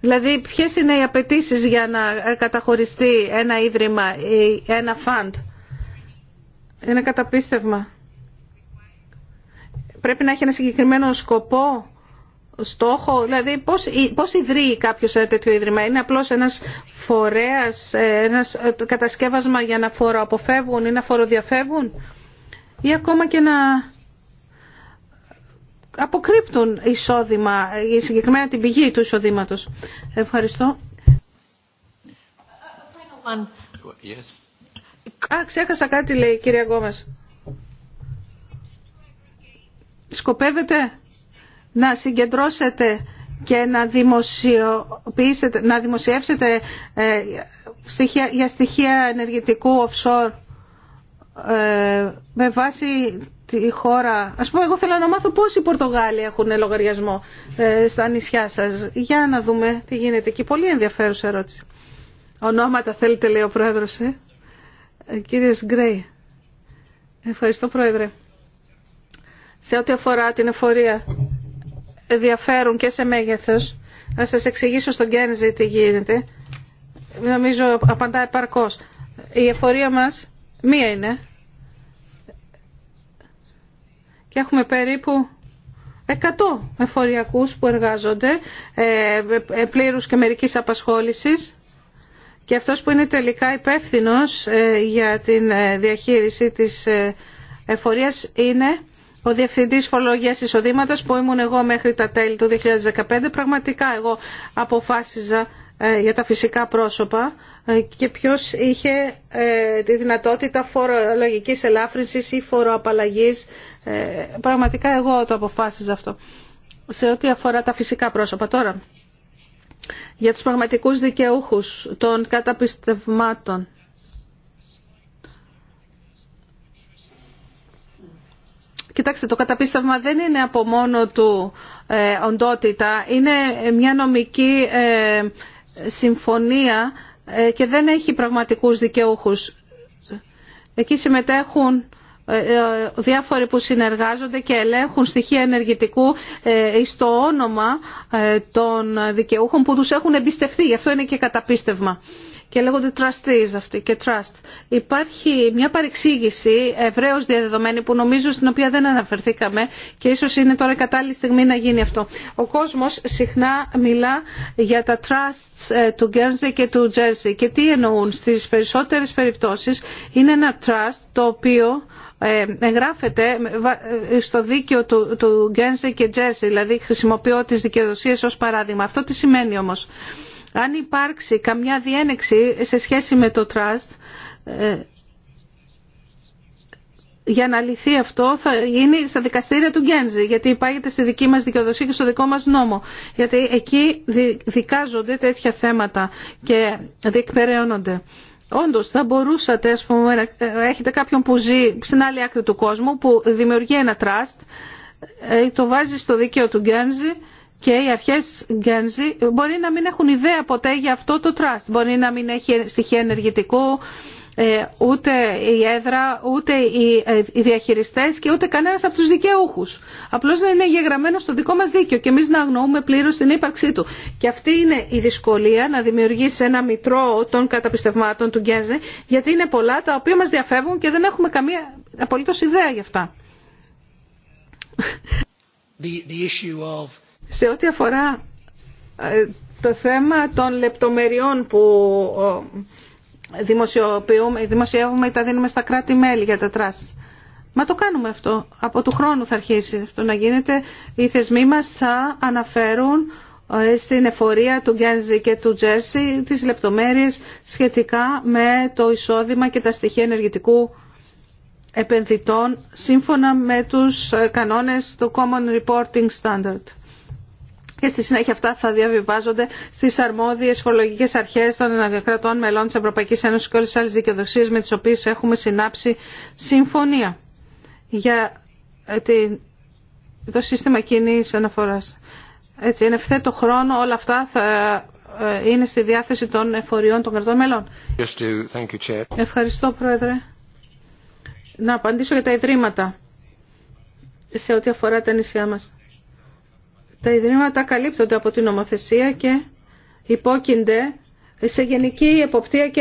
δηλαδή ποιες είναι οι απαιτήσεις για να ε, καταχωριστεί ένα ίδρυμα ή ένα φαντ. Ένα καταπίστευμα πρέπει να έχει ένα συγκεκριμένο σκοπό, στόχο, δηλαδή πώς, πώς ιδρύει κάποιος ένα τέτοιο ίδρυμα. Είναι απλώς ένας φορέας, ένας ε, κατασκεύασμα για να φοροαποφεύγουν ή να φοροδιαφεύγουν ή ακόμα και να αποκρύπτουν εισόδημα, συγκεκριμένα την πηγή του εισοδήματος. Ευχαριστώ. Α, ξέχασα κάτι λέει η κυρία Γκόμας σκοπεύετε να συγκεντρώσετε και να, δημοσιοποιήσετε, να δημοσιεύσετε ε, στοιχεία, για στοιχεία ενεργητικού offshore ε, με βάση τη χώρα. Ας πούμε, εγώ θέλω να μάθω πόσοι Πορτογάλοι έχουν λογαριασμό ε, στα νησιά σας. Για να δούμε τι γίνεται εκεί. Πολύ ενδιαφέρουσα ερώτηση. Ονόματα θέλετε, λέει ο Πρόεδρος, ε. ε Κύριε Γκρέι. Ευχαριστώ, Πρόεδρε σε ό,τι αφορά την εφορία ενδιαφέρουν και σε μέγεθος. Να σας εξηγήσω στον Κένζη τι γίνεται. Νομίζω απαντά επαρκώς. Η εφορία μας μία είναι. Και έχουμε περίπου 100 εφοριακούς που εργάζονται ε, ε, πλήρους και μερικής απασχόλησης. Και αυτός που είναι τελικά υπεύθυνος ε, για την διαχείριση της εφορίας είναι ο διευθυντή Φορολογίας Εισοδήματος που ήμουν εγώ μέχρι τα τέλη του 2015. Πραγματικά εγώ αποφάσιζα ε, για τα φυσικά πρόσωπα ε, και ποιο είχε ε, τη δυνατότητα φορολογικής ελάφρυνση ή φοροαπαλλαγής. Πραγματικά εγώ το αποφάσιζα αυτό σε ό,τι αφορά τα φυσικά πρόσωπα τώρα. Για τους πραγματικούς δικαιούχους των καταπιστευμάτων Κοιτάξτε, το καταπίστευμα δεν είναι από μόνο του ε, οντότητα. Είναι μια νομική ε, συμφωνία ε, και δεν έχει πραγματικούς δικαιούχους. Εκεί συμμετέχουν διάφοροι που συνεργάζονται και ελέγχουν στοιχεία ενεργητικού στο όνομα των δικαιούχων που τους έχουν εμπιστευτεί. Γι' αυτό είναι και καταπίστευμα και λέγονται trustees αυτοί και trust. Υπάρχει μια παρεξήγηση ευρέως διαδεδομένη που νομίζω στην οποία δεν αναφερθήκαμε και ίσως είναι τώρα η κατάλληλη στιγμή να γίνει αυτό. Ο κόσμος συχνά μιλά για τα trusts ε, του Guernsey και του Jersey και τι εννοούν στις περισσότερες περιπτώσεις είναι ένα trust το οποίο ε, εγγράφεται ε, στο δίκαιο του Γκένσε και Τζέρσι, δηλαδή χρησιμοποιώ τις δικαιοδοσίες ως παράδειγμα. Αυτό τι σημαίνει όμως. Αν υπάρξει καμιά διένεξη σε σχέση με το Trust, ε, για να λυθεί αυτό θα γίνει στα δικαστήρια του Γκένζη, γιατί υπάγεται στη δική μας δικαιοδοσία και στο δικό μας νόμο. Γιατί εκεί δικάζονται τέτοια θέματα και διεκπαιρεώνονται. Όντω, θα μπορούσατε, ας πούμε, να έχετε κάποιον που ζει στην άλλη άκρη του κόσμου, που δημιουργεί ένα τραστ, ε, το βάζει στο δίκαιο του Γκένζη και οι αρχέ Γκένζι μπορεί να μην έχουν ιδέα ποτέ για αυτό το τραστ. Μπορεί να μην έχει στοιχεία ενεργητικού, ε, ούτε η έδρα, ούτε οι ε, διαχειριστέ και ούτε κανένα από του δικαιούχου. Απλώ να είναι γεγραμμένο στο δικό μα δίκαιο και εμεί να αγνοούμε πλήρω την ύπαρξή του. Και αυτή είναι η δυσκολία να δημιουργήσει ένα μητρό των καταπιστευμάτων του Γκένζι, γιατί είναι πολλά τα οποία μα διαφεύγουν και δεν έχουμε καμία απολύτως ιδέα γι' αυτά. The, the issue of... Σε ό,τι αφορά ε, το θέμα των λεπτομεριών που δημοσιοποιούμε, δημοσιεύουμε ή τα δίνουμε στα κράτη-μέλη για τα τράσεις. Μα το κάνουμε αυτό. Από του χρόνου θα αρχίσει αυτό να γίνεται. Οι θεσμοί μας θα αναφέρουν ε, στην εφορία του Γκένζι και του Τζέρσι τις λεπτομέρειες σχετικά με το εισόδημα και τα στοιχεία ενεργητικού επενδυτών σύμφωνα με τους ε, κανόνες του Common Reporting Standard και στη συνέχεια αυτά θα διαβιβάζονται στι αρμόδιε φορολογικέ αρχέ των κρατών μελών τη Ευρωπαϊκή Ένωση και όλε τι άλλε δικαιοδοσίε με τι οποίε έχουμε συνάψει συμφωνία για ε, το σύστημα κοινή αναφορά. Έτσι, εν ευθέτω χρόνο όλα αυτά θα ε, είναι στη διάθεση των εφοριών των κρατών μελών. Ευχαριστώ, Πρόεδρε. Να απαντήσω για τα ιδρύματα σε ό,τι αφορά τα νησιά μας. Τα ιδρύματα καλύπτονται από την νομοθεσία και υπόκεινται σε γενική εποπτεία και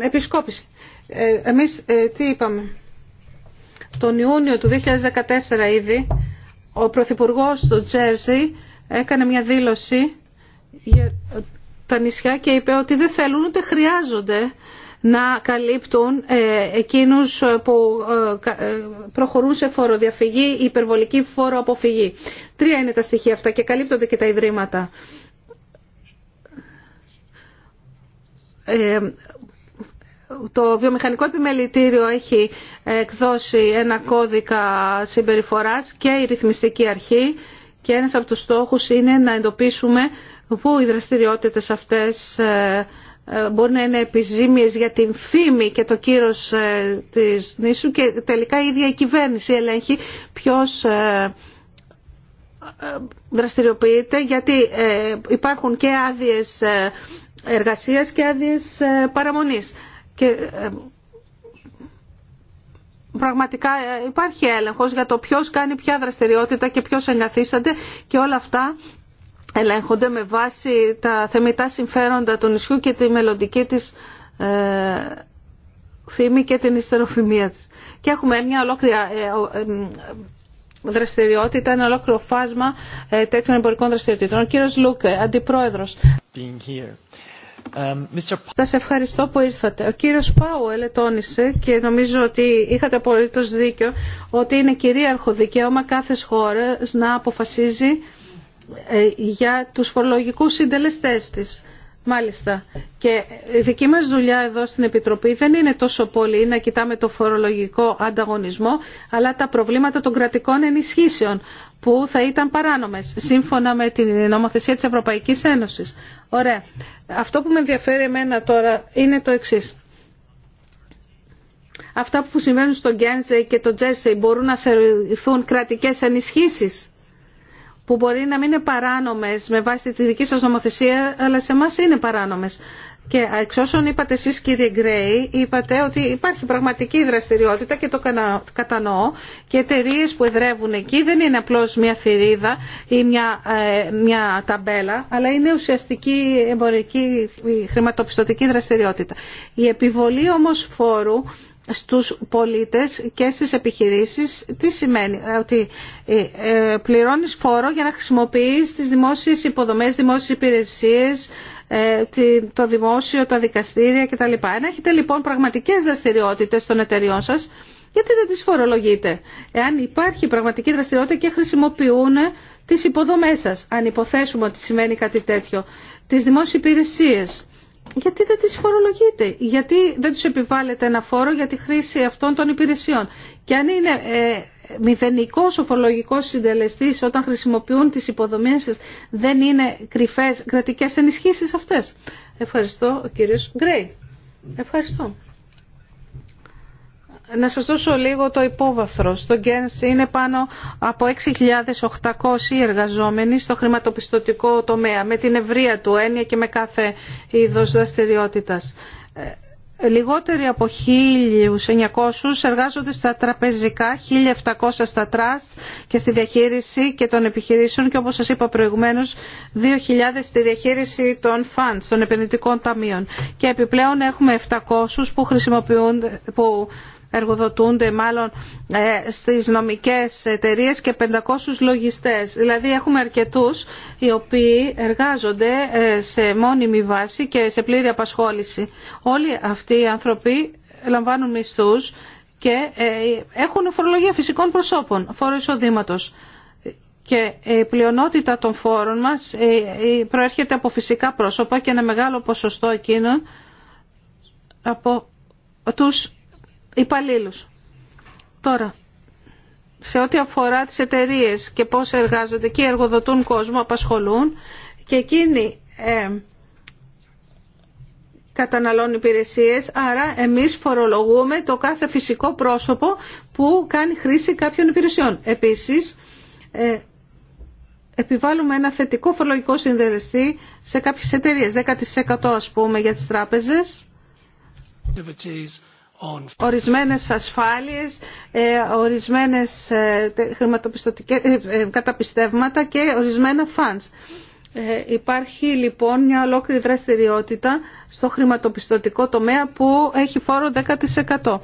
ε, επισκόπηση. Ε, εμείς ε, τι είπαμε. Τον Ιούνιο του 2014 ήδη ο Πρωθυπουργός του Τζέρζι έκανε μια δήλωση για τα νησιά και είπε ότι δεν θέλουν ούτε χρειάζονται να καλύπτουν εκείνους που προχωρούν σε φοροδιαφυγή ή υπερβολική φοροαποφυγή. Τρία είναι τα στοιχεία αυτά και καλύπτονται και τα ιδρύματα. Ε, το βιομηχανικό επιμελητήριο έχει εκδώσει ένα κώδικα συμπεριφοράς και η ρυθμιστική αρχή και ένας από τους στόχους είναι να εντοπίσουμε πού οι δραστηριότητες αυτές ε, ε, μπορεί να είναι επιζήμιες για την φήμη και το κύρος της νήσου και τελικά η ίδια η κυβέρνηση ελέγχει ποιος δραστηριοποιείται γιατί ε, υπάρχουν και άδειες ε, εργασίας και άδειες ε, παραμονής. Και πραγματικά υπάρχει έλεγχος για το ποιος κάνει ποια δραστηριότητα και ποιος εγκαθίσταται και όλα αυτά ελέγχονται με βάση τα θεμητά συμφέροντα του νησιού και τη μελλοντική της φήμη και την ιστεροφημία της. Και έχουμε μια ολόκληρη δραστηριότητα, ένα ολόκληρο φάσμα ε, τέτοιων εμπορικών δραστηριοτήτων. Ο κύριος Λούκε, αντιπρόεδρος. Um, Σας ευχαριστώ που ήρθατε. Ο κύριος Πάουελ τόνισε και νομίζω ότι είχατε απολύτως δίκιο ότι είναι κυρίαρχο δικαίωμα κάθε χώρα να αποφασίζει ε, για τους φορολογικούς συντελεστές της. Μάλιστα. Και η δική μας δουλειά εδώ στην Επιτροπή δεν είναι τόσο πολύ να κοιτάμε το φορολογικό ανταγωνισμό, αλλά τα προβλήματα των κρατικών ενισχύσεων, που θα ήταν παράνομες, σύμφωνα με την νομοθεσία της Ευρωπαϊκής Ένωσης. Ωραία. Αυτό που με ενδιαφέρει εμένα τώρα είναι το εξής. Αυτά που συμβαίνουν στο Γκένζε και το Τζέρσεϊ μπορούν να θεωρηθούν κρατικές ενισχύσεις που μπορεί να μην είναι παράνομες με βάση τη δική σας νομοθεσία, αλλά σε εμά είναι παράνομες. Και εξ όσων είπατε εσείς κύριε Γκρέι, είπατε ότι υπάρχει πραγματική δραστηριότητα και το κατανοώ και εταιρείε που εδρεύουν εκεί δεν είναι απλώς μια θηρίδα ή μια, ε, μια ταμπέλα, αλλά είναι ουσιαστική εμπορική χρηματοπιστωτική δραστηριότητα. Η επιβολή όμως φόρου στους πολίτες και στις επιχειρήσεις τι σημαίνει ότι ε, ε, πληρώνεις φόρο για να χρησιμοποιείς τις δημόσιες υποδομές, δημόσιες υπηρεσίες ε, το δημόσιο, τα δικαστήρια κτλ. Αν έχετε λοιπόν πραγματικές δραστηριότητες των εταιριών σας γιατί δεν τις φορολογείτε. Εάν υπάρχει πραγματική δραστηριότητα και χρησιμοποιούν τις υποδομές σας αν υποθέσουμε ότι σημαίνει κάτι τέτοιο τις δημόσιες υπηρεσίες γιατί δεν τις φορολογείτε, γιατί δεν τους επιβάλλεται ένα φόρο για τη χρήση αυτών των υπηρεσιών. Και αν είναι ε, μηδενικός ο φορολογικός συντελεστής όταν χρησιμοποιούν τις υποδομές σας, δεν είναι κρυφές κρατικές ενισχύσεις αυτές. Ευχαριστώ, ο κύριος Γκρέι. Ευχαριστώ. Να σας δώσω λίγο το υπόβαθρο. Στο Γκένς είναι πάνω από 6.800 εργαζόμενοι στο χρηματοπιστωτικό τομέα, με την ευρεία του έννοια και με κάθε είδος δραστηριότητας. Ε, λιγότεροι από 1.900 εργάζονται στα τραπεζικά, 1.700 στα τραστ και στη διαχείριση και των επιχειρήσεων και όπως σας είπα προηγουμένως 2.000 στη διαχείριση των funds, των επενδυτικών ταμείων. Και επιπλέον έχουμε 700 που, χρησιμοποιούν, που εργοδοτούνται μάλλον ε, στις νομικές εταιρείες και 500 λογιστές. Δηλαδή έχουμε αρκετούς οι οποίοι εργάζονται ε, σε μόνιμη βάση και σε πλήρη απασχόληση. Όλοι αυτοί οι άνθρωποι λαμβάνουν μισθούς και ε, έχουν φορολογία φυσικών προσώπων, φόρο εισοδήματο. Και η πλειονότητα των φόρων μας προέρχεται από φυσικά πρόσωπα και ένα μεγάλο ποσοστό εκείνων από τους υπαλλήλους. Τώρα, σε ό,τι αφορά τις εταιρείε και πώς εργάζονται και εργοδοτούν κόσμο, απασχολούν και εκείνοι ε, καταναλώνουν υπηρεσίες, άρα εμείς φορολογούμε το κάθε φυσικό πρόσωπο που κάνει χρήση κάποιων υπηρεσιών. Επίσης, ε, επιβάλλουμε ένα θετικό φορολογικό συνδελεστή σε κάποιες εταιρείες, 10% ας πούμε για τις τράπεζες. Ορισμένες ασφάλειες, ε, ορισμένες ε, χρηματοπιστωτικές ε, καταπιστεύματα και ορισμένα funds. Υπάρχει λοιπόν μια ολόκληρη δραστηριότητα στο χρηματοπιστωτικό τομέα που έχει φόρο 10%.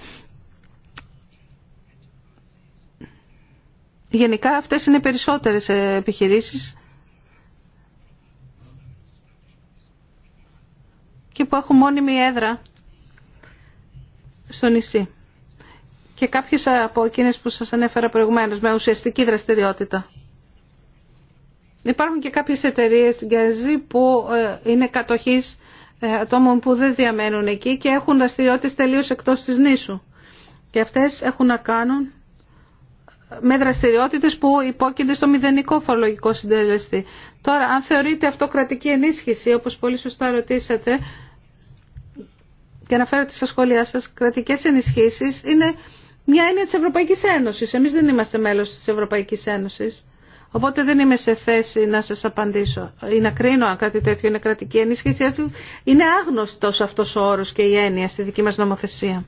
Γενικά αυτές είναι περισσότερες επιχειρήσεις και που έχουν μόνιμη έδρα στο νησί και κάποιες από εκείνες που σας ανέφερα προηγουμένως με ουσιαστική δραστηριότητα. Υπάρχουν και κάποιες εταιρείες στην που ε, είναι κατοχής ε, ατόμων που δεν διαμένουν εκεί και έχουν δραστηριότητες τελείως εκτός της νήσου. Και αυτές έχουν να κάνουν με δραστηριότητες που υπόκεινται στο μηδενικό φορολογικό συντελεστή. Τώρα, αν θεωρείται αυτοκρατική ενίσχυση, όπως πολύ σωστά ρωτήσατε, και αναφέρατε στα σχόλιά σας, κρατικές ενισχύσεις είναι μια έννοια της Ευρωπαϊκής Ένωσης. Εμείς δεν είμαστε μέλος της Ευρωπαϊκής Ένωσης. Οπότε δεν είμαι σε θέση να σας απαντήσω ή να κρίνω αν κάτι τέτοιο είναι κρατική ενίσχυση. Είναι άγνωστος αυτός ο όρος και η έννοια στη δική μας νομοθεσία.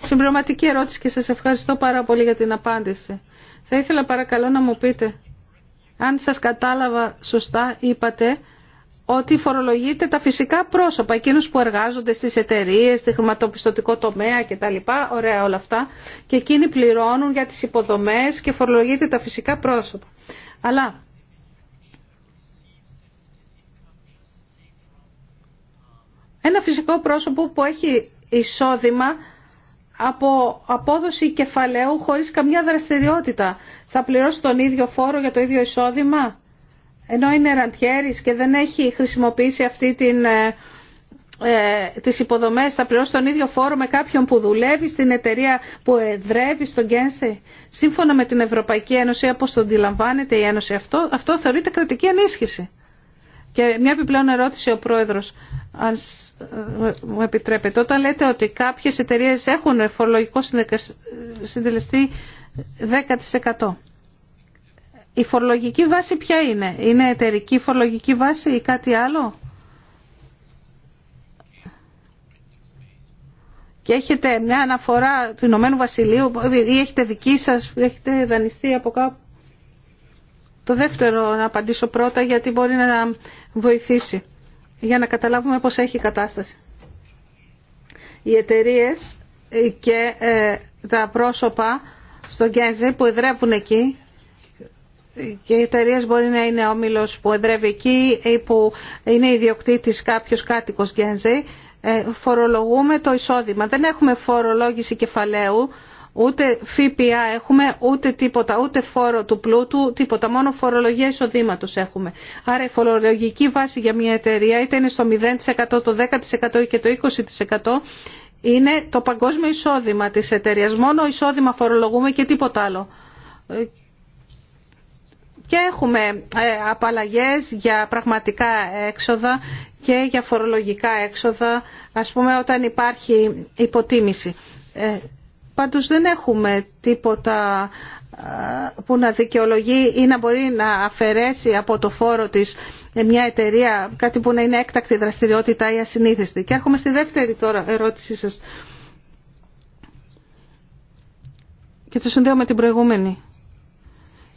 Συμπληρωματική ερώτηση και σας ευχαριστώ πάρα πολύ για την απάντηση. Θα ήθελα παρακαλώ να μου πείτε, αν σας κατάλαβα σωστά, είπατε ότι φορολογείται τα φυσικά πρόσωπα, εκείνους που εργάζονται στις εταιρείες, στη χρηματοπιστωτικό τομέα κτλ. Ωραία όλα αυτά. Και εκείνοι πληρώνουν για τις υποδομές και φορολογείται τα φυσικά πρόσωπα. Αλλά ένα φυσικό πρόσωπο που έχει εισόδημα από απόδοση κεφαλαίου χωρίς καμιά δραστηριότητα. Θα πληρώσει τον ίδιο φόρο για το ίδιο εισόδημα ενώ είναι ραντιέρης και δεν έχει χρησιμοποιήσει αυτή την, ε, ε, τις υποδομές, θα πληρώσει τον ίδιο φόρο με κάποιον που δουλεύει στην εταιρεία που εδρεύει στον Γκένσε. Σύμφωνα με την Ευρωπαϊκή Ένωση, όπως το αντιλαμβάνεται η Ένωση αυτό, αυτό θεωρείται κρατική ενίσχυση. Και μια επιπλέον ερώτηση ο Πρόεδρος, αν ε, μου επιτρέπετε. Όταν λέτε ότι κάποιες εταιρείες έχουν φορολογικό συντελεστή 10%. Η φορολογική βάση ποια είναι, είναι εταιρική φορολογική βάση ή κάτι άλλο. Και έχετε μια αναφορά του Ηνωμένου Βασιλείου ή έχετε δική σας, έχετε δανειστεί από κάπου. Το δεύτερο να απαντήσω πρώτα γιατί μπορεί να βοηθήσει για να καταλάβουμε πώς έχει η κατάσταση. Οι εταιρείε και ε, τα πρόσωπα στο Γκέζε που εδρεύουν εκεί και οι εταιρείε μπορεί να είναι όμιλος που εδρεύει εκεί ή που είναι ιδιοκτήτης κάποιος κάτοικος Γκένζη, ε, φορολογούμε το εισόδημα. Δεν έχουμε φορολόγηση κεφαλαίου, ούτε ΦΠΑ έχουμε, ούτε τίποτα, ούτε φόρο του πλούτου, τίποτα. Μόνο φορολογία εισοδήματο έχουμε. Άρα η που ειναι ιδιοκτητη καποιο κατοικο γκενζη φορολογουμε το εισοδημα δεν εχουμε φορολογηση κεφαλαιου ουτε φπα εχουμε βάση για μια εταιρεία, είτε είναι στο 0%, το 10% και το 20%, είναι το παγκόσμιο εισόδημα της εταιρείας. Μόνο εισόδημα φορολογούμε και τίποτα άλλο. Ε, και έχουμε ε, απαλλαγές για πραγματικά έξοδα και για φορολογικά έξοδα, ας πούμε όταν υπάρχει υποτίμηση. Ε, πάντως δεν έχουμε τίποτα ε, που να δικαιολογεί ή να μπορεί να αφαιρέσει από το φόρο της μια εταιρεία κάτι που να είναι έκτακτη δραστηριότητα ή ασυνήθιστη. Και έρχομαι στη δεύτερη τώρα ερώτησή σας. Και το συνδέω με την προηγούμενη.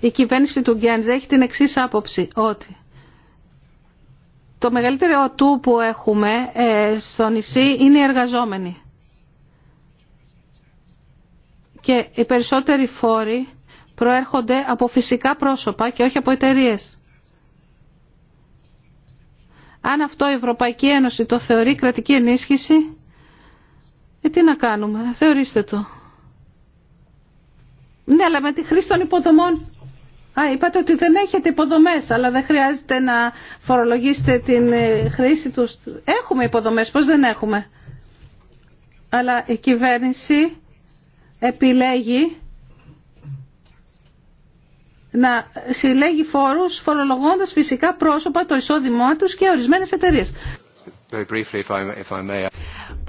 Η κυβέρνηση του Γκιάνς έχει την εξή άποψη ότι το μεγαλύτερο του που έχουμε ε, στο νησί είναι οι εργαζόμενοι. Και οι περισσότεροι φόροι προέρχονται από φυσικά πρόσωπα και όχι από εταιρείε. Αν αυτό η Ευρωπαϊκή Ένωση το θεωρεί κρατική ενίσχυση, ε, τι να κάνουμε, θεωρήστε το. Ναι, αλλά με τη χρήση των υποδομών Α, είπατε ότι δεν έχετε υποδομές, αλλά δεν χρειάζεται να φορολογήσετε την ε, χρήση τους. Έχουμε υποδομές, πώς δεν έχουμε. Αλλά η κυβέρνηση επιλέγει να συλλέγει φόρους φορολογώντας φυσικά πρόσωπα το εισόδημά τους και ορισμένες εταιρείες.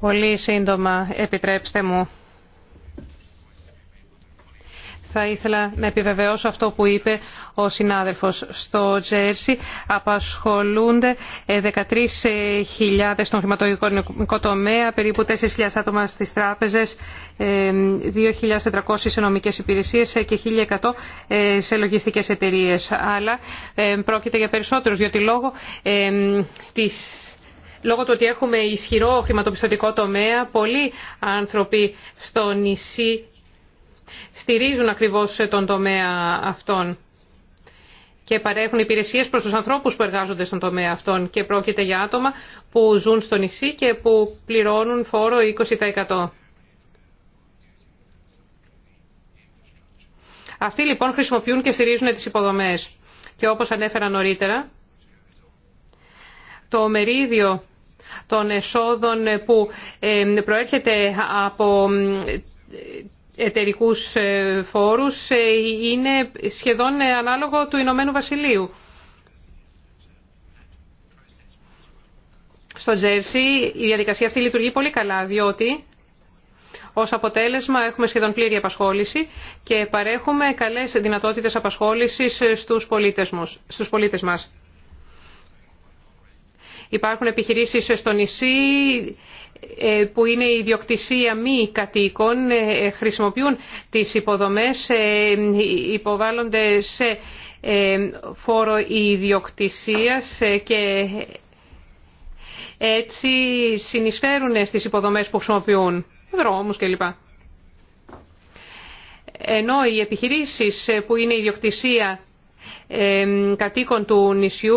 Πολύ σύντομα, επιτρέψτε μου. Θα ήθελα να επιβεβαιώσω αυτό που είπε ο συνάδελφος. Στο Τζέρσι απασχολούνται 13.000 ε, στον χρηματοοικονομικό τομέα, περίπου 4.000 άτομα στις τράπεζες, 2.400 ε, σε νομικές υπηρεσίες ε, και 1.100 σε λογιστικές εταιρείες. Αλλά πρόκειται για περισσότερους, διότι λόγω της λόγω του ότι έχουμε ισχυρό χρηματοπιστωτικό τομέα, πολλοί άνθρωποι στο νησί στηρίζουν ακριβώς τον τομέα αυτών και παρέχουν υπηρεσίες προς τους ανθρώπους που εργάζονται στον τομέα αυτών και πρόκειται για άτομα που ζουν στο νησί και που πληρώνουν φόρο 20%. Αυτοί λοιπόν χρησιμοποιούν και στηρίζουν τις υποδομές. Και όπως ανέφερα νωρίτερα, το μερίδιο των εσόδων που ε, προέρχεται από εταιρικούς ε, φόρους ε, είναι σχεδόν ανάλογο του Ηνωμένου Βασιλείου. Στο Τζέρσι η διαδικασία αυτή λειτουργεί πολύ καλά, διότι ως αποτέλεσμα έχουμε σχεδόν πλήρη απασχόληση και παρέχουμε καλές δυνατότητες απασχόλησης στους πολίτες, μας. Στους μας. Υπάρχουν επιχειρήσεις στο νησί, ε, που είναι η ιδιοκτησία μη κατοίκων ε, ε, χρησιμοποιούν τις υποδομές, υποβάλλονται σε φόρο ιδιοκτησίας και έτσι συνεισφέρουν στις υποδομές που χρησιμοποιούν, δρόμους κλπ. Ενώ οι επιχειρήσεις που είναι η ιδιοκτησία κατοίκων του νησιού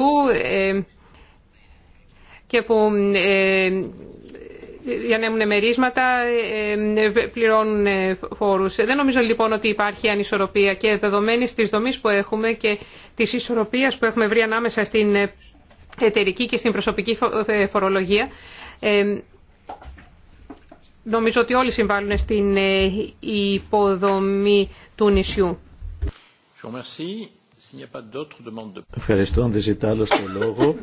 και που για διανέμουν μερίσματα, ε, ε, πληρώνουν φόρους. Ε, δεν νομίζω λοιπόν ότι υπάρχει ανισορροπία και δεδομένη στις δομή που έχουμε και της ισορροπίας που έχουμε βρει ανάμεσα στην εταιρική και στην προσωπική φορολογία. Νομίζω ότι όλοι συμβάλλουν στην υποδομή του νησιού. Ευχαριστώ. Αν δεν ζητά άλλο το λόγο.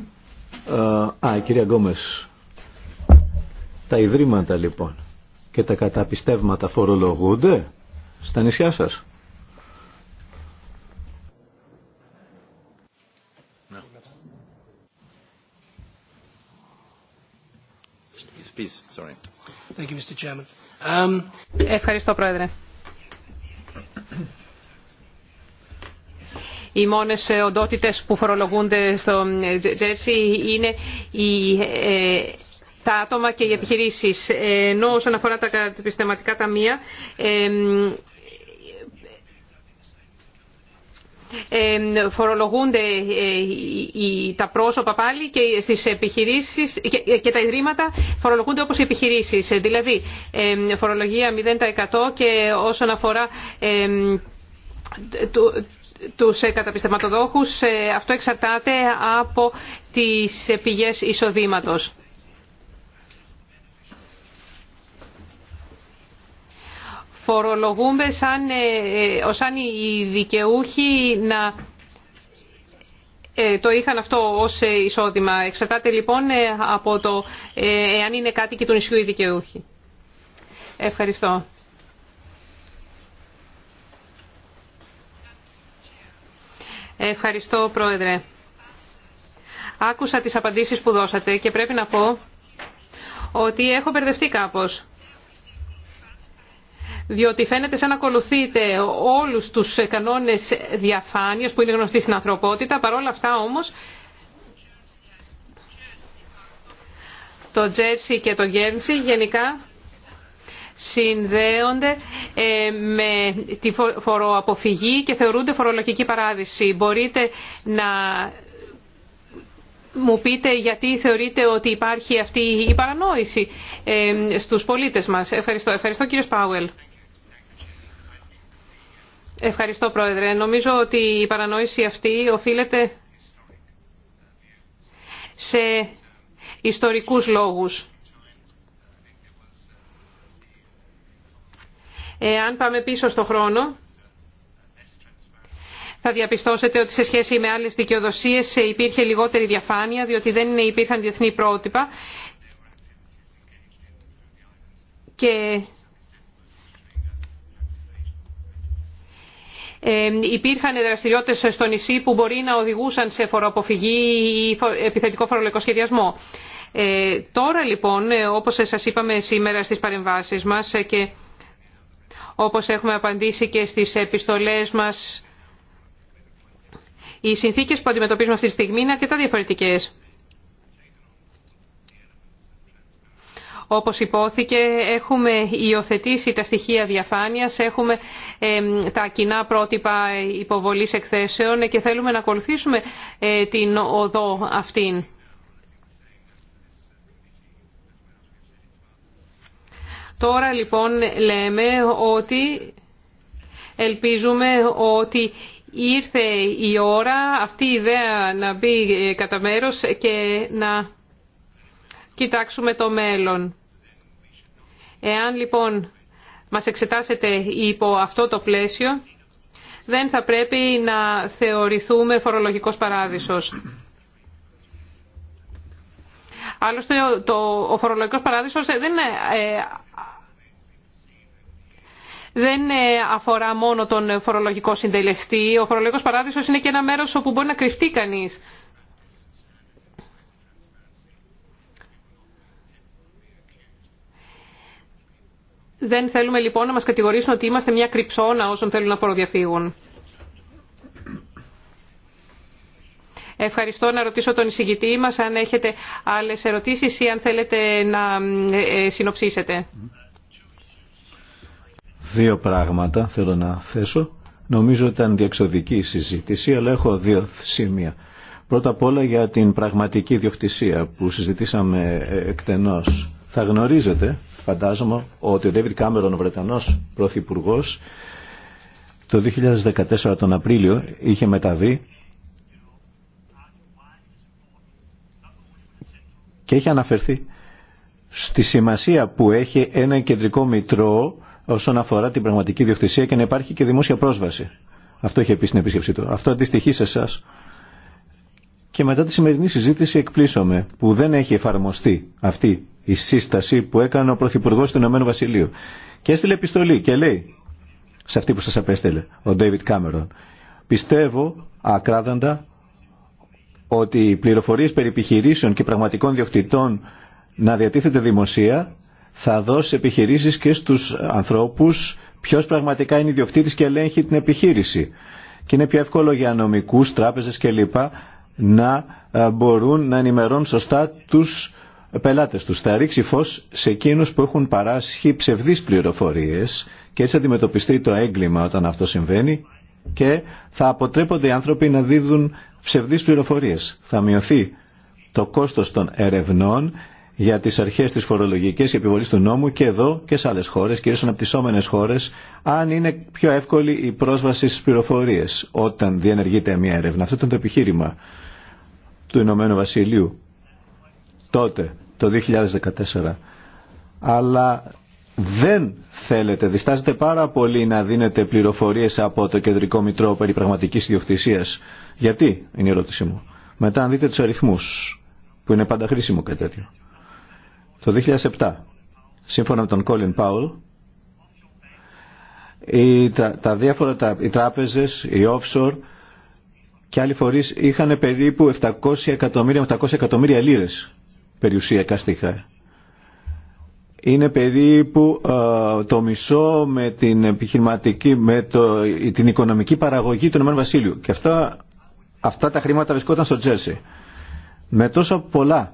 Α, η κυρία Γκόμες. Τα ιδρύματα λοιπόν και τα καταπιστεύματα φορολογούνται στα νησιά σας. Ευχαριστώ, Πρόεδρε. Οι μόνες οντότητες που φορολογούνται στο Τζέρσι είναι οι τα άτομα και οι επιχειρήσεις. Ενώ όσον αφορά τα καταπιστευματικά ταμεία, φορολογούνται ε, τα πρόσωπα πάλι και στις επιχειρήσεις και τα ιδρύματα φορολογούνται όπως οι επιχειρήσεις. Δηλαδή φορολογία 0% και όσον αφορά τους καταπιστευματοδόχους ε, αυτό εξαρτάται από τις πηγές εισοδήματος. Φορολογούμε ε, ε, σαν, οι δικαιούχοι να ε, το είχαν αυτό ως εισόδημα. Εξαρτάται λοιπόν από το εάν είναι κάτοικοι του νησιού οι δικαιούχοι. Ευχαριστώ. Ευχαριστώ, Πρόεδρε. Άκουσα τις απαντήσεις που δώσατε και πρέπει να πω ότι έχω μπερδευτεί κάπως διότι φαίνεται σαν να ακολουθείτε όλους τους κανόνες διαφάνειας που είναι γνωστοί στην ανθρωπότητα, παρόλα αυτά όμως το Τζέρσι και το Γκέρνσι γενικά συνδέονται ε, με τη φοροαποφυγή και θεωρούνται φορολογική παράδειση. Μπορείτε να μου πείτε γιατί θεωρείτε ότι υπάρχει αυτή η παρανόηση ε, στους πολίτες μας. Ευχαριστώ. Ευχαριστώ κύριος Πάουελ. Ευχαριστώ, Πρόεδρε. Νομίζω ότι η παρανόηση αυτή οφείλεται σε ιστορικούς λόγους. Αν πάμε πίσω στο χρόνο, θα διαπιστώσετε ότι σε σχέση με άλλες δικαιοδοσίες υπήρχε λιγότερη διαφάνεια, διότι δεν υπήρχαν διεθνή πρότυπα και υπήρχαν δραστηριότητε στο νησί που μπορεί να οδηγούσαν σε φοροαποφυγή ή επιθετικό φορολογικό σχεδιασμό. Ε, τώρα λοιπόν, ε, όπως σας είπαμε σήμερα στις παρεμβάσεις μας ε, και όπως έχουμε απαντήσει και στις επιστολές μας, οι συνθήκες που αντιμετωπίζουμε αυτή τη στιγμή είναι αρκετά διαφορετικές. όπως υπόθηκε. Έχουμε υιοθετήσει τα στοιχεία διαφάνειας, έχουμε τα κοινά πρότυπα υποβολής εκθέσεων και θέλουμε να ακολουθήσουμε ε, την οδό αυτήν. Τώρα λοιπόν λέμε ότι ελπίζουμε ότι ήρθε η ώρα αυτή η ιδέα να μπει ε, κατά μέρο και να κοιτάξουμε το μέλλον. Εάν λοιπόν μας εξετάσετε υπό αυτό το πλαίσιο, δεν θα πρέπει να θεωρηθούμε φορολογικός παράδεισος. Άλλωστε, το, ο φορολογικός παράδεισος δεν, ε, δεν ε, αφορά μόνο τον φορολογικό συντελεστή. Ο φορολογικός παράδεισος είναι και ένα μέρος όπου μπορεί να κρυφτεί κανείς. Δεν θέλουμε λοιπόν να μας κατηγορήσουν ότι είμαστε μια κρυψώνα όσων θέλουν να φοροδιαφύγουν. Ευχαριστώ να ρωτήσω τον εισηγητή μας αν έχετε άλλες ερωτήσεις ή αν θέλετε να ε, ε, συνοψίσετε. Δύο πράγματα θέλω να θέσω. Νομίζω ήταν διεξοδική η συζήτηση, αλλά έχω δύο σημεία. Πρώτα απ' όλα για την πραγματική διοκτησία που συζητήσαμε ε, εκτενώς. Θα γνωρίζετε Φαντάζομαι ότι ο Ντέβιτ Κάμερον, ο Βρετανός Πρωθυπουργό το 2014 τον Απρίλιο είχε μεταβεί και είχε αναφερθεί στη σημασία που έχει ένα κεντρικό μητρό όσον αφορά την πραγματική διοκτησία και να υπάρχει και δημόσια πρόσβαση. Αυτό είχε πει στην επίσκεψή του. Αυτό αντιστοιχεί σε εσά. Και μετά τη σημερινή συζήτηση εκπλήσωμε που δεν έχει εφαρμοστεί αυτή η σύσταση που έκανε ο Πρωθυπουργό του Ηνωμένου Βασιλείου. Και έστειλε επιστολή και λέει σε αυτή που σας απέστειλε ο Ντέιβιτ Κάμερον. Πιστεύω ακράδαντα ότι οι πληροφορίες περί επιχειρήσεων και πραγματικών διοκτητών να διατίθεται δημοσία θα δώσει επιχειρήσεις και στους ανθρώπους ποιος πραγματικά είναι ιδιοκτήτης και ελέγχει την επιχείρηση. Και είναι πιο εύκολο για νομικούς, τράπεζες κλπ. να ε, μπορούν να ενημερώνουν σωστά τους Πελάτε του, Θα ρίξει φω σε εκείνου που έχουν παράσχει ψευδεί πληροφορίε και έτσι αντιμετωπιστεί το έγκλημα όταν αυτό συμβαίνει και θα αποτρέπονται οι άνθρωποι να δίδουν ψευδείς πληροφορίες. Θα μειωθεί το κόστος των ερευνών για τις αρχές της φορολογικής και επιβολής του νόμου και εδώ και σε άλλες χώρες, κυρίως σε αναπτυσσόμενες χώρες, αν είναι πιο εύκολη η πρόσβαση στις πληροφορίες όταν διενεργείται μια έρευνα. Αυτό ήταν το επιχείρημα του Ηνωμένου Βασιλείου τότε το 2014. Αλλά δεν θέλετε, διστάζετε πάρα πολύ να δίνετε πληροφορίες από το Κεντρικό Μητρό περί πραγματικής ιδιοκτησίας. Γιατί, είναι η ερώτησή μου. Μετά αν δείτε τους αριθμούς, που είναι πάντα χρήσιμο κάτι τέτοιο. Το 2007, σύμφωνα με τον Colin Powell, οι, τα, τα διάφορα τα, οι τράπεζες, οι offshore και άλλοι φορείς είχαν περίπου 700 εκατομμύρια, 800 εκατομμύρια λίρες είναι περίπου ε, το μισό με την επιχειρηματική, με την οικονομική παραγωγή του Ηνωμένου Βασίλειου. Και αυτά, αυτά τα χρήματα βρισκόταν στο Τζέρσι. Με τόσο πολλά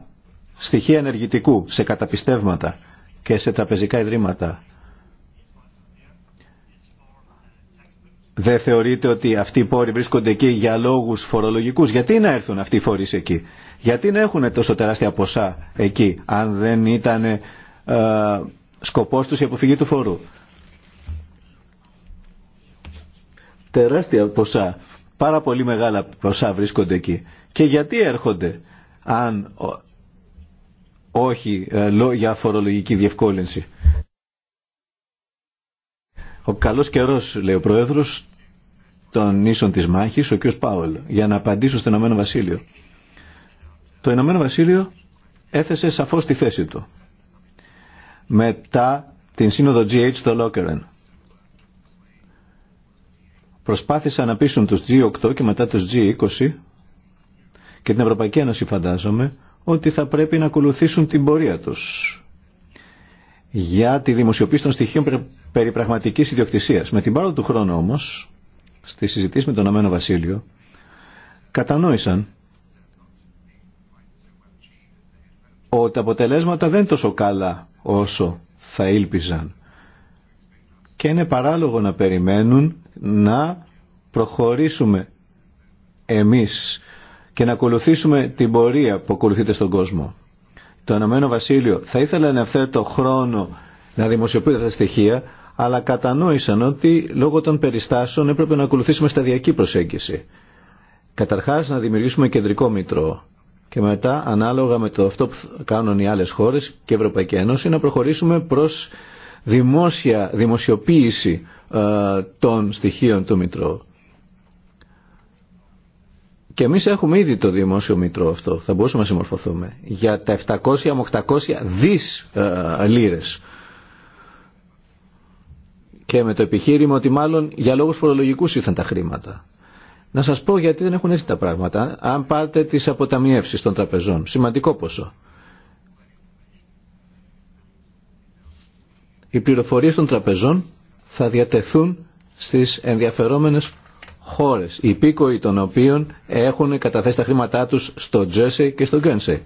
στοιχεία ενεργητικού σε καταπιστεύματα και σε τραπεζικά ιδρύματα Δεν θεωρείτε ότι αυτοί οι πόροι βρίσκονται εκεί για λόγου φορολογικού. Γιατί να έρθουν αυτοί οι φορεί εκεί. Γιατί να έχουν τόσο τεράστια ποσά εκεί, αν δεν ήταν ε, σκοπός σκοπό του η αποφυγή του φορού. Τεράστια ποσά. Πάρα πολύ μεγάλα ποσά βρίσκονται εκεί. Και γιατί έρχονται, αν όχι ε, για φορολογική διευκόλυνση. Ο καλός καιρός, λέει ο Πρόεδρος, των ίσων της μάχης, ο κ. Πάολ, για να απαντήσω στο Ηνωμένο Βασίλειο. Το Ηνωμένο Βασίλειο έθεσε σαφώς τη θέση του. Μετά την σύνοδο GH στο Λόκερεν. Προσπάθησαν να πείσουν τους G8 και μετά τους G20 και την Ευρωπαϊκή Ένωση φαντάζομαι ότι θα πρέπει να ακολουθήσουν την πορεία τους για τη δημοσιοποίηση των στοιχείων περί πραγματικής ιδιοκτησίας. Με την πάροδο του χρόνου όμως στη συζητήση με τον Αμένο Βασίλειο κατανόησαν ότι τα αποτελέσματα δεν είναι τόσο καλά όσο θα ήλπιζαν και είναι παράλογο να περιμένουν να προχωρήσουμε εμείς και να ακολουθήσουμε την πορεία που ακολουθείται στον κόσμο. Το Ενωμένο Βασίλειο θα ήθελε να ευθέτω χρόνο να δημοσιοποιείται αυτά τα στοιχεία αλλά κατανόησαν ότι λόγω των περιστάσεων έπρεπε να ακολουθήσουμε σταδιακή προσέγγιση. Καταρχάς να δημιουργήσουμε κεντρικό μητρό και μετά ανάλογα με το αυτό που κάνουν οι άλλες χώρες και η Ευρωπαϊκή Ένωση να προχωρήσουμε προς δημόσια δημοσιοποίηση ε, των στοιχείων του μητρό. Και εμείς έχουμε ήδη το δημόσιο Μητρό αυτό, θα μπορούσαμε να συμμορφωθούμε, για τα 700 με 800 δις ε, λίρες και με το επιχείρημα ότι μάλλον για λόγους φορολογικούς ήρθαν τα χρήματα. Να σας πω γιατί δεν έχουν έτσι τα πράγματα. Αν πάρτε τις αποταμιεύσεις των τραπεζών, σημαντικό ποσό. Οι πληροφορίες των τραπεζών θα διατεθούν στις ενδιαφερόμενες χώρες, οι υπήκοοι των οποίων έχουν καταθέσει τα χρήματά τους στο Τζέσσε και στο Γκένσε.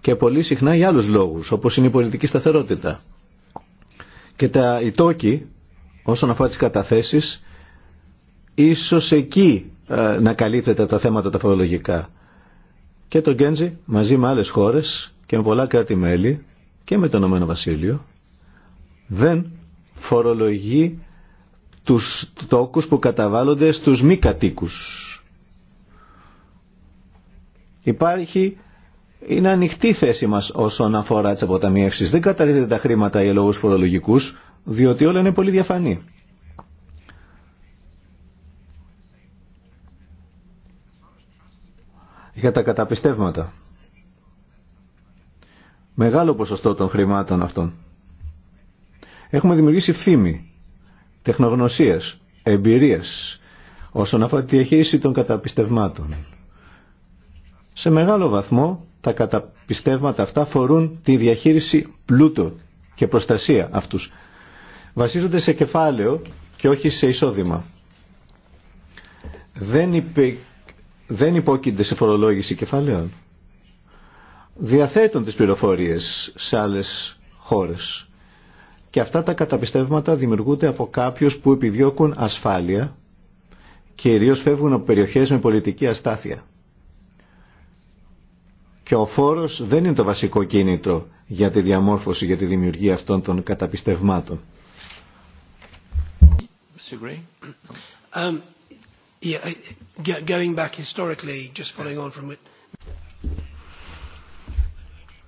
Και πολύ συχνά για άλλους λόγους, όπως είναι η πολιτική σταθερότητα και τα τόκοι όσον αφορά τις καταθέσεις ίσως εκεί ε, να καλύπτεται τα θέματα τα φορολογικά. Και το Γκέντζι μαζί με άλλες χώρες και με πολλά κράτη-μέλη και με το Ηνωμένο Βασίλειο δεν φορολογεί τους τόκους που καταβάλλονται στους μη κατοίκους. Υπάρχει είναι ανοιχτή θέση μας όσον αφορά τις αποταμιεύσεις. Δεν καταδίδεται τα χρήματα για λόγους φορολογικούς, διότι όλα είναι πολύ διαφανή. Για τα καταπιστεύματα. Μεγάλο ποσοστό των χρημάτων αυτών. Έχουμε δημιουργήσει φήμη, τεχνογνωσίες, εμπειρίες όσον αφορά τη διαχείριση των καταπιστευμάτων. Σε μεγάλο βαθμό τα καταπιστεύματα αυτά φορούν τη διαχείριση πλούτου και προστασία αυτούς. Βασίζονται σε κεφάλαιο και όχι σε εισόδημα. Δεν, δεν υπόκεινται σε φορολόγηση κεφαλαίων. Διαθέτουν τις πληροφορίες σε άλλες χώρες. Και αυτά τα καταπιστεύματα δημιουργούνται από κάποιους που επιδιώκουν ασφάλεια και κυρίως φεύγουν από περιοχές με πολιτική αστάθεια. Και ο φόρος δεν είναι το βασικό κίνητρο για τη διαμόρφωση, για τη δημιουργία αυτών των καταπιστευμάτων.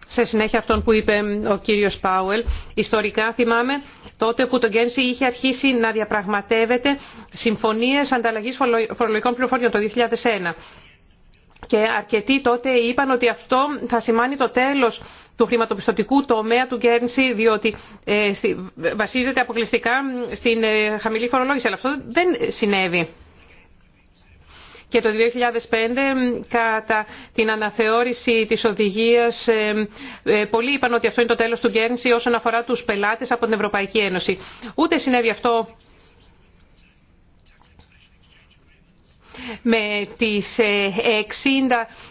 Σε συνέχεια αυτόν που είπε ο κύριος Πάουελ, ιστορικά θυμάμαι τότε που το Γκένσι είχε αρχίσει να διαπραγματεύεται συμφωνίες ανταλλαγής φορολογικών πληροφοριών το 2001 και αρκετοί τότε είπαν ότι αυτό θα σημάνει το τέλος του χρηματοπιστωτικού τομέα του Γκέρνση, διότι ε, βασίζεται αποκλειστικά στην ε, χαμηλή φορολόγηση. Αλλά αυτό δεν συνέβη. Και το 2005, κατά την αναθεώρηση της οδηγίας, ε, πολλοί είπαν ότι αυτό είναι το τέλος του Γκέρνση όσον αφορά τους πελάτες από την Ευρωπαϊκή Ένωση. Ούτε συνέβη αυτό με τις 60 ε,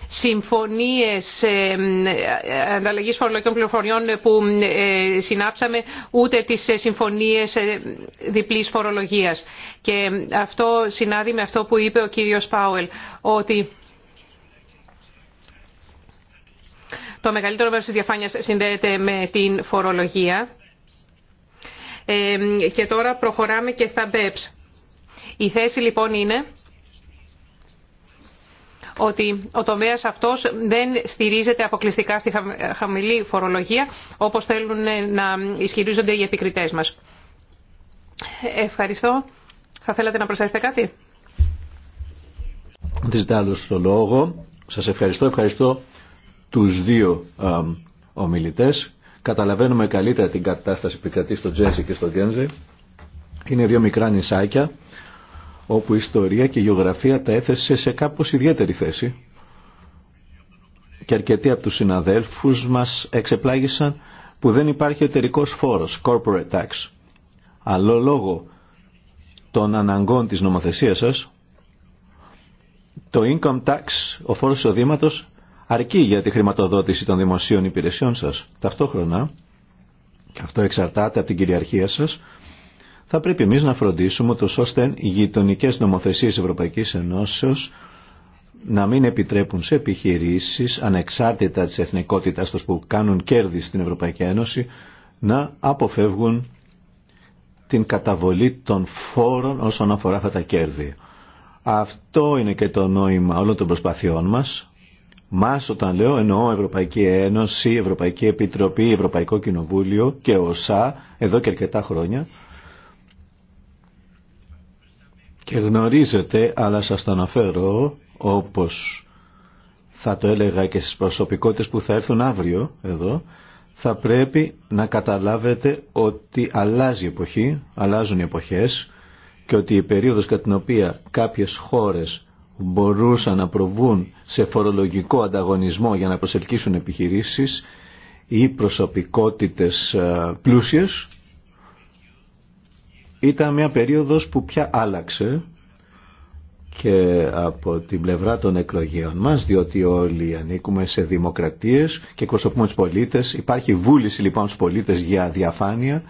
συμφωνίες ε, ανταλλαγής φορολογικών πληροφοριών που ε, συνάψαμε ούτε τις συμφωνίες διπλής φορολογίας. Και αυτό συνάδει με αυτό που είπε ο κύριος Πάουελ, ότι το μεγαλύτερο μέρος της διαφάνειας συνδέεται με την φορολογία. Και τώρα προχωράμε και στα BEPS. Η θέση λοιπόν είναι ότι ο τομέας αυτός δεν στηρίζεται αποκλειστικά στη χαμηλή φορολογία όπως θέλουν να ισχυρίζονται οι επικριτές μας. Ευχαριστώ. Θα θέλατε να προσθέσετε κάτι. Δεν ζητά άλλο το λόγο. Σας ευχαριστώ. Ευχαριστώ τους δύο α, ομιλητές. Καταλαβαίνουμε καλύτερα την κατάσταση που κρατεί στο Τζένσι και στο Γκένζι. Είναι δύο μικρά νησάκια όπου η ιστορία και η γεωγραφία τα έθεσε σε κάπως ιδιαίτερη θέση και αρκετοί από τους συναδέλφους μας εξεπλάγησαν που δεν υπάρχει εταιρικός φόρος, corporate tax. Αλλά λόγω των αναγκών της νομοθεσίας σας, το income tax, ο φόρος εισοδήματος, αρκεί για τη χρηματοδότηση των δημοσίων υπηρεσιών σας. Ταυτόχρονα, και αυτό εξαρτάται από την κυριαρχία σας, θα πρέπει εμείς να φροντίσουμε το ώστε οι γειτονικέ νομοθεσίες Ευρωπαϊκής Ενώσης να μην επιτρέπουν σε επιχειρήσεις ανεξάρτητα της εθνικότητας τους που κάνουν κέρδη στην Ευρωπαϊκή Ένωση να αποφεύγουν την καταβολή των φόρων όσον αφορά αυτά τα κέρδη. Αυτό είναι και το νόημα όλων των προσπαθειών μας. Μας όταν λέω εννοώ Ευρωπαϊκή Ένωση, Ευρωπαϊκή Επιτροπή, Ευρωπαϊκό Κοινοβούλιο και ΣΑ εδώ και αρκετά χρόνια και γνωρίζετε, αλλά σας το αναφέρω, όπως θα το έλεγα και στις προσωπικότητες που θα έρθουν αύριο εδώ, θα πρέπει να καταλάβετε ότι αλλάζει η εποχή, αλλάζουν οι εποχές και ότι η περίοδος κατά την οποία κάποιες χώρες μπορούσαν να προβούν σε φορολογικό ανταγωνισμό για να προσελκύσουν επιχειρήσεις ή προσωπικότητες ε, πλούσιες ήταν μια περίοδος που πια άλλαξε και από την πλευρά των εκλογέων μας, διότι όλοι ανήκουμε σε δημοκρατίες και εκπροσωπούμε τους πολίτες. Υπάρχει βούληση λοιπόν στους πολίτες για διαφάνεια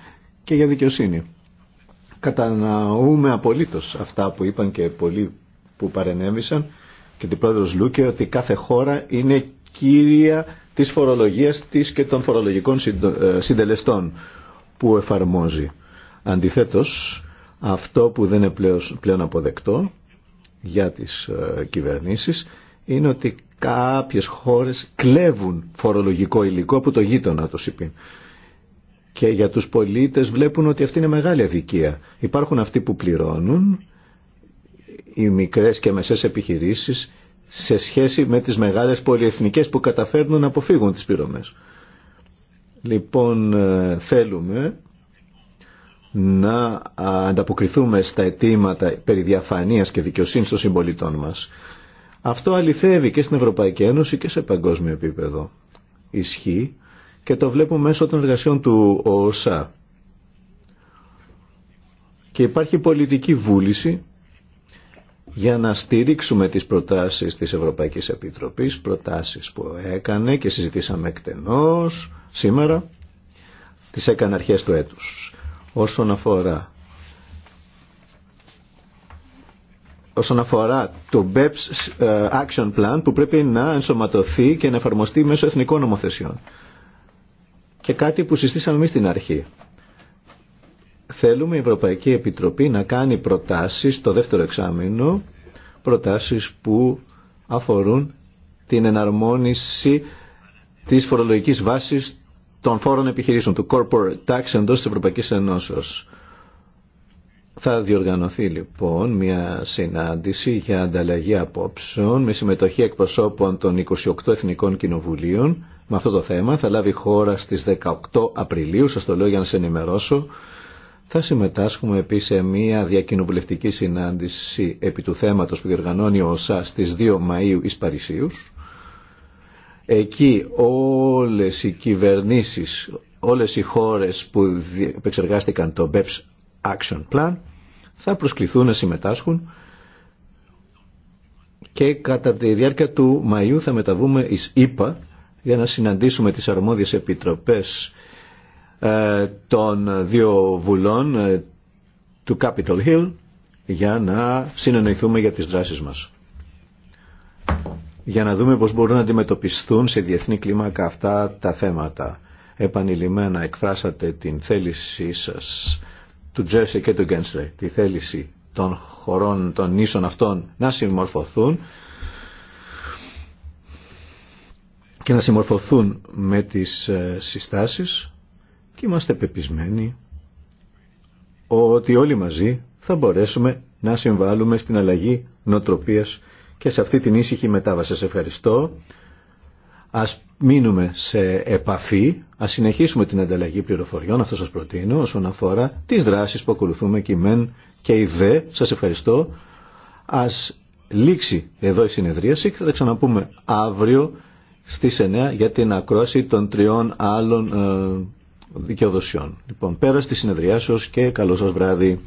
και για δικαιοσύνη. Κατανοούμε απολύτως αυτά που είπαν και πολλοί που παρενέβησαν και την πρόεδρος Λούκε ότι κάθε χώρα είναι κύρια της φορολογίας της και των φορολογικών ε, συντελεστών που εφαρμόζει. Αντιθέτως, αυτό που δεν είναι πλέον αποδεκτό για τις ε, κυβερνήσεις είναι ότι κάποιες χώρες κλέβουν φορολογικό υλικό από το γείτονα το ΣΥΠΗΝ. Και για τους πολίτες βλέπουν ότι αυτή είναι μεγάλη αδικία. Υπάρχουν αυτοί που πληρώνουν, οι μικρές και μεσές επιχειρήσεις, σε σχέση με τις μεγάλες πολυεθνικές που καταφέρνουν να αποφύγουν τις πληρωμές. Λοιπόν, ε, θέλουμε να ανταποκριθούμε στα αιτήματα περί διαφανείας και δικαιοσύνης των συμπολιτών μας. Αυτό αληθεύει και στην Ευρωπαϊκή Ένωση και σε παγκόσμιο επίπεδο. Ισχύει και το βλέπουμε μέσω των εργασιών του ΟΣΑ. Και υπάρχει πολιτική βούληση για να στηρίξουμε τις προτάσεις της Ευρωπαϊκής Επιτροπής, προτάσεις που έκανε και συζητήσαμε εκτενώς σήμερα, τις έκανε αρχές του έτους όσον αφορά όσον αφορά το BEPS ε, Action Plan που πρέπει να ενσωματωθεί και να εφαρμοστεί μέσω εθνικών νομοθεσιών. Και κάτι που συστήσαμε εμείς στην αρχή. Θέλουμε η Ευρωπαϊκή Επιτροπή να κάνει προτάσεις στο δεύτερο εξάμεινο, προτάσεις που αφορούν την εναρμόνιση της φορολογικής βάσης των φόρων επιχειρήσεων, του corporate tax εντός τη Ευρωπαϊκή Ενώσεω. Θα διοργανωθεί λοιπόν μια συνάντηση για ανταλλαγή απόψεων με συμμετοχή εκπροσώπων των 28 Εθνικών Κοινοβουλίων με αυτό το θέμα. Θα λάβει χώρα στις 18 Απριλίου, σας το λέω για να σε ενημερώσω. Θα συμμετάσχουμε επίσης σε μια διακοινοβουλευτική συνάντηση επί του θέματος που διοργανώνει ο ΩΣΑ στις 2 Μαΐου εις Παρισίους. Εκεί όλες οι κυβερνήσεις, όλες οι χώρες που επεξεργάστηκαν το BEPS Action Plan θα προσκληθούν να συμμετάσχουν και κατά τη διάρκεια του Μαΐου θα μεταβούμε εις ΕΠΑ για να συναντήσουμε τις αρμόδιες επιτροπές ε, των δύο βουλών ε, του Capitol Hill για να συνεννοηθούμε για τις δράσεις μας για να δούμε πώς μπορούν να αντιμετωπιστούν σε διεθνή κλίμακα αυτά τα θέματα. Επανειλημμένα εκφράσατε την θέλησή σας του Τζέρσε και του Γκένστρε, τη θέληση των χωρών, των νήσων αυτών να συμμορφωθούν και να συμμορφωθούν με τις ε, συστάσεις και είμαστε πεπισμένοι ότι όλοι μαζί θα μπορέσουμε να συμβάλλουμε στην αλλαγή νοτροπίας και σε αυτή την ήσυχη μετάβαση. Σας ευχαριστώ. Ας μείνουμε σε επαφή, ας συνεχίσουμε την ανταλλαγή πληροφοριών, αυτό σας προτείνω, όσον αφορά τις δράσεις που ακολουθούμε και η μεν και η δε. Σας ευχαριστώ. Ας λήξει εδώ η συνεδρίαση και θα τα ξαναπούμε αύριο στις 9 για την ακρόαση των τριών άλλων ε, δικαιοδοσιών. Λοιπόν, πέρα στη συνεδρία σας και καλό σας βράδυ.